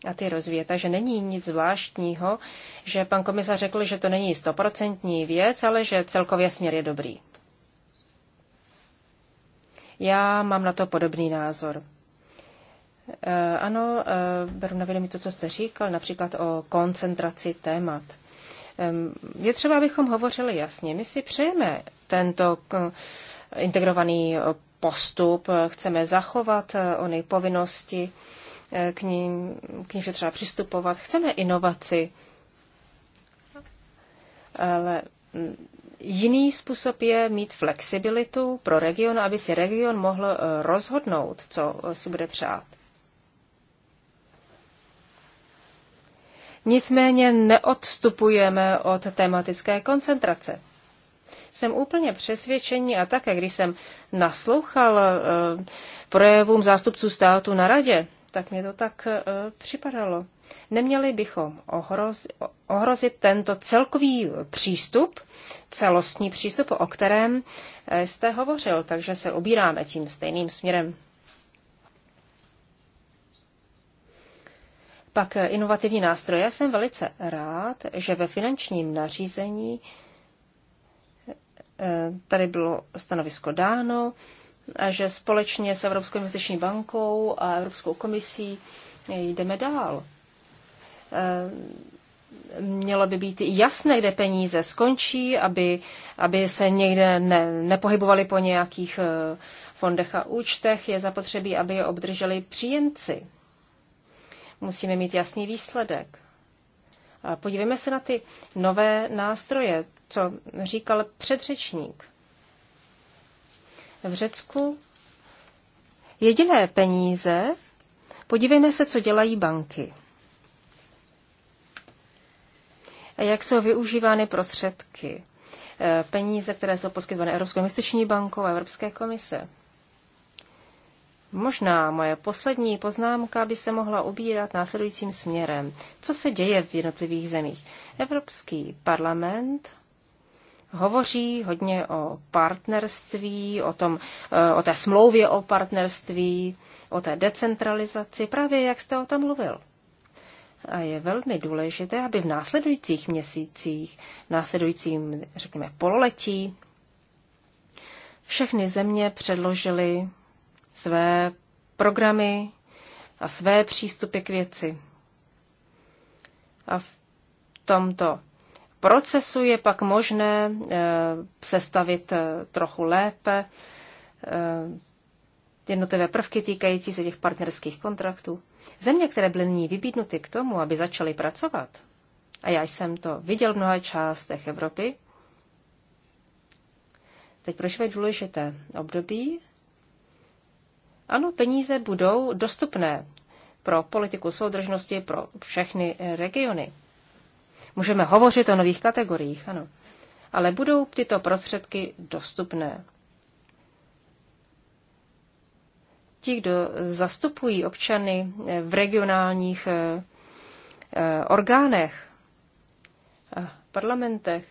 a ty rozvíjet. Takže není nic zvláštního, že pan komisař řekl, že to není stoprocentní věc, ale že celkově směr je dobrý. Já mám na to podobný názor. Eh, ano, eh, beru na vědomí to, co jste říkal, například o koncentraci témat. Je třeba, abychom hovořili jasně. My si přejeme tento eh, integrovaný postup, chceme zachovat ony povinnosti, k ním, k ním je třeba přistupovat, chceme inovaci, ale hm, Jiný způsob je mít flexibilitu pro region, aby si region mohl eh, rozhodnout, co eh, si bude přát. Nicméně neodstupujeme od tematické koncentrace. Jsem úplně přesvědčený a také, když jsem naslouchal eh, projevům zástupců státu na radě, tak mě to tak připadalo. Neměli bychom ohrozit, ohrozit tento celkový přístup, celostní přístup, o kterém eh, jste hovořil, takže se ubíráme tím stejným směrem. Pak eh, inovativní nástroje. Já jsem velice rád, že ve finančním nařízení eh, tady bylo stanovisko dáno, a že společně s Evropskou investiční bankou a Evropskou komisí jdeme dál mělo by být jasné, kde peníze skončí, aby, aby se někde ne, nepohybovali po nějakých eh, fondech a účtech. Je zapotřebí, aby je obdrželi příjemci. Musíme mít jasný výsledek. podívejme se na ty nové nástroje, co říkal předřečník. V Řecku jediné peníze, podívejme se, co dělají banky. jak jsou využívány prostředky, eh, peníze, které jsou poskytované Evropskou investiční bankou a Evropské komise. Možná moje poslední poznámka by se mohla ubírat následujícím směrem. Co se děje v jednotlivých zemích? Evropský parlament hovoří hodně o partnerství, o, tom, eh, o té smlouvě o partnerství, o té decentralizaci, právě jak jste o tom mluvil a je velmi důležité, aby v následujících měsících, následujícím, řekněme, pololetí, všechny země předložily své programy a své přístupy k věci. A v tomto procesu je pak možné e, sestavit eh, trochu lépe e, jednotlivé prvky týkající se těch partnerských kontraktů. Země, které byly nyní vybídnuty k tomu, aby začaly pracovat, a já jsem to viděl v mnoha částech Evropy, teď prožívají důležité období. Ano, peníze budou dostupné pro politiku soudržnosti pro všechny regiony. Můžeme hovořit o nových kategoriích, ano, ale budou tyto prostředky dostupné. ti, kdo zastupují občany eh, v regionálních eh, eh, orgánech, parlamentech,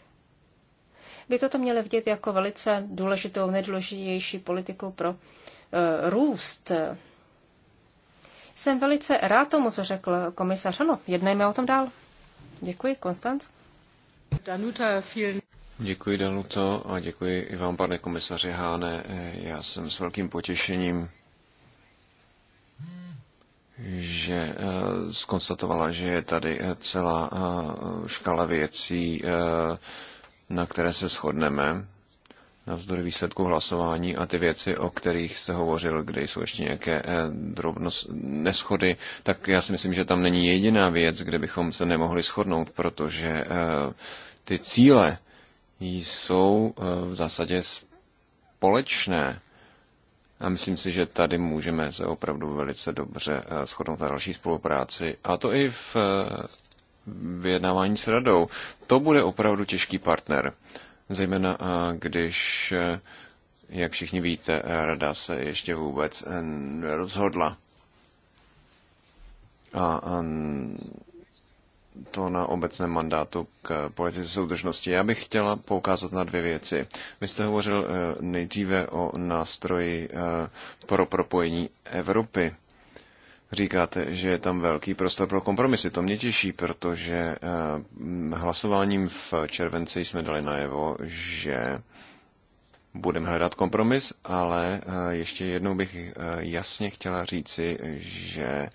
by toto měli vidět jako velice důležitou, nejdůležitější politiku pro růst. Jsem velice rád tomu, co řekl komisař. Ano, jednejme o tom dál. Děkuji, Konstanc. Danuta, vielen Děkuji, Danuto, a děkuji i vám, pane komisaři Háne. Já jsem s velkým potěšením že skonstatovala, eh, že je tady eh, celá eh, škala věcí, na které se shodneme, navzdory výsledku hlasování a ty věci, o kterých se hovořil, kde jsou ještě nějaké drobnost, neschody, tak já si myslím, že tam není jediná věc, kde bychom se nemohli shodnout, protože ty cíle jsou v zásadě společné. A myslím si, že tady můžeme se opravdu velice dobře eh, shodnout na další spolupráci. A to i v eh, vyjednávání s radou. To bude opravdu těžký partner. Zejména eh, když, jak všichni víte, rada se ještě vůbec rozhodla. A, a to na obecném mandátu k politice soudržnosti. Já bych chtěla poukázat na dvě věci. Vy jste hovořil eh, nejdříve o nástroji eh, pro propojení Evropy. Říkáte, že je tam velký prostor pro kompromisy. To mě těší, protože eh, hlasováním v červenci jsme dali najevo, že budeme hledat kompromis, ale ještě jednou bych jasně chtěla říci, že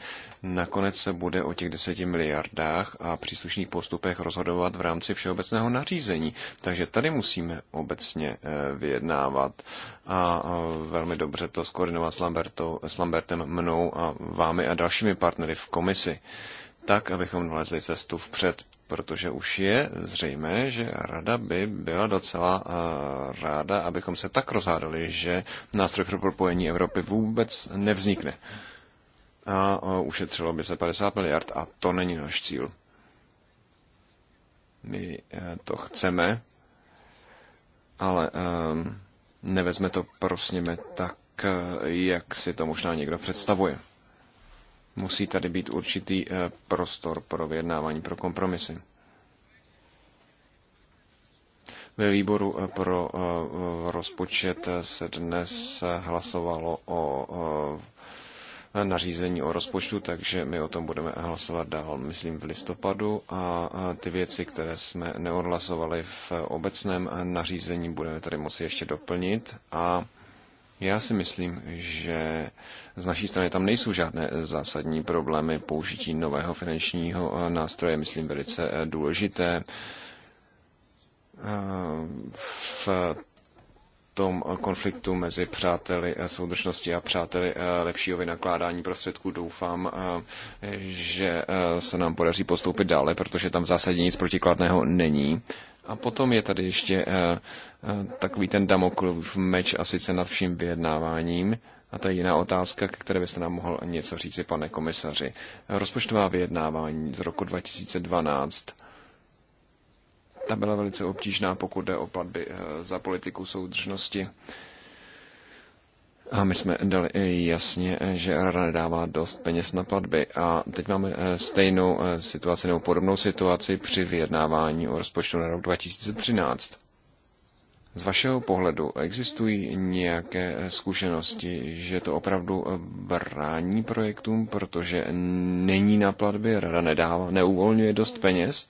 Nakonec se bude o těch deseti miliardách a příslušných postupech rozhodovat v rámci všeobecného nařízení. Takže tady musíme obecně eh, vyjednávat a eh, velmi dobře to skoordinovat s, Lambertou, s Lambertem, mnou a vámi a dalšími partnery v komisi tak, abychom nalezli cestu vpřed, protože už je zřejmé, že rada by byla docela eh, ráda, abychom se tak rozhádali, že nástroj pro propojení Evropy vůbec nevznikne a ušetřilo by se 50 miliard a to není náš cíl. My e, to chceme, ale e, nevezme to, prosněme, tak, e, jak si to možná někdo představuje. Musí tady být určitý prostor pro vyjednávání, pro kompromisy. Ve výboru pro rozpočet se dnes hlasovalo o nařízení o rozpočtu, takže my o tom budeme hlasovat dál, myslím, v listopadu a ty věci, které jsme neodhlasovali v obecném nařízení, budeme tady moci ještě doplnit a já si myslím, že z naší strany tam nejsou žádné zásadní problémy použití nového finančního nástroje, myslím, velice e, důležité v tom eh, konfliktu mezi přáteli eh, soudržnosti a přáteli eh, lepšího vynakládání prostředků doufám, že se nám podaří postoupit dále, protože tam v zásadě nic protikladného není. A potom je tady ještě takový ten Damoklův meč a sice nad vším vyjednáváním. A to je jiná otázka, k které byste nám mohl něco říci, pane komisaři. Rozpočtová vyjednávání z roku 2012 ta byla velice obtížná, pokud jde o platby eh, za politiku soudržnosti. A my jsme dali jasně, eh, že rada nedává dost peněz na platby. A teď máme eh, stejnou situaci nebo podobnou situaci při vyjednávání o rozpočtu na rok 2013. Z vašeho pohledu existují nějaké zkušenosti, že to opravdu brání projektům, protože není na platby, rada nedává, neuvolňuje dost peněz?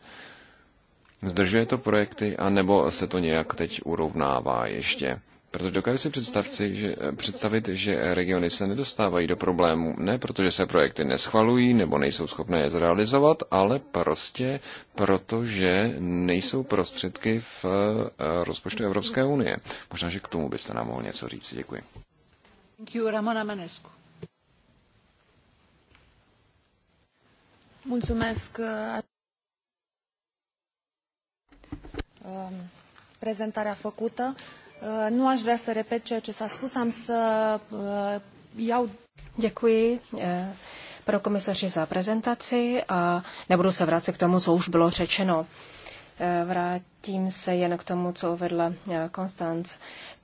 Zdržuje to projekty, anebo se to nějak teď urovnává ještě? Protože dokážu si představci, že, představit, že regiony se nedostávají do problémů, ne protože se projekty neschvalují nebo nejsou schopné je zrealizovat, ale prostě protože nejsou prostředky v eh, rozpočtu Evropské unie. Možná, že k tomu byste nám mohl něco říct. Děkuji. Thank you, Mulțumesc. Um, prezentarea făcută. Uh, nu aș vrea să repet ceea ce s-a spus, am să uh, iau... Děkuji uh, pro komisaři za prezentaci a nebudu se vrátit k tomu, co už bylo řečeno. Vrátím se jen k tomu, co uvedla Konstanc.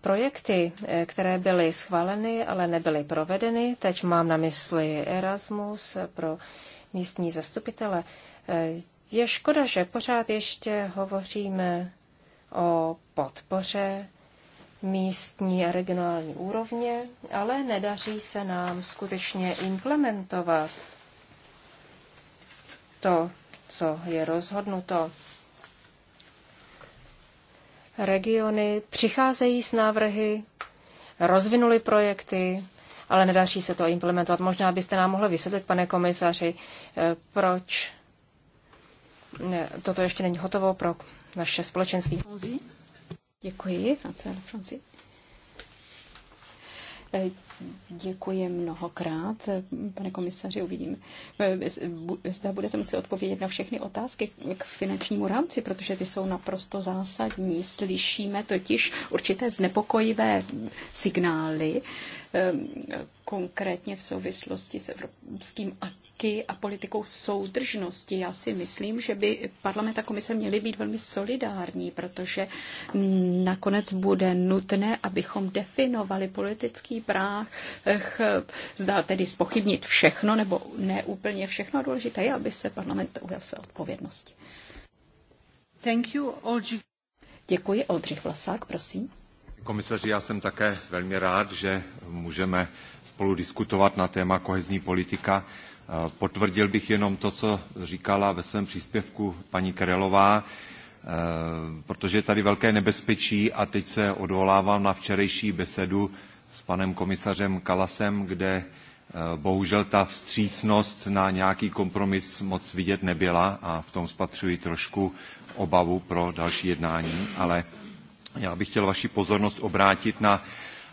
Projekty, které byly schváleny, ale nebyly provedeny, teď mám na mysli Erasmus pro místní zastupitele, je škoda, že pořád ještě hovoříme o podpoře místní a regionální úrovně, ale nedaří se nám skutečně implementovat to, co je rozhodnuto. Regiony přicházejí s návrhy, rozvinuli projekty, ale nedaří se to implementovat. Možná byste nám mohli vysvětlit, pane komisaři, eh, proč toto ještě není hotovo pro naše společenství. Děkuji. E, děkuji mnohokrát, pane komisaři, uvidím. E, zda budete muset odpovědět na všechny otázky k finančnímu rámci, protože ty jsou naprosto zásadní. Slyšíme totiž určité znepokojivé signály, e, konkrétně v souvislosti s Evropským politiky a politikou soudržnosti. Já si myslím, že by parlament a komise měly být velmi solidární, protože nakonec bude nutné, abychom definovali politický práh, zdá tedy spochybnit všechno nebo ne úplně všechno. Důležité je, aby se parlament ujal své odpovědnosti. Thank you, Oldřich. Děkuji, Oldřich Vlasák, prosím. Komisaři, já jsem také velmi rád, že můžeme spolu diskutovat na téma kohezní politika. Potvrdil bych jenom to, co říkala ve svém příspěvku paní Karelová, e, protože je tady velké nebezpečí a teď se odvolávám na včerejší besedu s panem komisařem Kalasem, kde e, bohužel ta vstřícnost na nějaký kompromis moc vidět nebyla a v tom spatřuji trošku obavu pro další jednání, ale já bych chtěl vaši pozornost obrátit na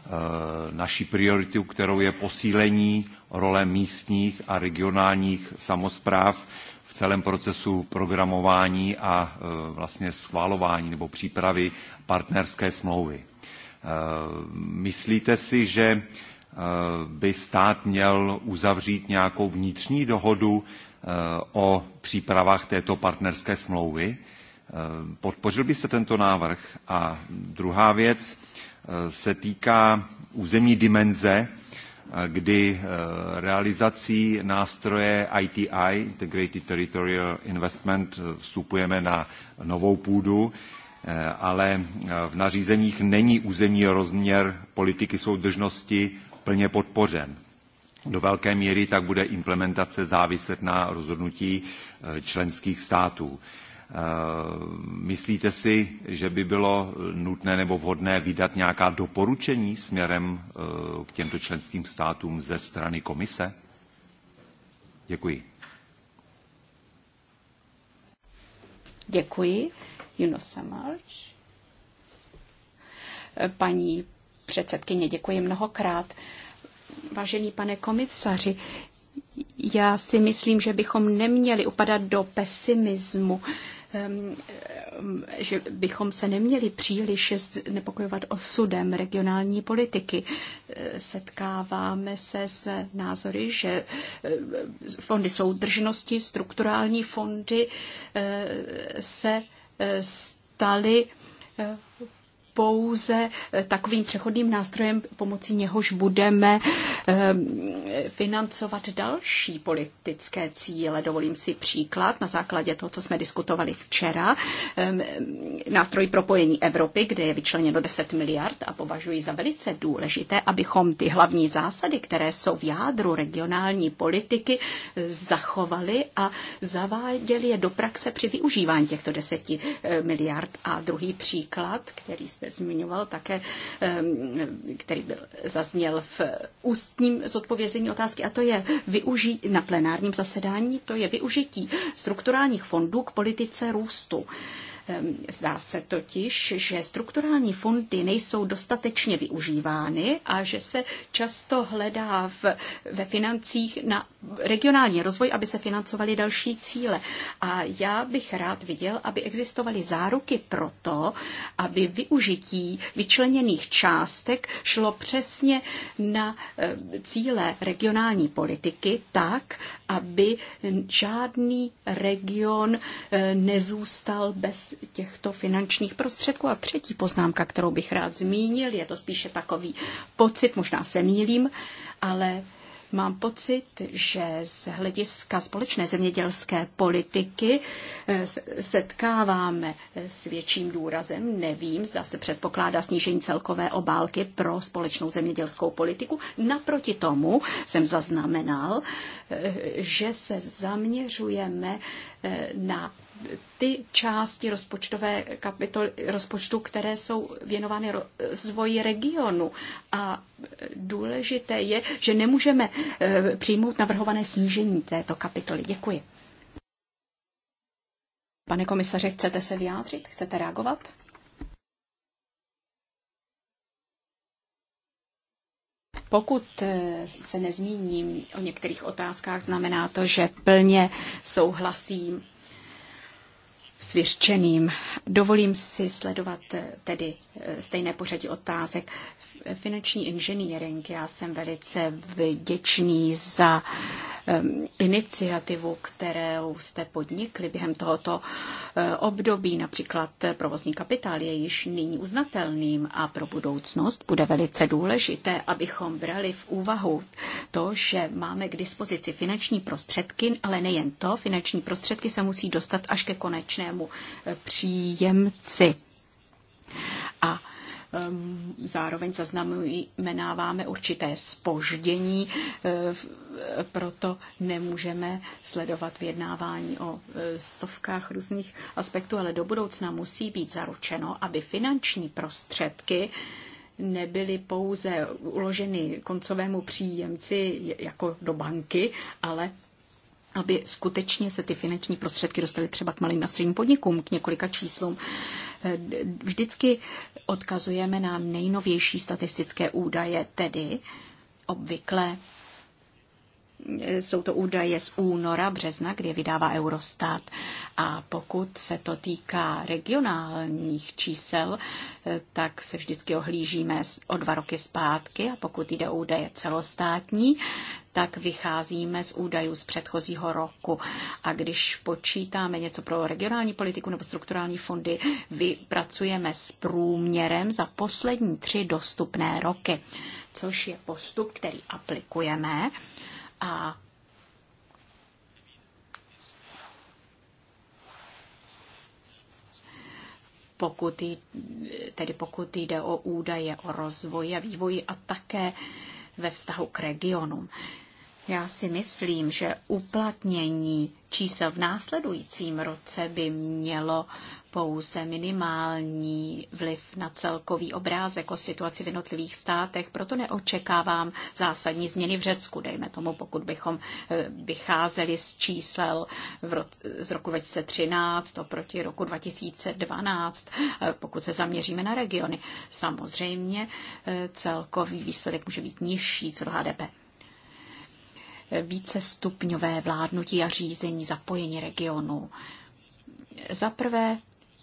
Eh, naší prioritu, kterou je posílení role místních a regionálních samozpráv v celém procesu programování a eh, vlastně schvalování nebo přípravy partnerské smlouvy. Eh, myslíte si, že by stát měl uzavřít nějakou vnitřní dohodu o přípravách této partnerské smlouvy? Podpořil byste tento návrh? A druhá věc, Eh, se týká územní dimenze, eh, kdy eh, realizací nástroje ITI, Integrated Territorial Investment, vstupujeme na novou půdu, ale v nařízeních není územní rozměr politiky soudržnosti plně podpořen. Do velké míry tak bude implementace záviset na rozhodnutí členských států. Eh, myslíte si, že by bylo nutné nebo vhodné vydat nějaká doporučení směrem eh, k těmto členským státům ze strany komise? Děkuji. Děkuji. Juno Samarč. Eh, paní předsedkyně, děkuji mnohokrát. Vážený pane komisaři, já si myslím, že bychom neměli upadat do pesimismu. Ehm, ehm, že bychom se neměli příliš nepokojovat osudem regionální politiky. Eh, setkáváme se s názory, že eh, fondy soudržnosti, strukturální fondy eh, se staly pouze eh, takovým přechodným nástrojem, pomocí něhož budeme eh, financovat další politické cíle. Dovolím si příklad na základě toho, co jsme diskutovali včera. Ehm, nástroj propojení Evropy, kde je vyčleněno 10 miliard a považuji za velice důležité, abychom ty hlavní zásady, které jsou v jádru regionální politiky, zachovali a zaváděli je do praxe při využívání těchto 10 eh, miliard. A druhý příklad, který jste zmiňoval také, který byl, zazněl v ústním zodpovězení otázky, a to je využí na plenárním zasedání, to je využití strukturálních fondů k politice růstu. Ehm, zdá se totiž, že strukturální fondy nejsou dostatečně využívány a že se často hledá v, ve financích na regionální rozvoj, aby se financovaly další cíle. A já bych rád viděl, aby existovaly záruky pro to, aby využití vyčleněných částek šlo přesně na ehm, cíle regionální politiky tak, aby žádný region ehm, nezůstal bez těchto finančních prostředků. A třetí poznámka, kterou bych rád zmínil, je to spíše takový pocit, možná se mýlím, ale mám pocit, že z hlediska společné zemědělské politiky eh, setkáváme eh, s větším důrazem, nevím, zda se předpokládá snížení celkové obálky pro společnou zemědělskou politiku. Naproti tomu jsem zaznamenal, eh, že se zaměřujeme na ty části rozpočtové kapitol, rozpočtu, které jsou věnovány rozvoji regionu. A důležité je, že nemůžeme eh, přijmout navrhované snížení této kapitoly. Děkuji. Pane komisaře, chcete se vyjádřit? Chcete reagovat? Pokud eh, se nezmíním o některých otázkách, znamená to, že plně souhlasím svěřčeným. Dovolím si sledovat eh, tedy eh, stejné pořadí otázek. Finanční inženýring. Já jsem velice vděčný za eh, iniciativu, kterou jste podnikli během tohoto období. Například provozní kapitál je již nyní uznatelným a pro budoucnost bude velice důležité, abychom brali v úvahu to, že máme k dispozici finanční prostředky, ale nejen to, finanční prostředky se musí dostat až ke konečné konečnému eh, příjemci. A ehm, zároveň zaznamenáváme určité spoždění, eh, eh, proto nemůžeme sledovat vyjednávání o stovkách různých aspektů, ale do budoucna musí být zaručeno, aby finanční prostředky nebyly pouze uloženy koncovému příjemci jako do banky, ale aby skutečně se ty finanční prostředky dostaly třeba k malým a středním podnikům, k několika číslům. Eh, vždycky odkazujeme na nejnovější statistické údaje, tedy obvykle eh, jsou to údaje z února, března, kdy je vydává Eurostat. A pokud se to týká regionálních čísel, eh, tak se vždycky ohlížíme o dva roky zpátky. A pokud jde o údaje celostátní, tak vycházíme z údajů z předchozího roku. A když počítáme něco pro regionální politiku nebo strukturální fondy, vypracujeme s průměrem za poslední tři dostupné roky, což je postup, který aplikujeme. A pokud, tedy pokud jde o údaje o rozvoji a vývoji a také ve vztahu k regionům. Já si myslím, že uplatnění čísel v následujícím roce by mělo pouze minimální vliv na celkový obrázek o situaci v jednotlivých státech, proto neočekávám zásadní změny v Řecku, dejme tomu, pokud bychom eh, vycházeli z čísel v ro- z roku 2013 oproti roku 2012, eh, pokud se zaměříme na regiony. Samozřejmě eh, celkový výsledek může být nižší co do HDP více stupňové vládnutí a řízení zapojení regionu. Za prvé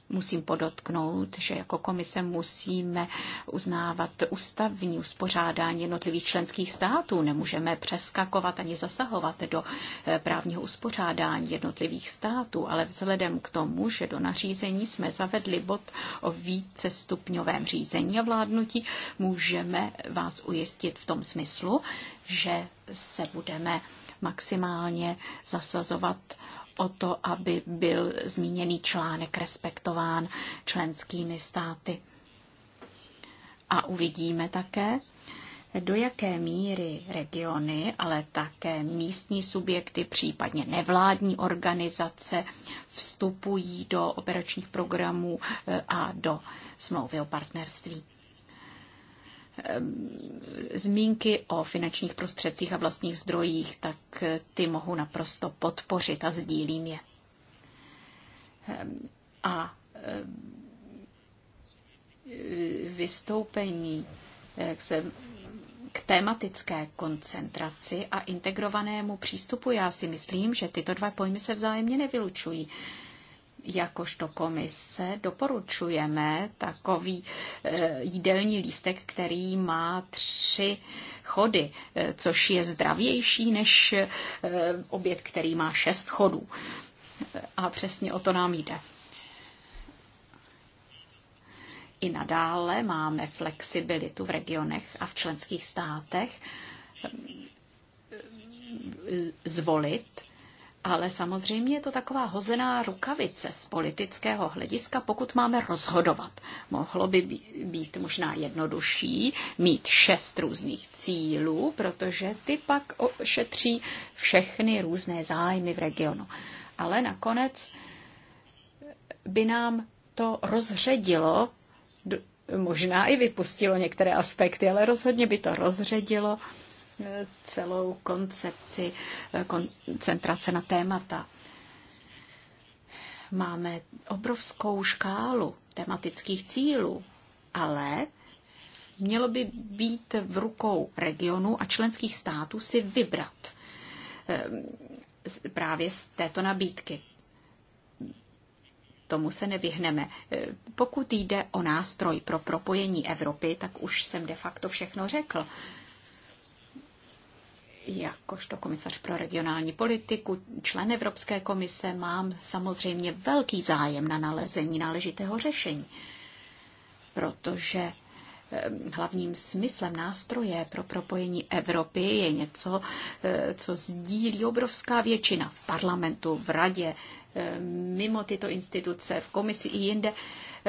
Musím podotknout, že jako komise musíme uznávat ústavní uspořádání jednotlivých členských států. Nemůžeme přeskakovat ani zasahovat do eh, právního uspořádání jednotlivých států, ale vzhledem k tomu, že do nařízení jsme zavedli bod o více stupňovém řízení a vládnutí, můžeme vás ujistit v tom smyslu, že se budeme maximálně zasazovat o to, aby byl zmíněný článek respektován členskými státy. A uvidíme také, do jaké míry regiony, ale také místní subjekty, případně nevládní organizace vstupují do operačních programů e, a do smlouvy o partnerství. Eh, zmínky o finančních prostředcích a vlastních zdrojích, tak eh, ty mohu naprosto podpořit a sdílím je. Eh, a vystoupení jak se k tematické koncentraci a integrovanému přístupu. Já si myslím, že tyto dva pojmy se vzájemně nevylučují jakožto komise doporučujeme takový eh, jídelní lístek, který má tři chody, eh, což je zdravější než eh, oběd, který má šest chodů. A přesně o to nám jde. I nadále máme flexibilitu v regionech a v členských státech zvolit ale samozřejmě je to taková hozená rukavice z politického hlediska, pokud máme rozhodovat. Mohlo by být možná jednodušší mít šest různých cílů, protože ty pak ošetří všechny různé zájmy v regionu. Ale nakonec by nám to rozředilo, možná i vypustilo některé aspekty, ale rozhodně by to rozředilo celou koncepci eh, koncentrace na témata. Máme obrovskou škálu tematických cílů, ale mělo by být v rukou regionu a členských států si vybrat eh, právě z této nabídky. Tomu se nevyhneme. Eh, pokud jde o nástroj pro propojení Evropy, tak už jsem de facto všechno řekl jakožto komisař pro regionální politiku, člen Evropské komise, mám samozřejmě velký zájem na nalezení náležitého řešení, protože eh, hlavním smyslem nástroje pro propojení Evropy je něco, eh, co sdílí obrovská většina v parlamentu, v radě, eh, mimo tyto instituce, v komisi i jinde.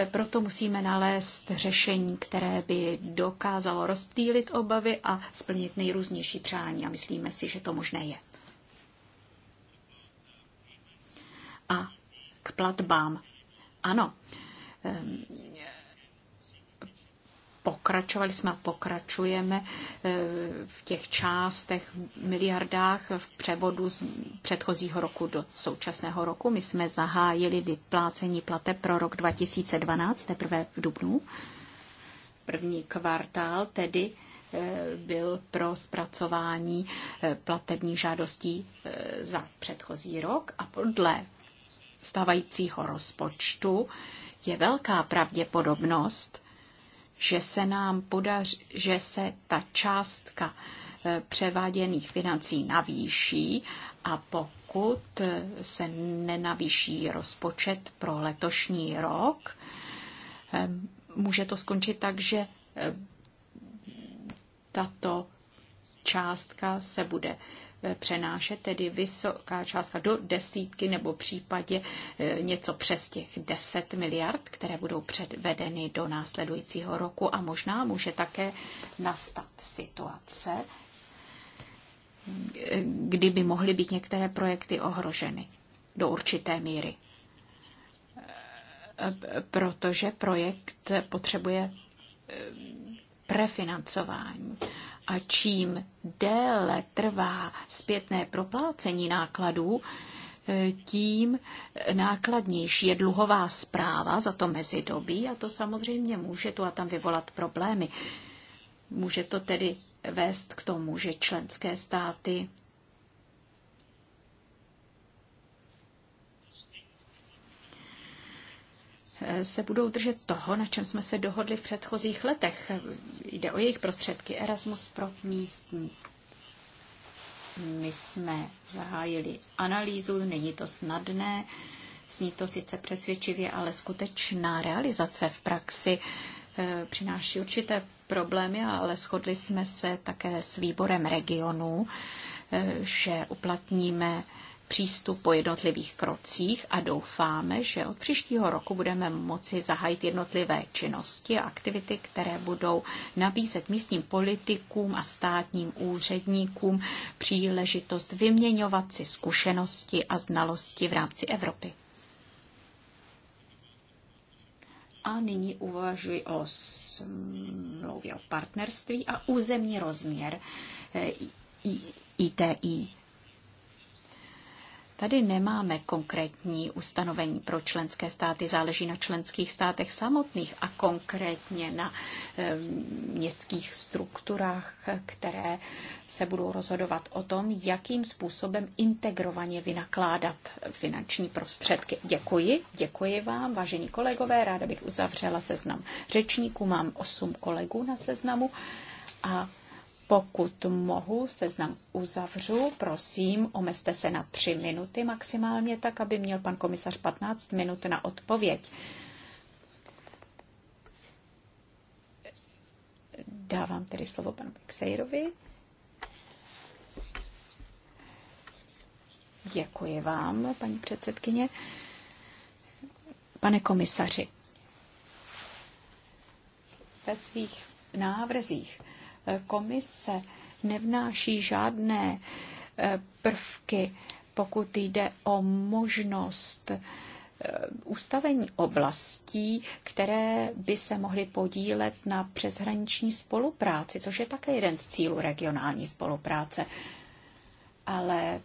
Proto musíme nalézt řešení, které by dokázalo rozptýlit obavy a splnit nejrůznější přání. A myslíme si, že to možné je. A k platbám. Ano, pokračovali jsme a pokračujeme eh, v těch částech, miliardách v převodu z předchozího roku do současného roku. My jsme zahájili vyplácení plate pro rok 2012, teprve v dubnu. První kvartál tedy eh, byl pro zpracování eh, platebních žádostí za předchozí rok a podle stávajícího rozpočtu je velká pravděpodobnost, že se nám podaří, že se ta částka e, převáděných financí navýší a pokud e, se nenavýší rozpočet pro letošní rok, e, může to skončit tak, že tato částka se bude Eh, přenášet, tedy vysoká částka do desítky nebo případě eh, něco přes těch 10 miliard, které budou předvedeny do následujícího roku a možná může také nastat situace, eh, kdyby mohly být některé projekty ohroženy do určité míry. Protože projekt potřebuje prefinancování a čím déle trvá zpětné proplácení nákladů, e, tím nákladnější je dluhová zpráva za to mezidobí a to samozřejmě může tu a tam vyvolat problémy. Může to tedy vést k tomu, že členské státy se budou držet toho, na čem jsme se dohodli v předchozích letech. Jde o jejich prostředky Erasmus pro místní. My jsme zahájili analýzu, není to snadné, sní to sice přesvědčivě, ale skutečná realizace v praxi eh, přináší určité problémy, ale shodli jsme se také s výborem regionů, eh, že uplatníme přístup po jednotlivých krocích a doufáme, že od příštího roku budeme moci zahájit jednotlivé činnosti a aktivity, které budou nabízet místním politikům a státním úředníkům příležitost vyměňovat si zkušenosti a znalosti v rámci Evropy. A nyní uvažuji o smlouvě o partnerství a územní rozměr ITI. Eh, Tady nemáme konkrétní ustanovení pro členské státy, záleží na členských státech samotných a konkrétně na eh, městských strukturách, které se budou rozhodovat o tom, jakým způsobem integrovaně vynakládat finanční prostředky. Děkuji, děkuji vám, vážení kolegové, ráda bych uzavřela seznam řečníků, mám osm kolegů na seznamu a pokud mohu, seznam uzavřu. Prosím, omezte se na tři minuty maximálně, tak aby měl pan komisař 15 minut na odpověď. Dávám tedy slovo panu Pixejrovi. Děkuji vám, paní předsedkyně. Pane komisaři, ve svých návrzích komise nevnáší žádné eh, prvky, pokud jde o možnost eh, ustavení oblastí, které by se mohly podílet na přeshraniční spolupráci, což je také jeden z cílů regionální spolupráce. Ale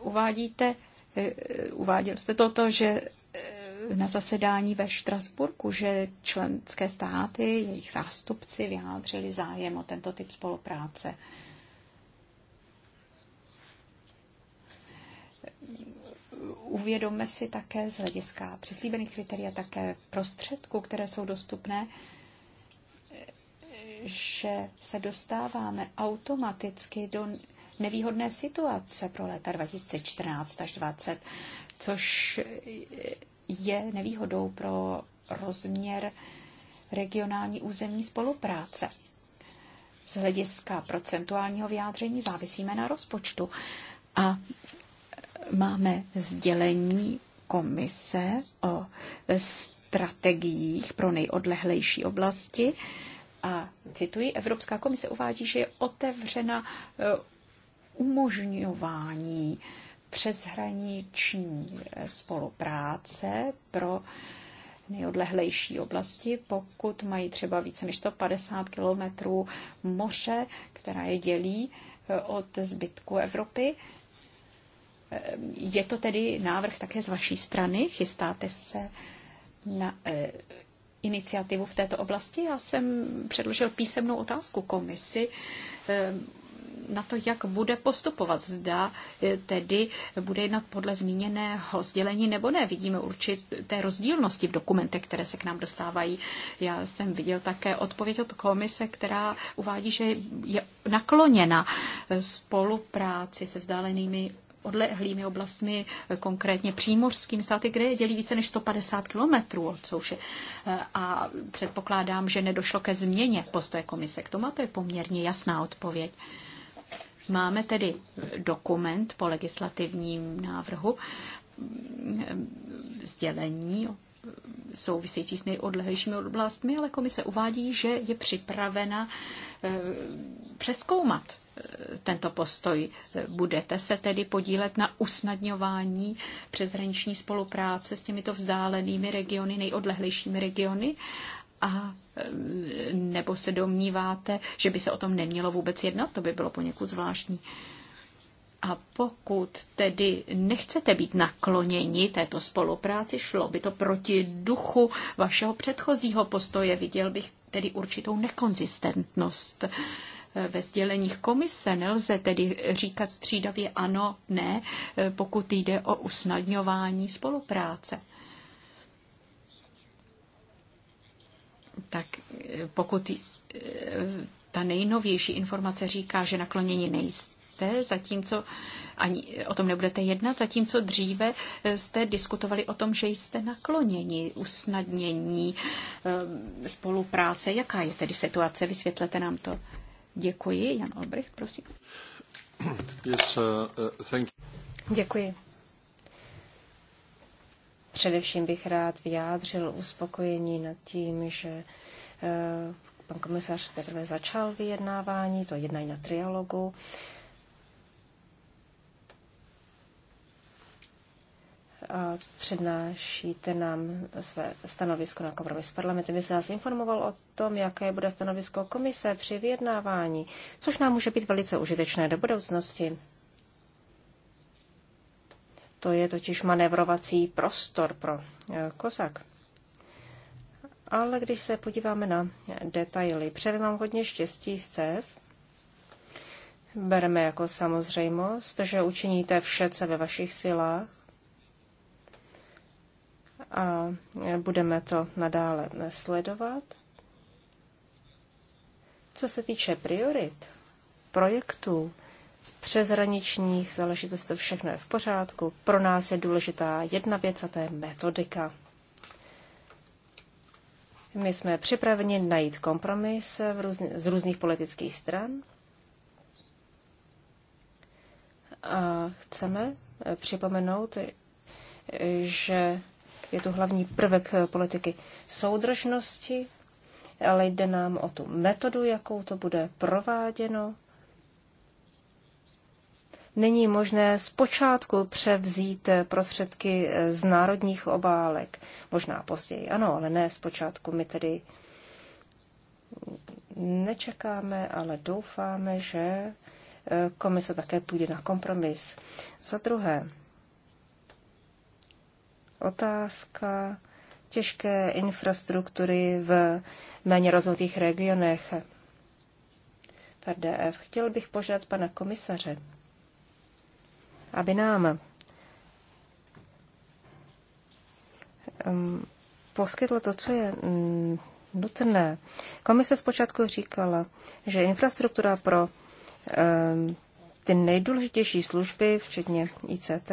uvádíte, eh, uváděl jste toto, že na zasedání ve Štrasburku, že členské státy, jejich zástupci vyjádřili zájem o tento typ spolupráce. Uvědomme si také z hlediska přislíbených kritérií a také prostředků, které jsou dostupné, že se dostáváme automaticky do nevýhodné situace pro léta 2014 až 2020, což je nevýhodou pro rozměr regionální územní spolupráce. Z hlediska procentuálního vyjádření závisíme na rozpočtu a máme sdělení komise o strategiích pro nejodlehlejší oblasti. A cituji, Evropská komise uvádí, že je otevřena e, umožňování přeshraniční eh, spolupráce pro nejodlehlejší oblasti, pokud mají třeba více než 150 kilometrů moře, která je dělí eh, od zbytku Evropy. Eh, je to tedy návrh také z vaší strany? Chystáte se na iniciativu v této oblasti? Já jsem předložil písemnou otázku komisi na to, jak bude postupovat. Zda e, tedy bude jednat podle zmíněného sdělení nebo ne. Vidíme určité rozdílnosti v dokumentech, které se k nám dostávají. Já jsem viděl také odpověď od komise, která uvádí, že je nakloněna e, spolupráci se vzdálenými odlehlými oblastmi, e, konkrétně přímořským státy, kde je dělí více než 150 kilometrů od souše. A předpokládám, že nedošlo ke změně postoje komise. K tomu to je poměrně jasná odpověď. Máme tedy dokument po legislativním návrhu, mm, sdělení související s nejodlehlejšími oblastmi, ale komise uvádí, že je připravena eh, přeskoumat eh, tento postoj. Budete se tedy podílet na usnadňování přeshraniční spolupráce s těmito vzdálenými regiony, nejodlehlejšími regiony a nebo se domníváte, že by se o tom nemělo vůbec jednat, to by bylo poněkud zvláštní. A pokud tedy nechcete být nakloněni této spolupráci, šlo by to proti duchu vašeho předchozího postoje. Viděl bych tedy určitou nekonzistentnost eh, ve sděleních komise. Nelze tedy říkat střídavě ano, ne, eh, pokud jde o usnadňování spolupráce. tak eh, pokud eh, ta nejnovější informace říká, že nakloněni nejste, zatímco ani o tom nebudete jednat, zatímco dříve eh, jste diskutovali o tom, že jste nakloněni usnadnění spolupráce. Jaká je tedy situace? Vysvětlete nám to. Děkuji. Jan Olbricht, prosím. Yes, uh, uh thank you. Děkuji. Především bych rád vyjádřil uspokojení nad tím, že eh, pan komisař teprve začal vyjednávání, to jednají na trialogu. A přednášíte nám své stanovisko na kompromis s parlamentem. Vy jste nás informoval o tom, jaké bude stanovisko komise při vyjednávání, což nám může být velice užitečné do budoucnosti. To je totiž manevrovací prostor pro eh, kozak. Ale když se podíváme na detaily, přeji vám hodně štěstí z CEF. Bereme jako samozřejmost, že učiníte vše, co ve vašich silách a budeme to nadále sledovat. Co se týče priorit, projektů, přeshraničních záležitostí to všechno je v pořádku. Pro nás je důležitá jedna věc a to je metodika. My jsme připraveni najít kompromis v různ- z různých politických stran a chceme eh, připomenout, že je to hlavní prvek eh, politiky soudržnosti, ale jde nám o tu metodu, jakou to bude prováděno není možné zpočátku převzít prostředky eh, z národních obálek. Možná později, ano, ale ne zpočátku. My tedy nečekáme, ale doufáme, že eh, komise také půjde na kompromis. Za druhé, otázka těžké infrastruktury v méně rozvinutých regionech. PDF. Chtěl bych požádat pana komisaře, aby nám um, poskytl to, co je um, nutné. Komise zpočátku říkala, že infrastruktura pro um, ty nejdůležitější služby, včetně ICT,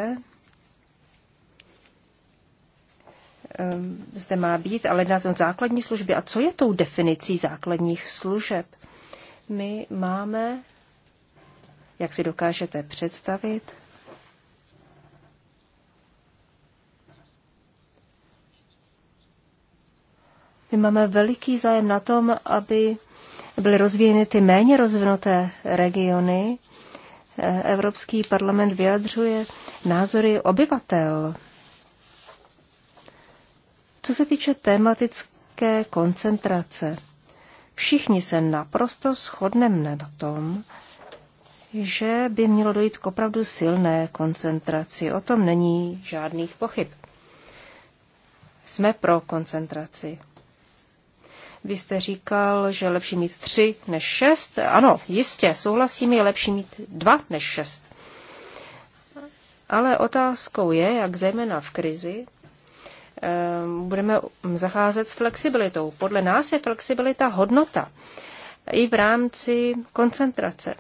zde má být, ale jedná se základní služby. A co je tou definicí základních služeb? My máme, jak si dokážete představit, My máme veliký zájem na tom, aby byly rozvíjeny ty méně rozvinuté regiony. Evropský parlament vyjadřuje názory obyvatel. Co se týče tematické koncentrace, všichni se naprosto shodneme na tom, že by mělo dojít k opravdu silné koncentraci. O tom není žádných pochyb. Jsme pro koncentraci. Vy jste říkal, že je lepší mít tři než šest. Ano, jistě, souhlasím, je lepší mít dva než šest. Ale otázkou je, jak zejména v krizi ehm, budeme zacházet s flexibilitou. Podle nás je flexibilita hodnota i v rámci koncentrace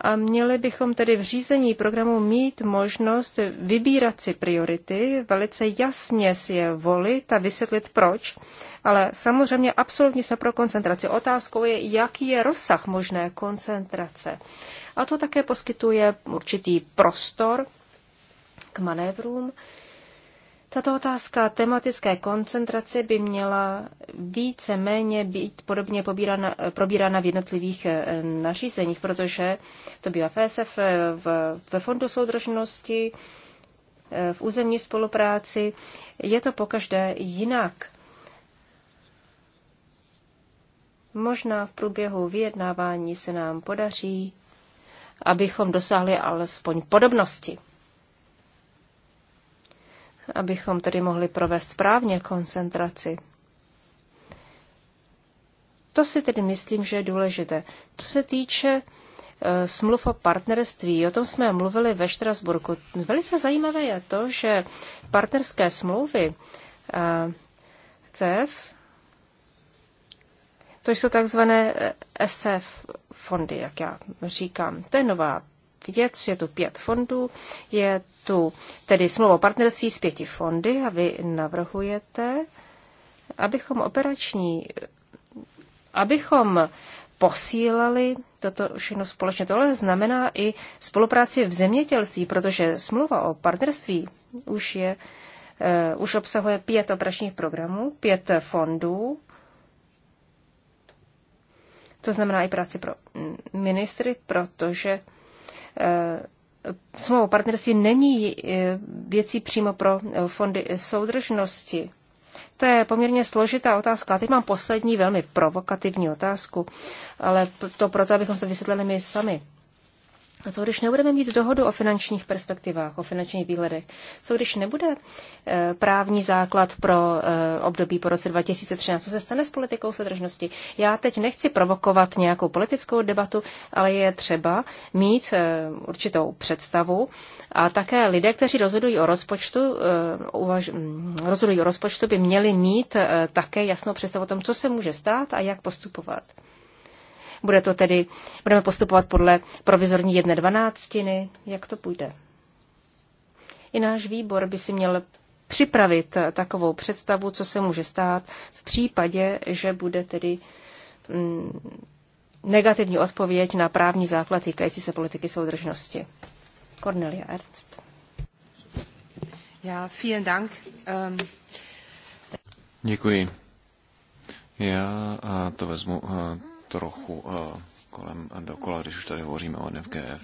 a měli bychom tedy v řízení programu mít možnost vybírat si priority, velice jasně si je volit a vysvětlit proč, ale samozřejmě absolutně jsme pro koncentraci. Otázkou je, jaký je rozsah možné koncentrace. A to také poskytuje určitý prostor k manévrům. Tato otázka tematické koncentrace by měla více méně být podobně pobírána, probírána v jednotlivých eh, nařízeních, protože to bývá FSF eh, v, ve Fondu soudržnosti, eh, v územní spolupráci. Je to pokaždé jinak. Možná v průběhu vyjednávání se nám podaří, abychom dosáhli alespoň podobnosti abychom tedy mohli provést správně koncentraci. To si tedy myslím, že je důležité. Co se týče e, smluv o partnerství. O tom jsme mluvili ve Štrasburku. Velice zajímavé je to, že partnerské smlouvy e, CF, to jsou takzvané e, SF fondy, jak já říkám. To je nová věc. Je tu pět fondů, je tu tedy smlouva o partnerství s pěti fondy a vy navrhujete, abychom operační, abychom posílali toto všechno společně. Tohle znamená i spolupráci v zemědělství, protože smlouva o partnerství už je uh, už obsahuje pět operačních programů, pět fondů, to znamená i práci pro ministry, protože Eh, smlouva o partnerství není eh, věcí přímo pro eh, fondy soudržnosti. To je poměrně složitá otázka. A teď mám poslední velmi provokativní otázku, ale to proto, abychom se vysvětlili my sami co když nebudeme mít dohodu o finančních perspektivách, o finančních výhledech? Co když nebude eh, právní základ pro eh, období po roce 2013? Co se stane s politikou soudržnosti? Já teď nechci provokovat nějakou politickou debatu, ale je třeba mít eh, určitou představu a také lidé, kteří rozhodují o rozpočtu, uvaž, mm, rozhodují o rozpočtu by měli mít také jasnou představu o tom, co se může stát a jak postupovat. Bude to tedy, budeme postupovat podle provizorní jedné dvanáctiny. Jak to půjde? I náš výbor by si měl připravit takovou představu, co se může stát v případě, že bude tedy mm, negativní odpověď na právní základ týkající se politiky soudržnosti. Cornelia Ernst. Já, vielen Dank. Um... Děkuji. Já to vezmu trochu eh, kolem dokola, když už tady hovoříme o NFGF.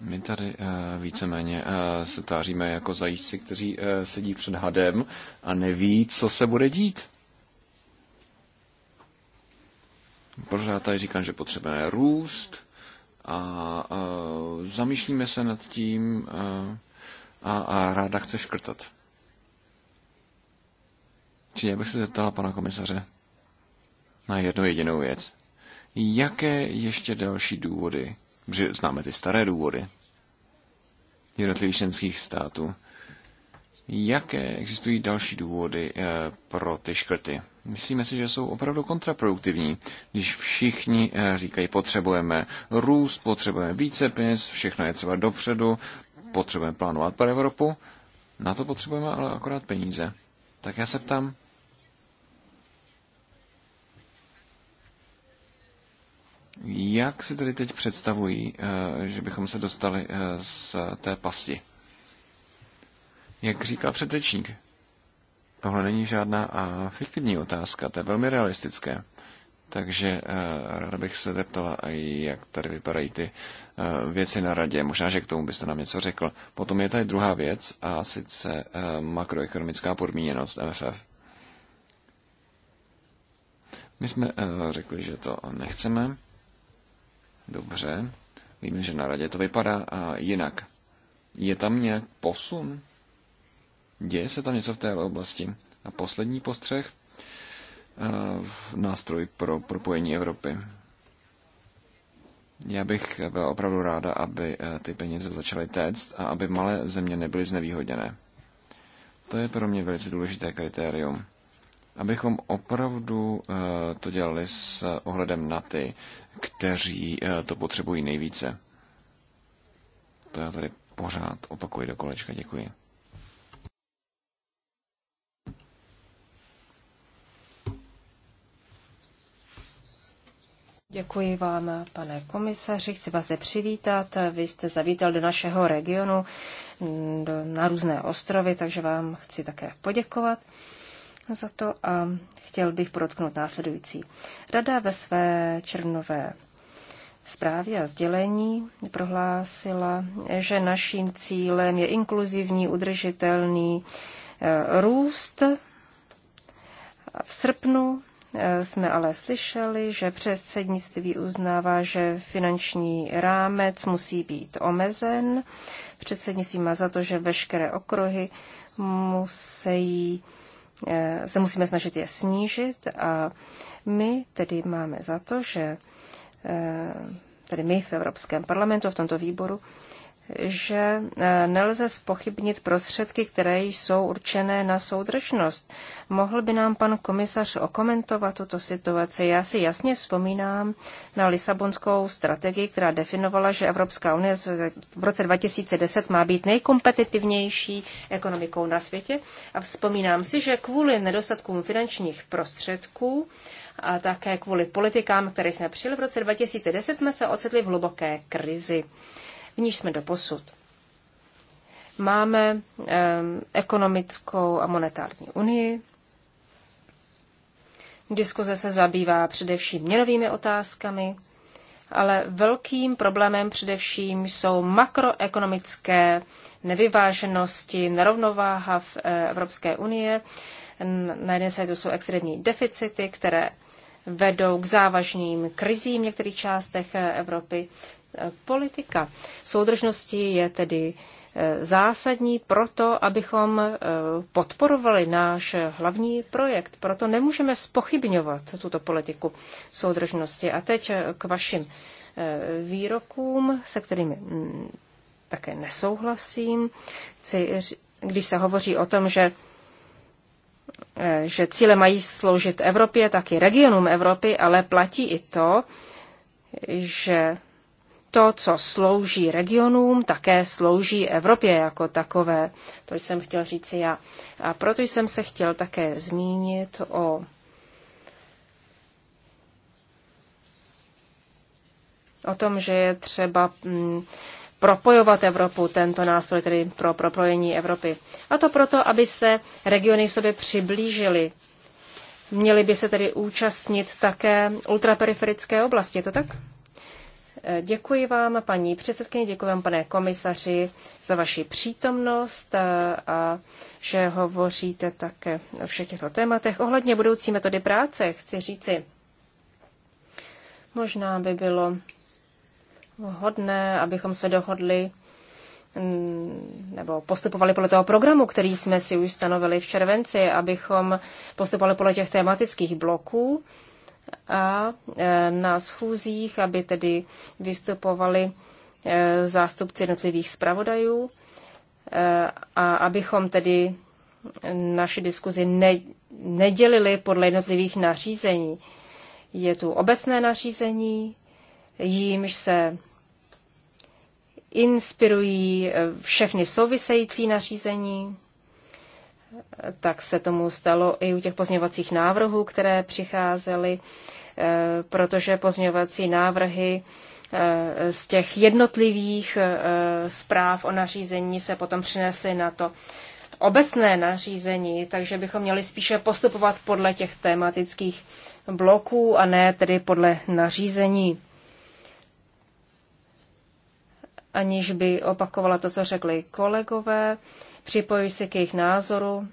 My tady eh, víceméně eh, se táříme jako zajíci, kteří sedí před hadem a neví, co se bude dít. Pořád tady říkám, že potřebujeme růst a zamýšlíme se nad tím a, a ráda chce škrtat. Čili já bych se zeptala pana komisaře na jednu jedinou věc. Jaké ještě další důvody, že známe ty staré důvody jednotlivých členských států, jaké existují další důvody eh, pro ty škrty? Myslíme si, že jsou opravdu kontraproduktivní, když všichni eh, říkají, potřebujeme růst, potřebujeme více peněz, všechno je třeba dopředu, potřebujeme plánovat pro Evropu. Na to potřebujeme ale akorát peníze. Tak já se ptám, Jak si tedy teď představují, eh, že bychom se dostali eh, z té pasti? Jak říkal předřečník, tohle není žádná fiktivní otázka, to je velmi realistické. Takže eh, ráda bych se zeptala, jak tady vypadají ty věci na radě. Možná, že k tomu byste nám něco řekl. Potom je tady druhá věc, a sice makroekonomická podmíněnost MFF. My jsme řekli, že to nechceme. Dobře. vím, že na radě to vypadá a jinak. Je tam nějak posun? Děje se tam něco v této oblasti? A poslední postřeh? V nástroj pro propojení Evropy. Já bych byla opravdu ráda, aby e, ty peníze začaly téct a aby malé země nebyly znevýhodněné. To je pro mě velice důležité kritérium abychom opravdu eh, to dělali s ohledem na ty, kteří eh, to potřebují nejvíce. To já tady pořád opakuji do kolečka. Děkuji. Děkuji vám, pane komisaři. Chci vás zde přivítat. Vy jste zavítal do našeho regionu, mm, do, na různé ostrovy, takže vám chci také poděkovat za to a chtěl bych protknout následující. Rada ve své černové zprávě a sdělení prohlásila, že naším cílem je inkluzivní, udržitelný e, růst. V srpnu e, jsme ale slyšeli, že předsednictví uznává, že finanční rámec musí být omezen. Předsednictví má za to, že veškeré okruhy musí Eh, se musíme snažit je snížit a my tedy máme za to, že eh, tedy my v Evropském parlamentu, v tomto výboru, že e, nelze spochybnit prostředky, které jsou určené na soudržnost. Mohl by nám pan komisař okomentovat tuto situaci? Já si jasně vzpomínám na Lisabonskou strategii, která definovala, že Evropská unie v roce 2010 má být nejkompetitivnější ekonomikou na světě. A vzpomínám si, že kvůli nedostatkům finančních prostředků a také kvůli politikám, které jsme přijeli v roce 2010, jsme se ocitli v hluboké krizi v níž jsme doposud. Máme ekonomickou a monetární unii. Diskuze se zabývá především měnovými otázkami, ale velkým problémem především jsou makroekonomické nevyváženosti, nerovnováha v eh, Evropské unie. Na jedné straně to jsou extrémní deficity, které vedou k závažným krizím v některých částech eh, Evropy politika soudržnosti je tedy eh, zásadní proto, abychom eh, podporovali náš hlavní projekt. Proto nemůžeme spochybňovat tuto politiku soudržnosti. A teď eh, k vašim výrokům, se kterými mm, také nesouhlasím. když se hovoří o tom, že že cíle mají sloužit Evropě, tak i regionům Evropy, ale platí i to, že to, co slouží regionům, také slouží Evropě jako takové. To jsem chtěl říct já. A proto jsem se chtěl také zmínit o o tom, že je třeba mm, propojovat Evropu, tento nástroj tedy pro propojení Evropy. A to proto, aby se regiony sobě přiblížily. Měly by se tedy účastnit také ultraperiferické oblasti, je to tak? Děkuji vám, paní předsedkyně, děkuji vám, pane komisaři, za vaši přítomnost a, že hovoříte také o všech těchto tématech. Ohledně budoucí metody práce chci říci, možná by bylo hodné, abychom se dohodli mm, nebo postupovali podle toho programu, který jsme si už stanovili v červenci, abychom postupovali podle těch tematických bloků a e, na schůzích, aby tedy vystupovali e, zástupci jednotlivých zpravodajů e, a abychom tedy naši diskuzi ne, nedělili podle jednotlivých nařízení. Je tu obecné nařízení, jímž se inspirují všechny související nařízení tak se tomu stalo i u těch pozměňovacích návrhů, které přicházely, eh, protože pozměňovací návrhy eh, z těch jednotlivých eh, zpráv o nařízení se potom přinesly na to obecné nařízení, takže bychom měli spíše postupovat podle těch tematických bloků a ne tedy podle nařízení. Aniž by opakovala to, co řekli kolegové, Připojuji se k jejich názoru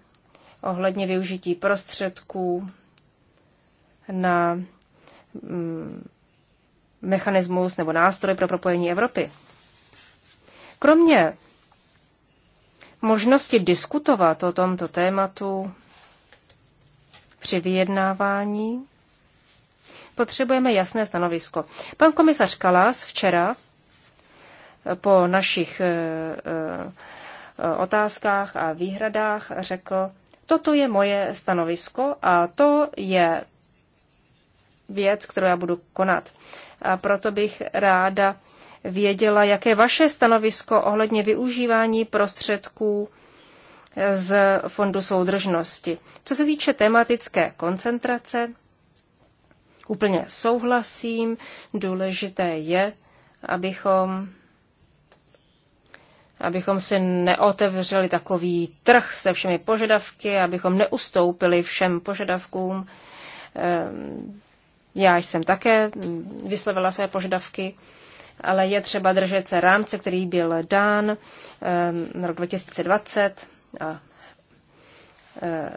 ohledně využití prostředků na mm, mechanismus nebo nástroj pro propojení Evropy. Kromě možnosti diskutovat o tomto tématu při vyjednávání, potřebujeme jasné stanovisko. Pan komisař Kalas včera po našich eh, eh, Eh, otázkách a výhradách řekl, toto je moje stanovisko a to je věc, kterou já budu konat. A proto bych ráda věděla, jaké vaše stanovisko ohledně využívání prostředků eh, z Fondu soudržnosti. Co se týče tematické koncentrace, úplně souhlasím. Důležité je, abychom abychom si neotevřeli takový trh se všemi požadavky, abychom neustoupili všem požadavkům. Ehm, já jsem také vyslovila své požadavky, ale je třeba držet se rámce, který byl dán na ehm, rok 2020 a ehm,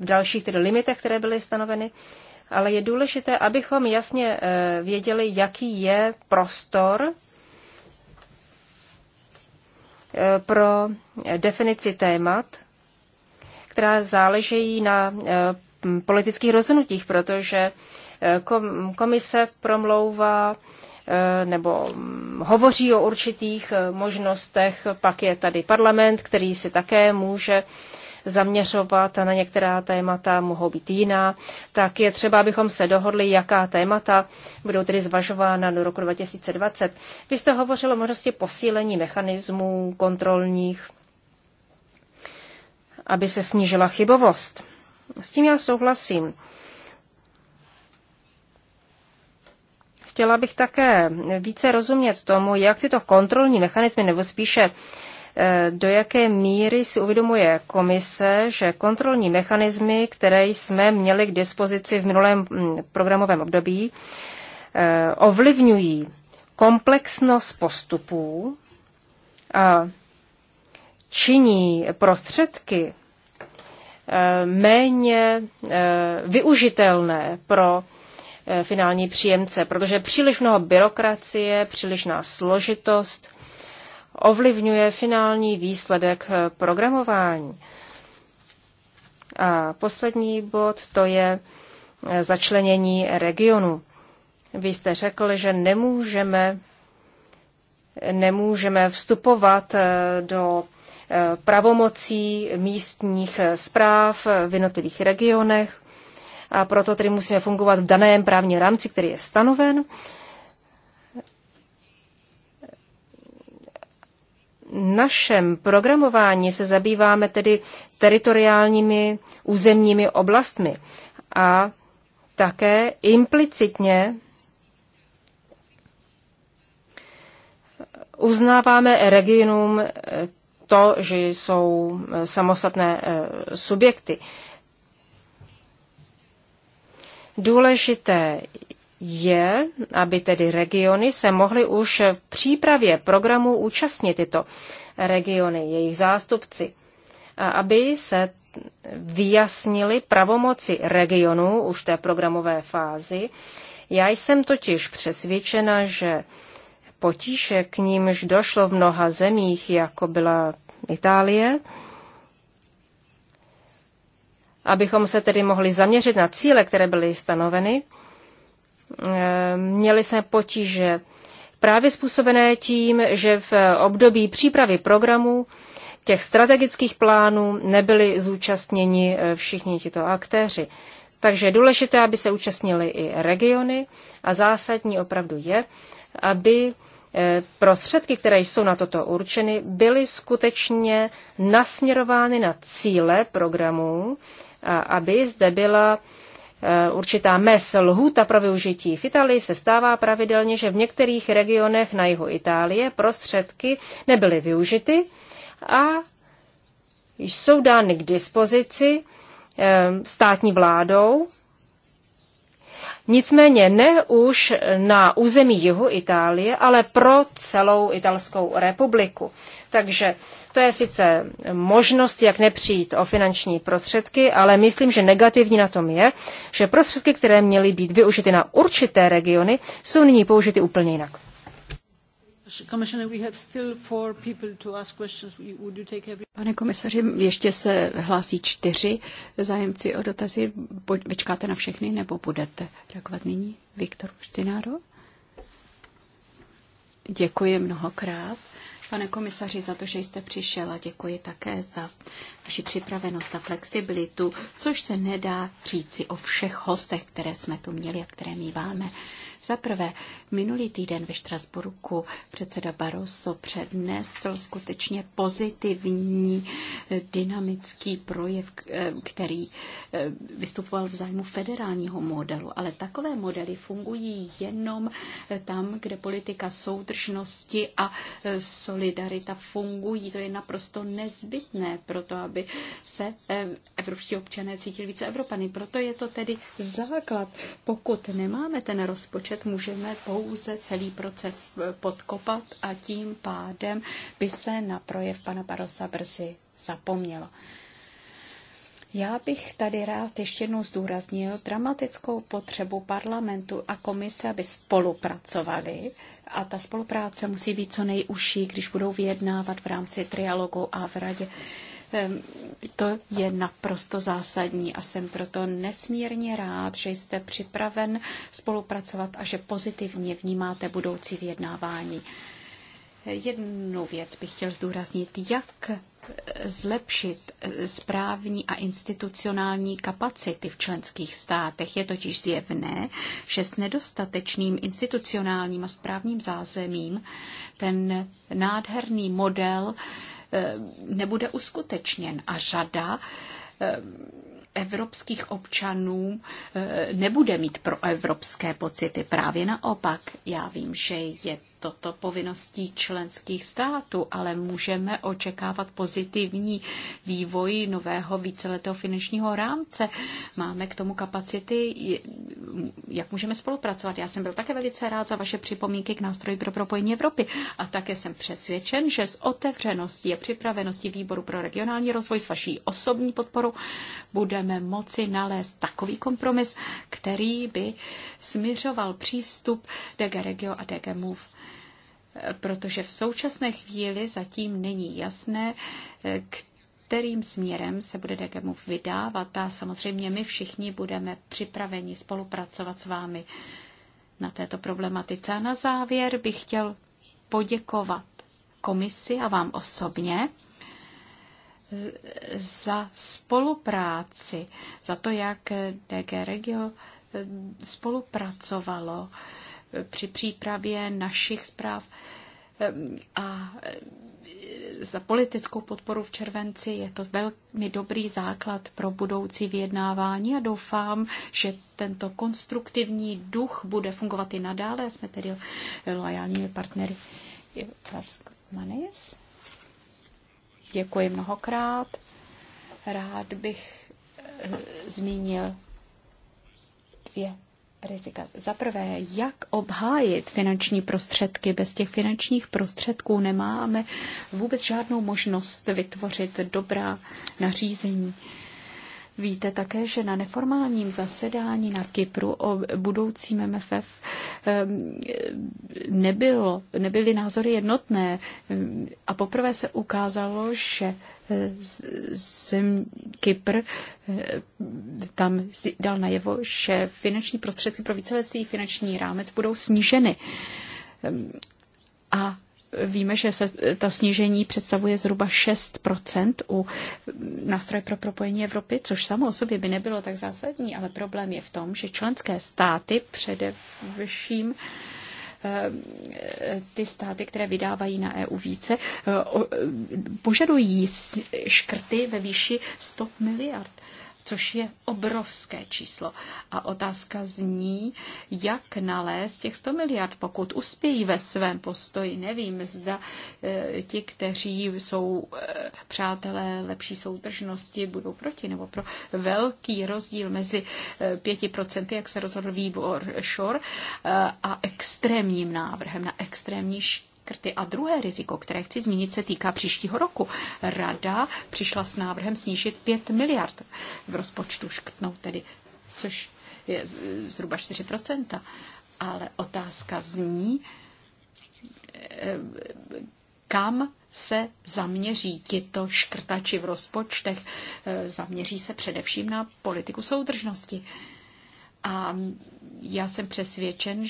v dalších tedy limitech, které byly stanoveny. Ale je důležité, abychom jasně věděli, jaký je prostor pro definici témat, která záleží na eh, politických rozhodnutích, protože eh, komise promlouvá eh, nebo mm, hovoří o určitých možnostech, pak je tady parlament, který si také může zaměřovat na některá témata, mohou být jiná, tak je třeba, abychom se dohodli, jaká témata budou tedy zvažována do roku 2020. Vy jste hovořil o možnosti posílení mechanismů kontrolních, aby se snížila chybovost. S tím já souhlasím. chtěla bych také více rozumět tomu, jak tyto kontrolní mechanismy nebo spíše Eh, do jaké míry si uvědomuje komise, že kontrolní mechanismy, které jsme měli k dispozici v minulém mm, programovém období, eh, ovlivňují komplexnost postupů a činí prostředky eh, méně využitelné pro finální příjemce, protože příliš mnoho byrokracie, přílišná složitost ovlivňuje finální výsledek eh, programování. A poslední bod to je eh, začlenění regionu. Vy jste řekl, že nemůžeme, nemůžeme vstupovat eh, do pravomocí místních zpráv v jednotlivých regionech a proto tedy musíme fungovat v daném právním rámci, který je stanoven. našem programování se zabýváme tedy teritoriálními územními oblastmi a také implicitně uznáváme regionům eh, to, že jsou eh, samostatné eh, subjekty. Důležité je, aby tedy regiony se mohly už v přípravě programů účastnit tyto regiony, jejich zástupci, a aby se vyjasnili pravomoci regionu už té programové fázi. Já jsem totiž přesvědčena, že potíže k nímž došlo v mnoha zemích, jako byla Itálie, abychom se tedy mohli zaměřit na cíle, které byly stanoveny, měli jsme potíže právě způsobené tím, že v období přípravy programů těch strategických plánů nebyli zúčastněni eh, všichni tito aktéři. Takže je důležité, aby se účastnili i regiony a zásadní opravdu je, aby eh, prostředky, které jsou na toto určeny, byly skutečně nasměrovány na cíle programů, a aby zde byla Eh, určitá mes lhůta pro využití. V Itálii se stává pravidelně, že v některých regionech na jihu Itálie prostředky nebyly využity a jsou dány k dispozici eh, státní vládou. Nicméně ne už na území jihu Itálie, ale pro celou italskou republiku. Takže to je sice možnost, jak nepřijít o finanční prostředky, ale myslím, že negativní na tom je, že prostředky, které měly být využity na určité regiony, jsou nyní použity úplně jinak. Pane komisaři, ještě se hlásí čtyři zájemci o dotazy. Vyčkáte na všechny nebo budete reagovat nyní? Viktor Štynáro? Děkuji mnohokrát pane komisaři, za to, že jste přišel a děkuji také za vaši připravenost a flexibilitu, což se nedá říci o všech hostech, které jsme tu měli a které míváme. Za prvé, minulý týden ve Štrasburku předseda Barroso přednesl skutečně pozitivní eh, dynamický projev, eh, který eh, vystupoval v zájmu federálního modelu. Ale takové modely fungují jenom tam, kde politika soudržnosti a solidarita fungují. To je naprosto nezbytné pro to, aby se evropští občané cítili více Evropany. Proto je to tedy základ. Pokud nemáme ten rozpočet, rozpočet můžeme pouze celý proces podkopat a tím pádem by se na projev pana Barosa brzy zapomnělo. Já bych tady rád ještě jednou zdůraznil dramatickou potřebu parlamentu a komise, aby spolupracovali. A ta spolupráce musí být co nejužší, když budou vyjednávat v rámci trialogu a v radě. Ehm, to je naprosto zásadní a jsem proto nesmírně rád, že jste připraven spolupracovat a že pozitivně vnímáte budoucí vyjednávání. Jednu věc bych chtěl zdůraznit, jak zlepšit správní a institucionální kapacity v členských státech. Je totiž zjevné, že s nedostatečným institucionálním a správním zázemím ten nádherný model Eh, nebude uskutečněn. A řada eh, evropských občanů eh, nebude mít proevropské pocity. Právě naopak, já vím, že je toto povinností členských států, ale můžeme očekávat pozitivní vývoj nového víceletého finančního rámce. Máme k tomu kapacity, jak můžeme spolupracovat. Já jsem byl také velice rád za vaše připomínky k nástroji pro propojení Evropy a také jsem přesvědčen, že s otevřeností a připraveností výboru pro regionální rozvoj s vaší osobní podporou budeme moci nalézt takový kompromis, který by smířoval přístup DG Regio a DG Move protože v současné chvíli zatím není jasné, kterým směrem se bude Degemu vydávat a samozřejmě my všichni budeme připraveni spolupracovat s vámi na této problematice. A na závěr bych chtěl poděkovat komisi a vám osobně za spolupráci, za to, jak DG Regio spolupracovalo při přípravě našich zpráv. Ehm, a e, za politickou podporu v červenci je to velmi dobrý základ pro budoucí vyjednávání a doufám, že tento konstruktivní duch bude fungovat i nadále. Jsme tedy loajálními partnery. Manis. Děkuji mnohokrát. Rád bych e, zmínil dvě rizika. Za prvé, jak obhájit finanční prostředky? Bez těch finančních prostředků nemáme vůbec žádnou možnost vytvořit dobrá nařízení. Víte také, že na neformálním zasedání na Kypru o budoucím MFF nebylo, nebyly názory jednotné a poprvé se ukázalo, že zem Kypr eh, tam dal najevo, že finanční prostředky pro víceletý finanční rámec budou sníženy. Ehm, a víme, že se to snížení představuje zhruba 6% u mm, nástroje pro propojení Evropy, což samo o sobě by nebylo tak zásadní, ale problém je v tom, že členské státy především Eh, ty státy, které vydávají na EU více, eh, eh, požadují škrty ve výši 100 miliard což je obrovské číslo. A otázka zní, jak nalézt těch 100 miliard, pokud uspějí ve svém postoji. Nevím, zda e, ti, kteří jsou e, přátelé lepší soudržnosti, budou proti, nebo pro velký rozdíl mezi e, 5%, jak se rozhodl výbor Shore, e, a extrémním návrhem na extrémní škrty. A druhé riziko, které chci zmínit, se týká příštího roku. Rada přišla s návrhem snížit 5 miliard v rozpočtu škrtnout tedy, což je zhruba 4%. Ale otázka zní, eh, kam se zaměří tito škrtači v rozpočtech. Eh, zaměří se především na politiku soudržnosti. A já jsem přesvědčen,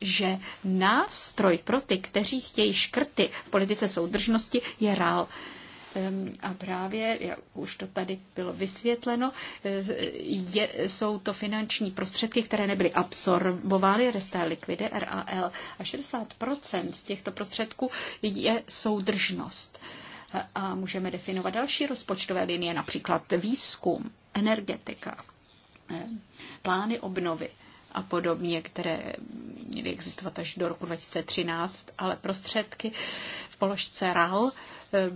že nástroj pro ty, kteří chtějí škrty v politice soudržnosti, je rál. Ehm, a právě, jak už to tady bylo vysvětleno, eh, je, jsou to finanční prostředky, které nebyly absorbovány, resté likvide RAL. A 60% z těchto prostředků je soudržnost. A můžeme definovat další rozpočtové linie, například výzkum, energetika, eh, plány obnovy a podobně, které měly existovat až do roku 2013, ale prostředky v položce RAL eh,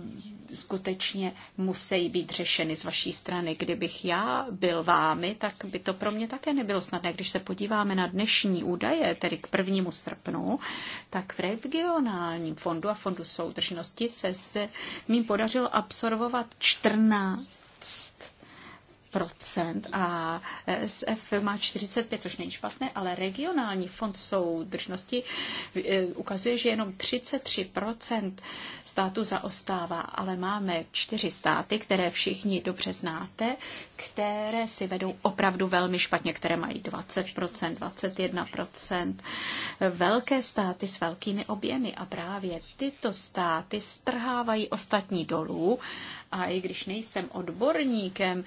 skutečně musí být řešeny z vaší strany. Kdybych já byl vámi, tak by to pro mě také nebylo snadné. Když se podíváme na dnešní údaje, tedy k prvnímu srpnu, tak v regionálním fondu a fondu soudržnosti se, se mi podařilo absorbovat 14 a SF má 45, což není špatné, ale regionální fond soudržnosti eh, ukazuje, že jenom 33 státu zaostává, ale máme čtyři státy, které všichni dobře znáte, které si vedou opravdu velmi špatně, které mají 20 21 Velké státy s velkými objemy a právě tyto státy strhávají ostatní dolů a i když nejsem odborníkem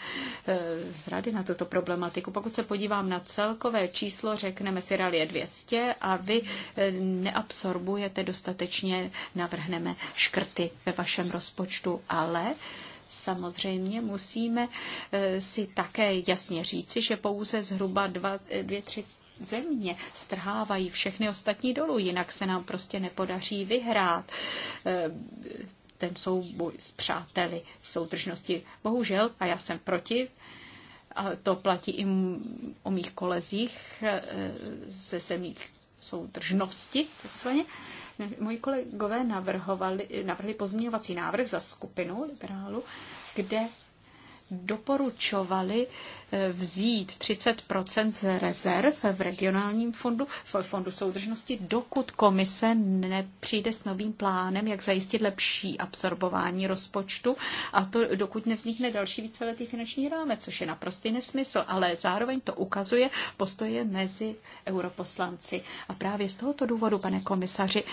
eh, z rady na tuto problematiku, pokud se podívám na celkové číslo, řekneme si rally 200 a vy eh, neabsorbujete dostatečně, navrhneme škrty ve vašem rozpočtu, ale Samozřejmě musíme eh, si také jasně říci, že pouze zhruba dva, dvě, tři země strhávají všechny ostatní dolů, jinak se nám prostě nepodaří vyhrát ten souboj s přáteli soudržnosti. Bohužel, a já jsem proti, a to platí i o mých kolezích e, ze zemích soudržnosti, takzvaně, moji kolegové navrhovali, navrhli pozměňovací návrh za skupinu liberálu, kde doporučovali vzít 30 z rezerv v regionálním fondu, v fondu soudržnosti, dokud komise nepřijde s novým plánem, jak zajistit lepší absorbování rozpočtu a to dokud nevznikne další víceletý finanční rámec, což je naprostý nesmysl, ale zároveň to ukazuje postoje mezi europoslanci. A právě z tohoto důvodu, pane komisaři,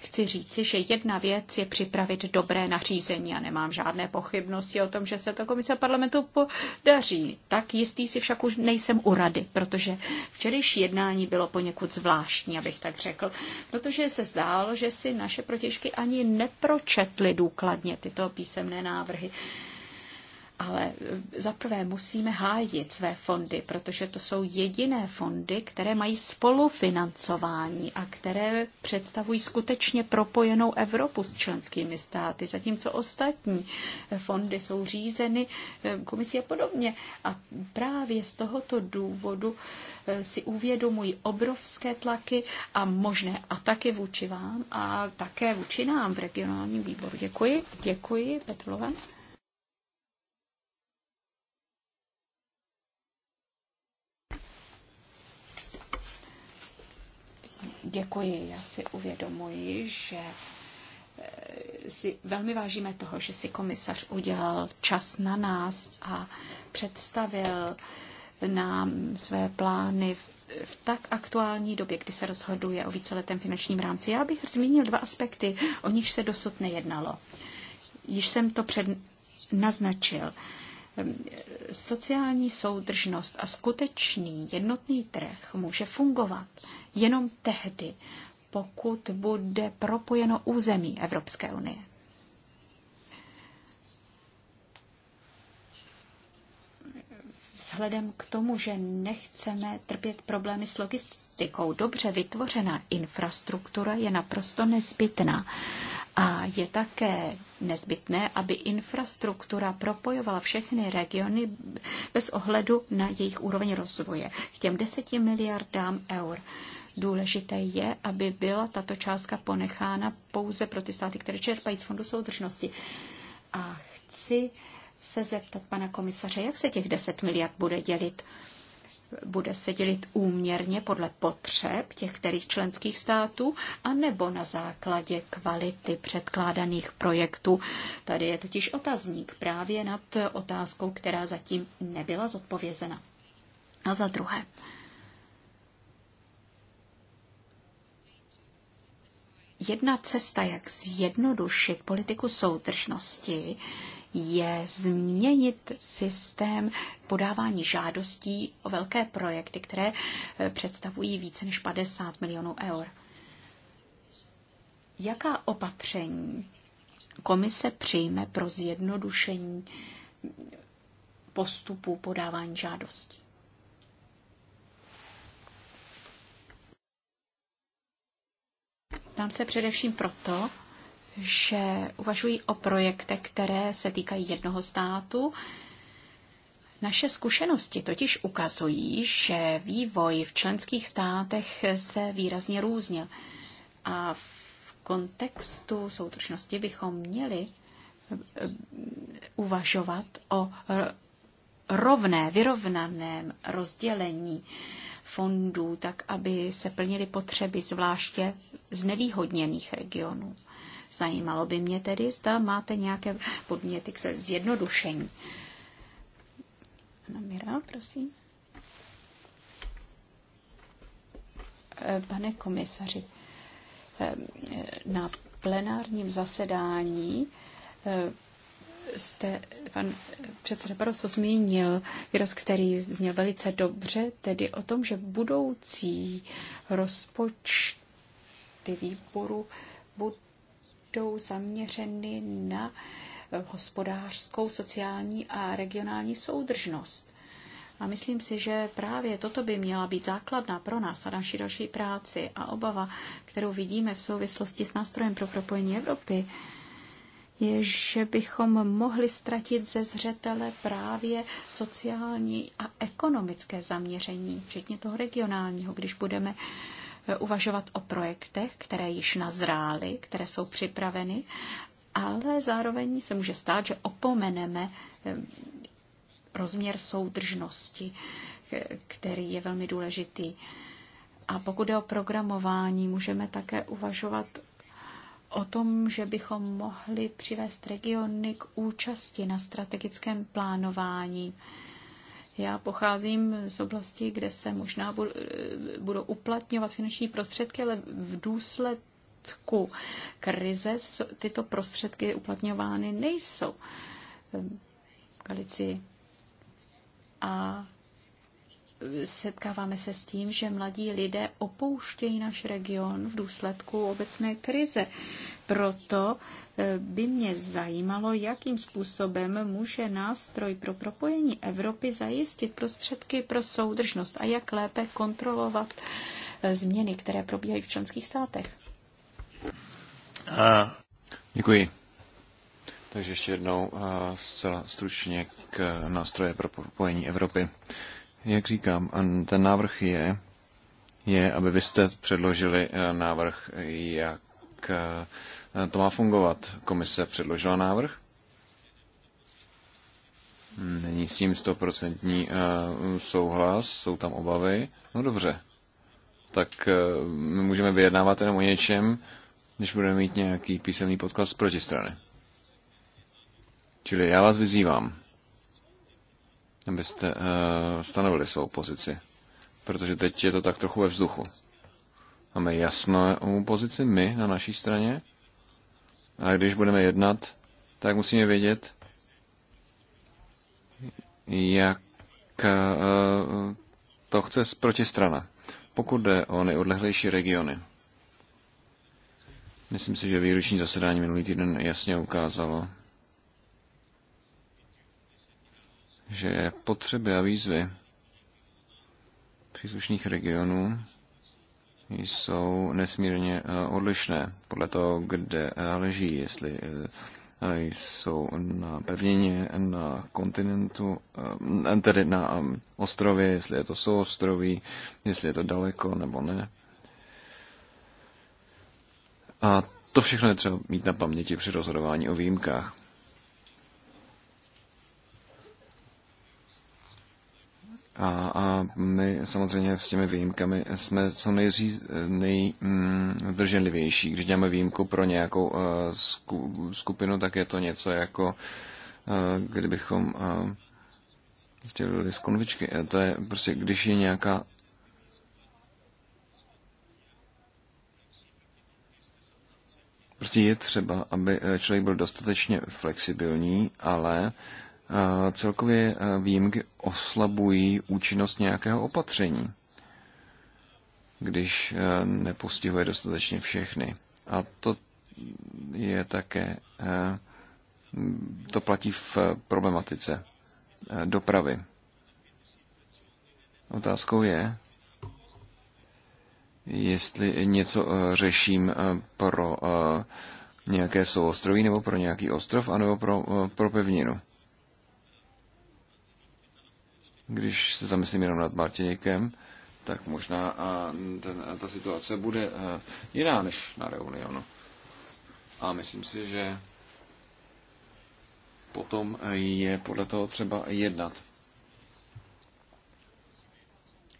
chci říci, že jedna věc je připravit dobré nařízení a nemám žádné pochybnosti o tom, že se to komise parlamentu podaří. Tak Jistý si však už nejsem u rady, protože včerejší jednání bylo poněkud zvláštní, abych tak řekl, protože se zdálo, že si naše protěžky ani nepročetly důkladně tyto písemné návrhy ale e, zaprvé musíme hájit své fondy, protože to jsou jediné fondy, které mají spolufinancování a které představují skutečně propojenou Evropu s členskými státy, zatímco ostatní fondy jsou řízeny e, komisí a podobně. A právě z tohoto důvodu e, si uvědomují obrovské tlaky a možné ataky vůči vám a také vůči nám v regionálním výboru. Děkuji, děkuji Petrova. Děkuji, já si uvědomuji, že eh, si velmi vážíme toho, že si komisař udělal čas na nás a představil nám své plány v tak aktuální době, kdy se rozhoduje o víceletém finančním rámci. Já bych zmínil dva aspekty, o nichž se dosud nejednalo. Již jsem to před naznačil. Sociální soudržnost a skutečný jednotný trh může fungovat jenom tehdy, pokud bude propojeno území Evropské unie. Vzhledem k tomu, že nechceme trpět problémy s logistikou, dobře vytvořená infrastruktura je naprosto nezbytná. A je také nezbytné, aby infrastruktura propojovala všechny regiony bez ohledu na jejich úroveň rozvoje k těm deseti miliardám eur. Důležité je, aby byla tato částka ponechána pouze pro ty státy, které čerpají z Fondu soudržnosti. A chci se zeptat pana komisaře, jak se těch 10 miliard bude dělit bude se dělit úměrně podle potřeb těch kterých členských států, a nebo na základě kvality předkládaných projektů. Tady je totiž otazník právě nad otázkou, která zatím nebyla zodpovězena. A za druhé, jedna cesta, jak zjednodušit politiku soudržnosti, je změnit systém podávání žádostí o velké projekty, které eh, představují více než 50 milionů eur. Jaká opatření komise přijme pro zjednodušení postupu podávání žádostí? Tam se především proto, že uvažují o projektech, které se týkají jednoho státu. Naše zkušenosti totiž ukazují, že vývoj v členských státech se výrazně různil. A v kontextu soudržnosti bychom měli eh, uvažovat o rovné, vyrovnaném rozdělení fondů, tak aby se plnily potřeby zvláště znevýhodněných regionů. Zajímalo by mě tedy, zda máte nějaké podměty k se zjednodušení. Ana Mira, prosím. Eh, pane komisaři, eh, na plenárním zasedání eh, jste, pan předseda Barroso zmínil výraz, který zněl velice dobře, tedy o tom, že budoucí rozpočty výboru budou budou zaměřeny na hospodářskou, sociální a regionální soudržnost. A myslím si, že právě toto by měla být základná pro nás a naši další práci a obava, kterou vidíme v souvislosti s nástrojem pro propojení Evropy, je, že bychom mohli ztratit ze zřetele právě sociální a ekonomické zaměření, včetně toho regionálního, když budeme uh, uvažovat o projektech, které již nazrály, které jsou připraveny, ale zároveň se může stát, že opomeneme eh, rozměr soudržnosti, který je velmi důležitý. A pokud je o programování, můžeme také uvažovat o tom, že bychom mohli přivést regiony k účasti na strategickém plánování já pocházím z oblasti, kde se možná budou uplatňovat finanční prostředky, ale v důsledku krize tyto prostředky uplatňovány nejsou. Ehm, Galici a setkáváme se s tím, že mladí lidé opouštějí náš region v důsledku obecné krize. Proto eh, by mě zajímalo, jakým způsobem může nástroj pro propojení Evropy zajistit prostředky pro soudržnost a jak lépe kontrolovat eh, změny, které probíhají v členských státech. A... Děkuji. Takže ještě jednou eh, zcela stručně k nástroje pro propojení Evropy jak říkám, ten návrh je, je, aby vy jste předložili eh, návrh, jak eh, to má fungovat. Komise předložila návrh? Není s tím stoprocentní eh, souhlas, jsou tam obavy. No dobře, tak my můžeme vyjednávat jenom o něčem, když budeme mít nějaký písemný podklad z protistrany. Čili já vás vyzývám, abyste uh, stanovili svou pozici. Protože teď je to tak trochu ve vzduchu. Máme jasnou pozici my na naší straně. A když budeme jednat, tak musíme vědět, jak uh, to chce z protistrana. Pokud jde o nejodlehlejší regiony. Myslím si, že výroční zasedání minulý týden jasně ukázalo, že potřeby a výzvy příslušných regionů jsou nesmírně eh, odlišné podle toho, kde eh, leží, jestli eh, jsou na pevnině, na kontinentu, tedy na ostrově, jestli je to souostroví, jestli je to daleko nebo ne. A to všechno je třeba mít na paměti při rozhodování o výjimkách. A, a my samozřejmě s těmi výjimkami jsme co Nej, mm, Když děláme výjimku pro nějakou uh, sku, skupinu, tak je to něco jako uh, kdybychom uh, e, sdělili prostě z konvičky. To je prostě, když je nějaká Prostě je třeba, aby člověk byl dostatečně flexibilní, ale uh, Eh, celkově eh, výjimky oslabují účinnost nějakého opatření, když eh, nepostihuje dostatečně všechny. A to je také, to platí v problematice dopravy. Otázkou je, jestli něco řeším pro nějaké souostroví nebo pro nějaký ostrov, anebo pro, pro pevninu. Když se zamyslím jenom nad Martinikem, tak možná a ten, a ta situace bude eh, jiná než na Reunionu. A myslím si, že potom eh, je podle toho třeba jednat.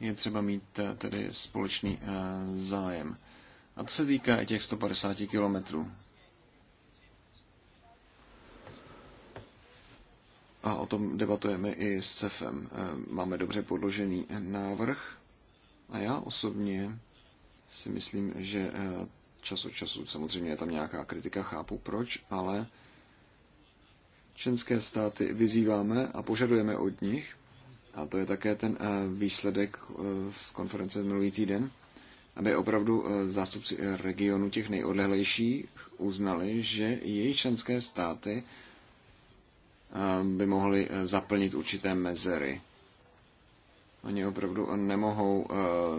Je třeba mít eh, tedy společný zájem. A to se týká i těch 150 kilometrů. a o tom debatujeme i s CEFem. E, máme dobře podložený návrh a já osobně si myslím, že e, čas od času samozřejmě je tam nějaká kritika, chápu proč, ale členské státy vyzýváme a požadujeme od nich, a to je také ten e, výsledek z konference minulý týden, aby opravdu zástupci regionu těch nejodlehlejších uznali, že jejich členské státy Eh, by mohly eh, zaplnit určité mezery. Oni opravdu nemohou eh,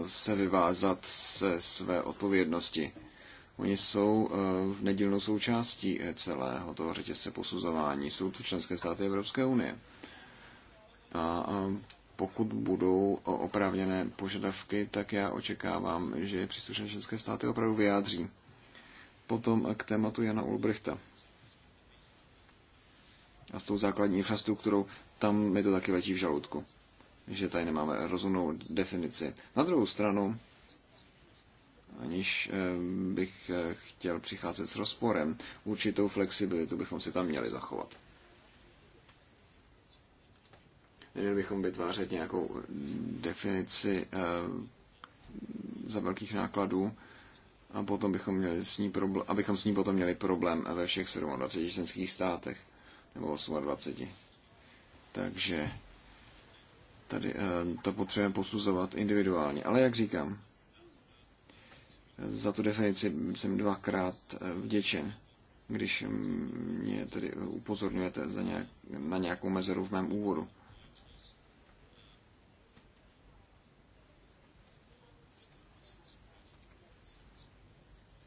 se vyvázat se své odpovědnosti. Oni jsou v nedílnou součástí celého toho řetězce posuzování. Jsou to členské státy Evropské unie. A pokud budou oprávněné požadavky, tak já očekávám, že příslušné členské státy opravdu vyjádří. Potom k tématu Jana Ulbrichta a s tou základní infrastrukturou, tam mi to taky letí v žaludku, že tady nemáme rozumnou definici. Na druhou stranu, aniž eh, bych eh, chtěl přicházet s rozporem, určitou flexibilitu bychom si tam měli zachovat. Neměli bychom vytvářet nějakou definici eh, za velkých nákladů a potom bychom měli s ní problém, abychom s ní potom měli problém ve všech 27 členských státech nebo 28. Takže tady eh, to potřebujeme posuzovat individuálně. Ale jak říkám, za tu definici jsem dvakrát eh, vděčen, když mě tedy upozorňujete za nějak, na nějakou mezeru v mém úvodu.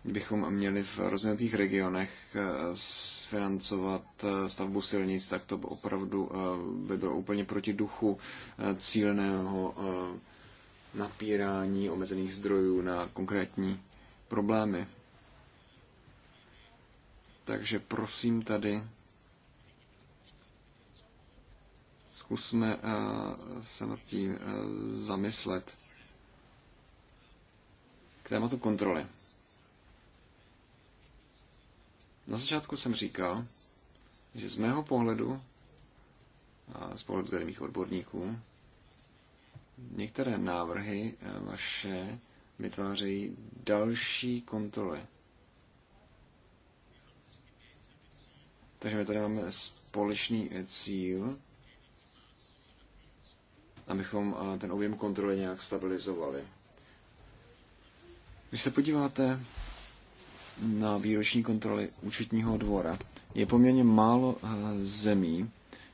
bychom měli v rozvinutých regionech eh, financovat eh, stavbu silnic, tak to by opravdu eh, by bylo úplně proti duchu cílného napírání omezených zdrojů na konkrétní problémy. Takže prosím tady, zkusme se nad tím zamyslet. K tématu kontroly. Na začátku jsem říkal, že z mého pohledu a z pohledu tedy mých odborníků některé návrhy eh, vaše vytvářejí další kontroly. Takže my tady máme společný eh, cíl, abychom eh, ten objem kontroly nějak stabilizovali. Když se podíváte na výroční kontroly účetního dvora. Je poměrně málo eh, zemí,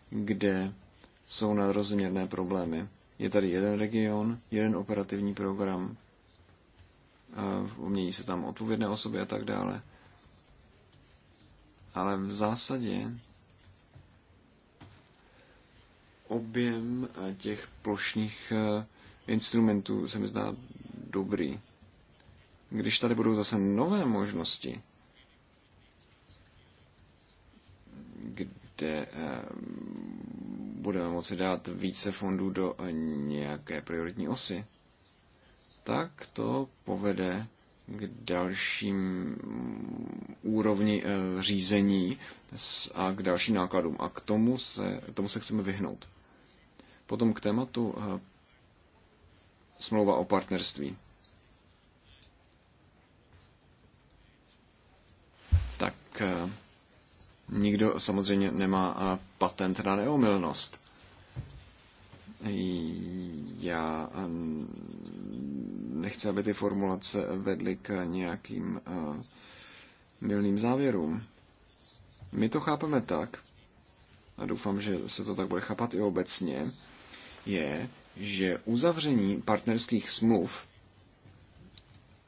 kde jsou nadrozměrné problémy. Je tady jeden region, jeden operativní program, eh, umění se tam odpovědné osoby a tak dále. Ale v zásadě objem eh, těch plošních instrumentů se mi zdá dobrý když tady budou zase nové možnosti, kde eh, budeme moci dát více fondů do eh, nějaké prioritní osy, tak to povede k dalším úrovni eh, řízení a k dalším nákladům. A k tomu se, tomu se chceme vyhnout. Potom k tématu smlouva o partnerství. Eh, nikdo samozřejmě nemá eh, patent na neomylnost. Já eh, nechci, aby ty formulace vedly k nějakým milným závěrům. My to chápeme tak, a doufám, že se to tak bude chápat i obecně, je, že uzavření partnerských smluv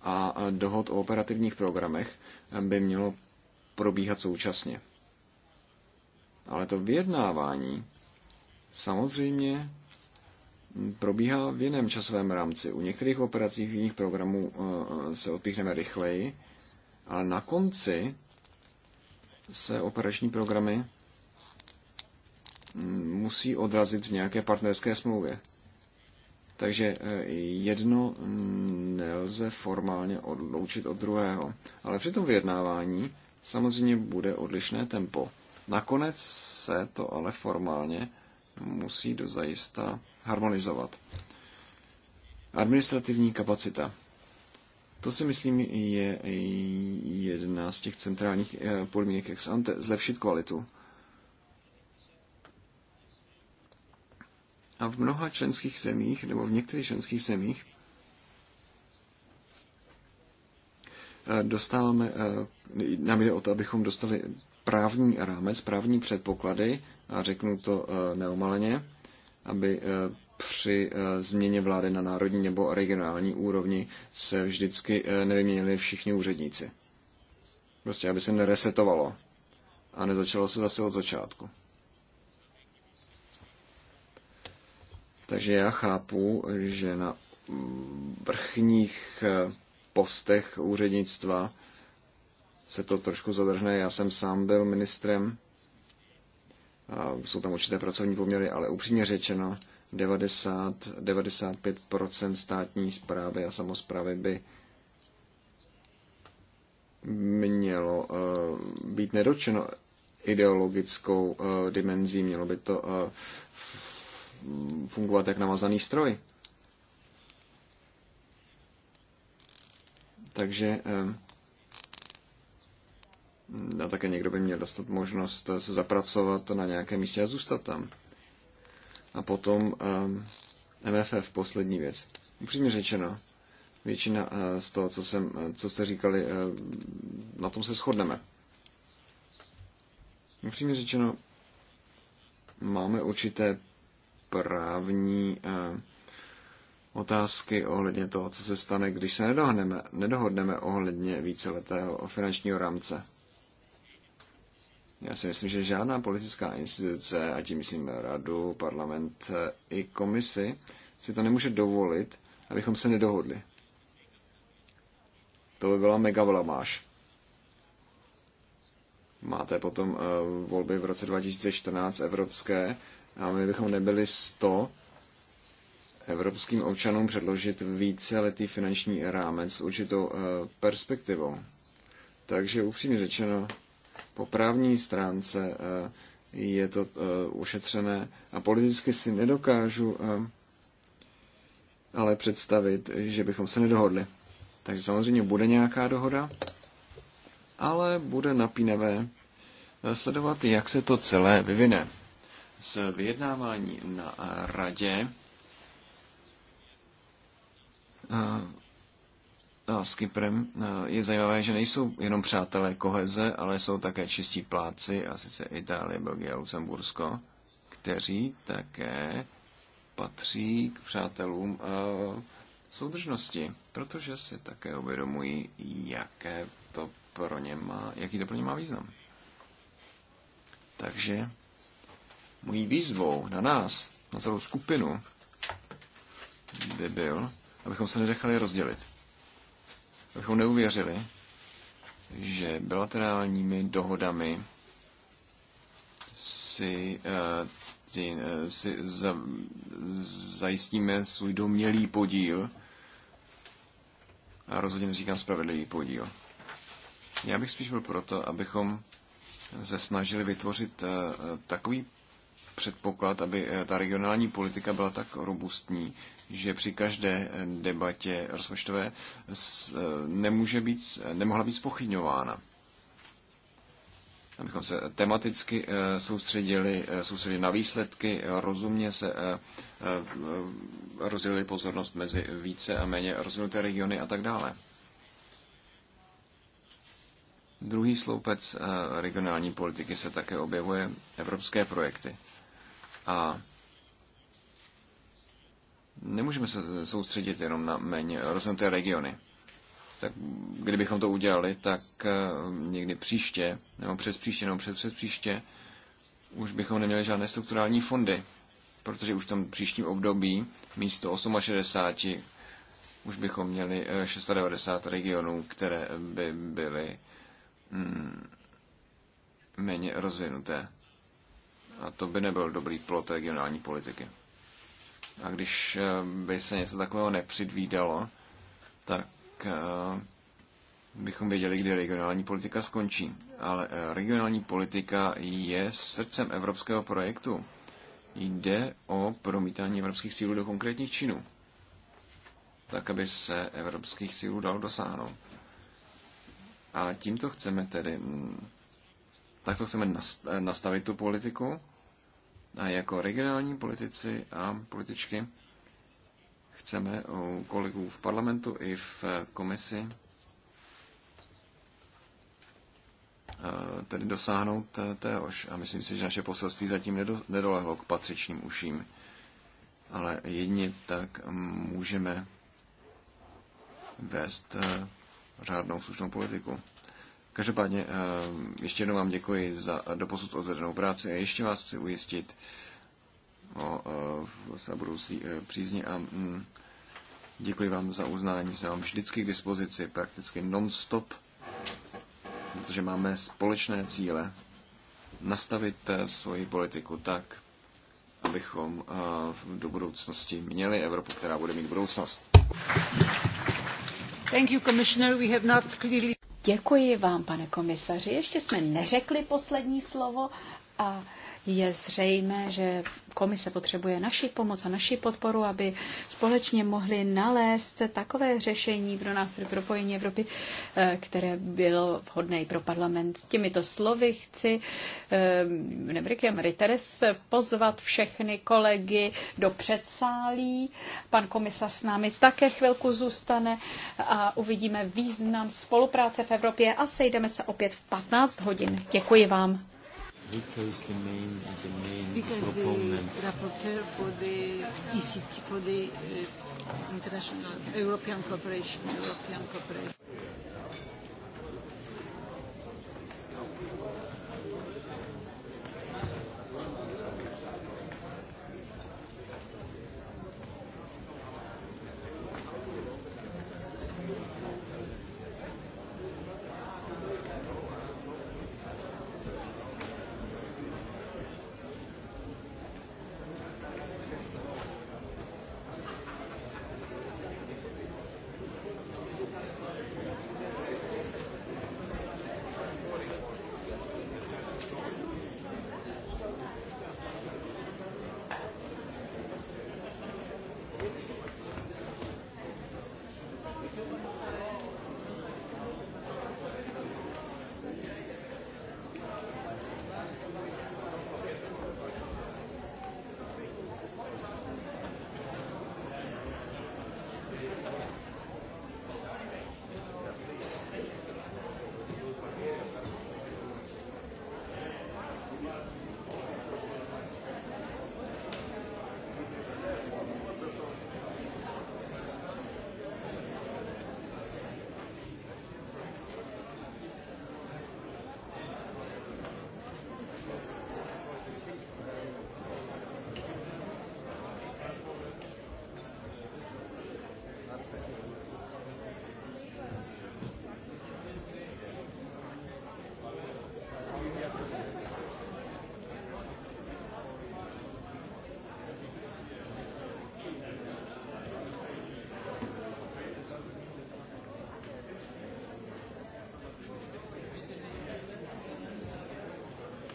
a dohod o operativních programech by mělo probíhat současně. Ale to vyjednávání samozřejmě probíhá v jiném časovém rámci. U některých operací, v jiných programů eh, se odpíchneme rychleji, ale na konci se operační programy musí odrazit v nějaké partnerské smlouvě. Takže eh, jedno nelze formálně odloučit od druhého. Ale při tom vyjednávání samozřejmě bude odlišné tempo. Nakonec se to ale formálně musí do zajista harmonizovat. Administrativní kapacita. To si myslím je jedna z těch centrálních eh, podmínek ex ante, zlepšit kvalitu. A v mnoha členských zemích, nebo v některých členských zemích, Eh, dostáváme, eh, nám jde o to, abychom dostali právní rámec, právní předpoklady, a řeknu to eh, neomaleně, aby při změně vlády na národní nebo regionální úrovni se vždycky nevyměnili všichni úředníci. Prostě, aby se neresetovalo a nezačalo se zase od začátku. Takže já chápu, že na vrchních postech úřednictva se to trošku zadrhne. Já jsem sám byl ministrem, jsou tam určité pracovní poměry, ale upřímně řečeno, 90-95% státní zprávy a samozprávy by mělo eh, být nedočeno ideologickou eh, dimenzí, mělo by to eh, fungovat jak navazaný stroj. Takže ehm, a také někdo by měl dostat možnost se zapracovat na nějaké místě a zůstat tam. A potom MFF, ehm, poslední věc. Upřímně řečeno, většina eh, z toho, co, jsem, eh, co jste říkali, eh, na tom se shodneme. Upřímně řečeno, máme určité právní otázky ohledně toho, co se stane, když se nedohodneme, nedohodneme ohledně víceletého finančního rámce. Já si myslím, že žádná politická instituce, a tím myslím radu, parlament i komisi, si to nemůže dovolit, abychom se nedohodli. To by byla mega blamáž. Máte potom eh, volby v roce 2014 evropské a my bychom nebyli 100, evropským občanům předložit více letý finanční rámec s určitou eh, perspektivou. Takže upřímně řečeno, po právní stránce eh, je to eh, ušetřené a politicky si nedokážu ale představit, že bychom se nedohodli. Takže samozřejmě bude nějaká dohoda, ale bude napínavé sledovat, jak se to celé vyvine. Z vyjednávání na radě s Kyprem je zajímavé, že nejsou jenom přátelé koheze, ale jsou také čistí pláci, a sice Itálie, Belgie a Lucembursko, kteří také patří k přátelům soudržnosti, protože si také uvědomují, jaké to pro ně má, jaký to pro ně má význam. Takže mojí výzvou na nás, na celou skupinu, by byl, abychom se nedechali rozdělit. Abychom neuvěřili, že bilaterálními dohodami si, eh, ty, eh, si za, zajistíme svůj domělý podíl a rozhodně neříkám spravedlivý podíl. Já bych spíš byl proto, abychom se snažili vytvořit eh, takový předpoklad, aby ta regionální politika byla tak robustní, že při každé eh, debatě rozpočtové eh, nemůže být, eh, nemohla být spochybňována. Abychom se tematicky soustředili, soustředili na výsledky, rozumně se rozdělili pozornost mezi více a méně rozvinuté regiony a tak dále. Druhý sloupec regionální politiky se také objevuje evropské projekty. A Nemůžeme se soustředit jenom na méně rozvinuté regiony. Tak kdybychom to udělali, tak eh, někdy příště, nebo přes příště, nebo před, přes příště, už bychom neměli žádné strukturální fondy, protože už v tom příštím období místo 68 už bychom měli 690 eh, regionů, které by byly mm, méně rozvinuté. A to by nebyl dobrý plot regionální politiky. A když eh, by se něco takového nepředvídalo, tak eh, bychom věděli, kde regionální politika skončí. Ale eh, regionální politika je srdcem evropského projektu. Jde o promítání evropských cílů do konkrétních činů, tak aby se evropských cílů dal dosáhnout. A tímto chceme tedy, mm, takto chceme nastavit tu politiku a jako regionální politici a političky chceme u kolegů v parlamentu i v komisi eh, tedy dosáhnout eh, téhož. A myslím si, že naše poselství zatím nedolehlo k patřičným uším. Ale jedině tak můžeme vést eh, řádnou slušnou politiku. Každopádně eh, ještě jednou vám děkuji za doposud odvedenou práci a ještě vás chci ujistit o své eh, budoucí eh, přízně a mm, děkuji vám za uznání. Jsem vám vždycky k dispozici, prakticky non-stop, protože máme společné cíle nastavit svoji politiku tak, abychom do budoucnosti měli Evropu, která bude mít budoucnost. Thank you, Commissioner. We have not clearly... Děkuji vám, pane komisaři. Ještě jsme neřekli poslední slovo a je zřejmé, že komise potřebuje naši pomoc a naši podporu, aby společně mohli nalézt takové řešení pro nástroj propojení Evropy, eh, které bylo vhodné i pro parlament. Těmito slovy chci eh, Nebriky a Marie Teres pozvat všechny kolegy do předsálí. Pan komisař s námi také chvilku zůstane a uvidíme význam spolupráce v Evropě a sejdeme se opět v 15 hodin. Děkuji vám. Because the main, the main because proponent. the rapporteur for the ECT, for the uh, international European cooperation, European cooperation.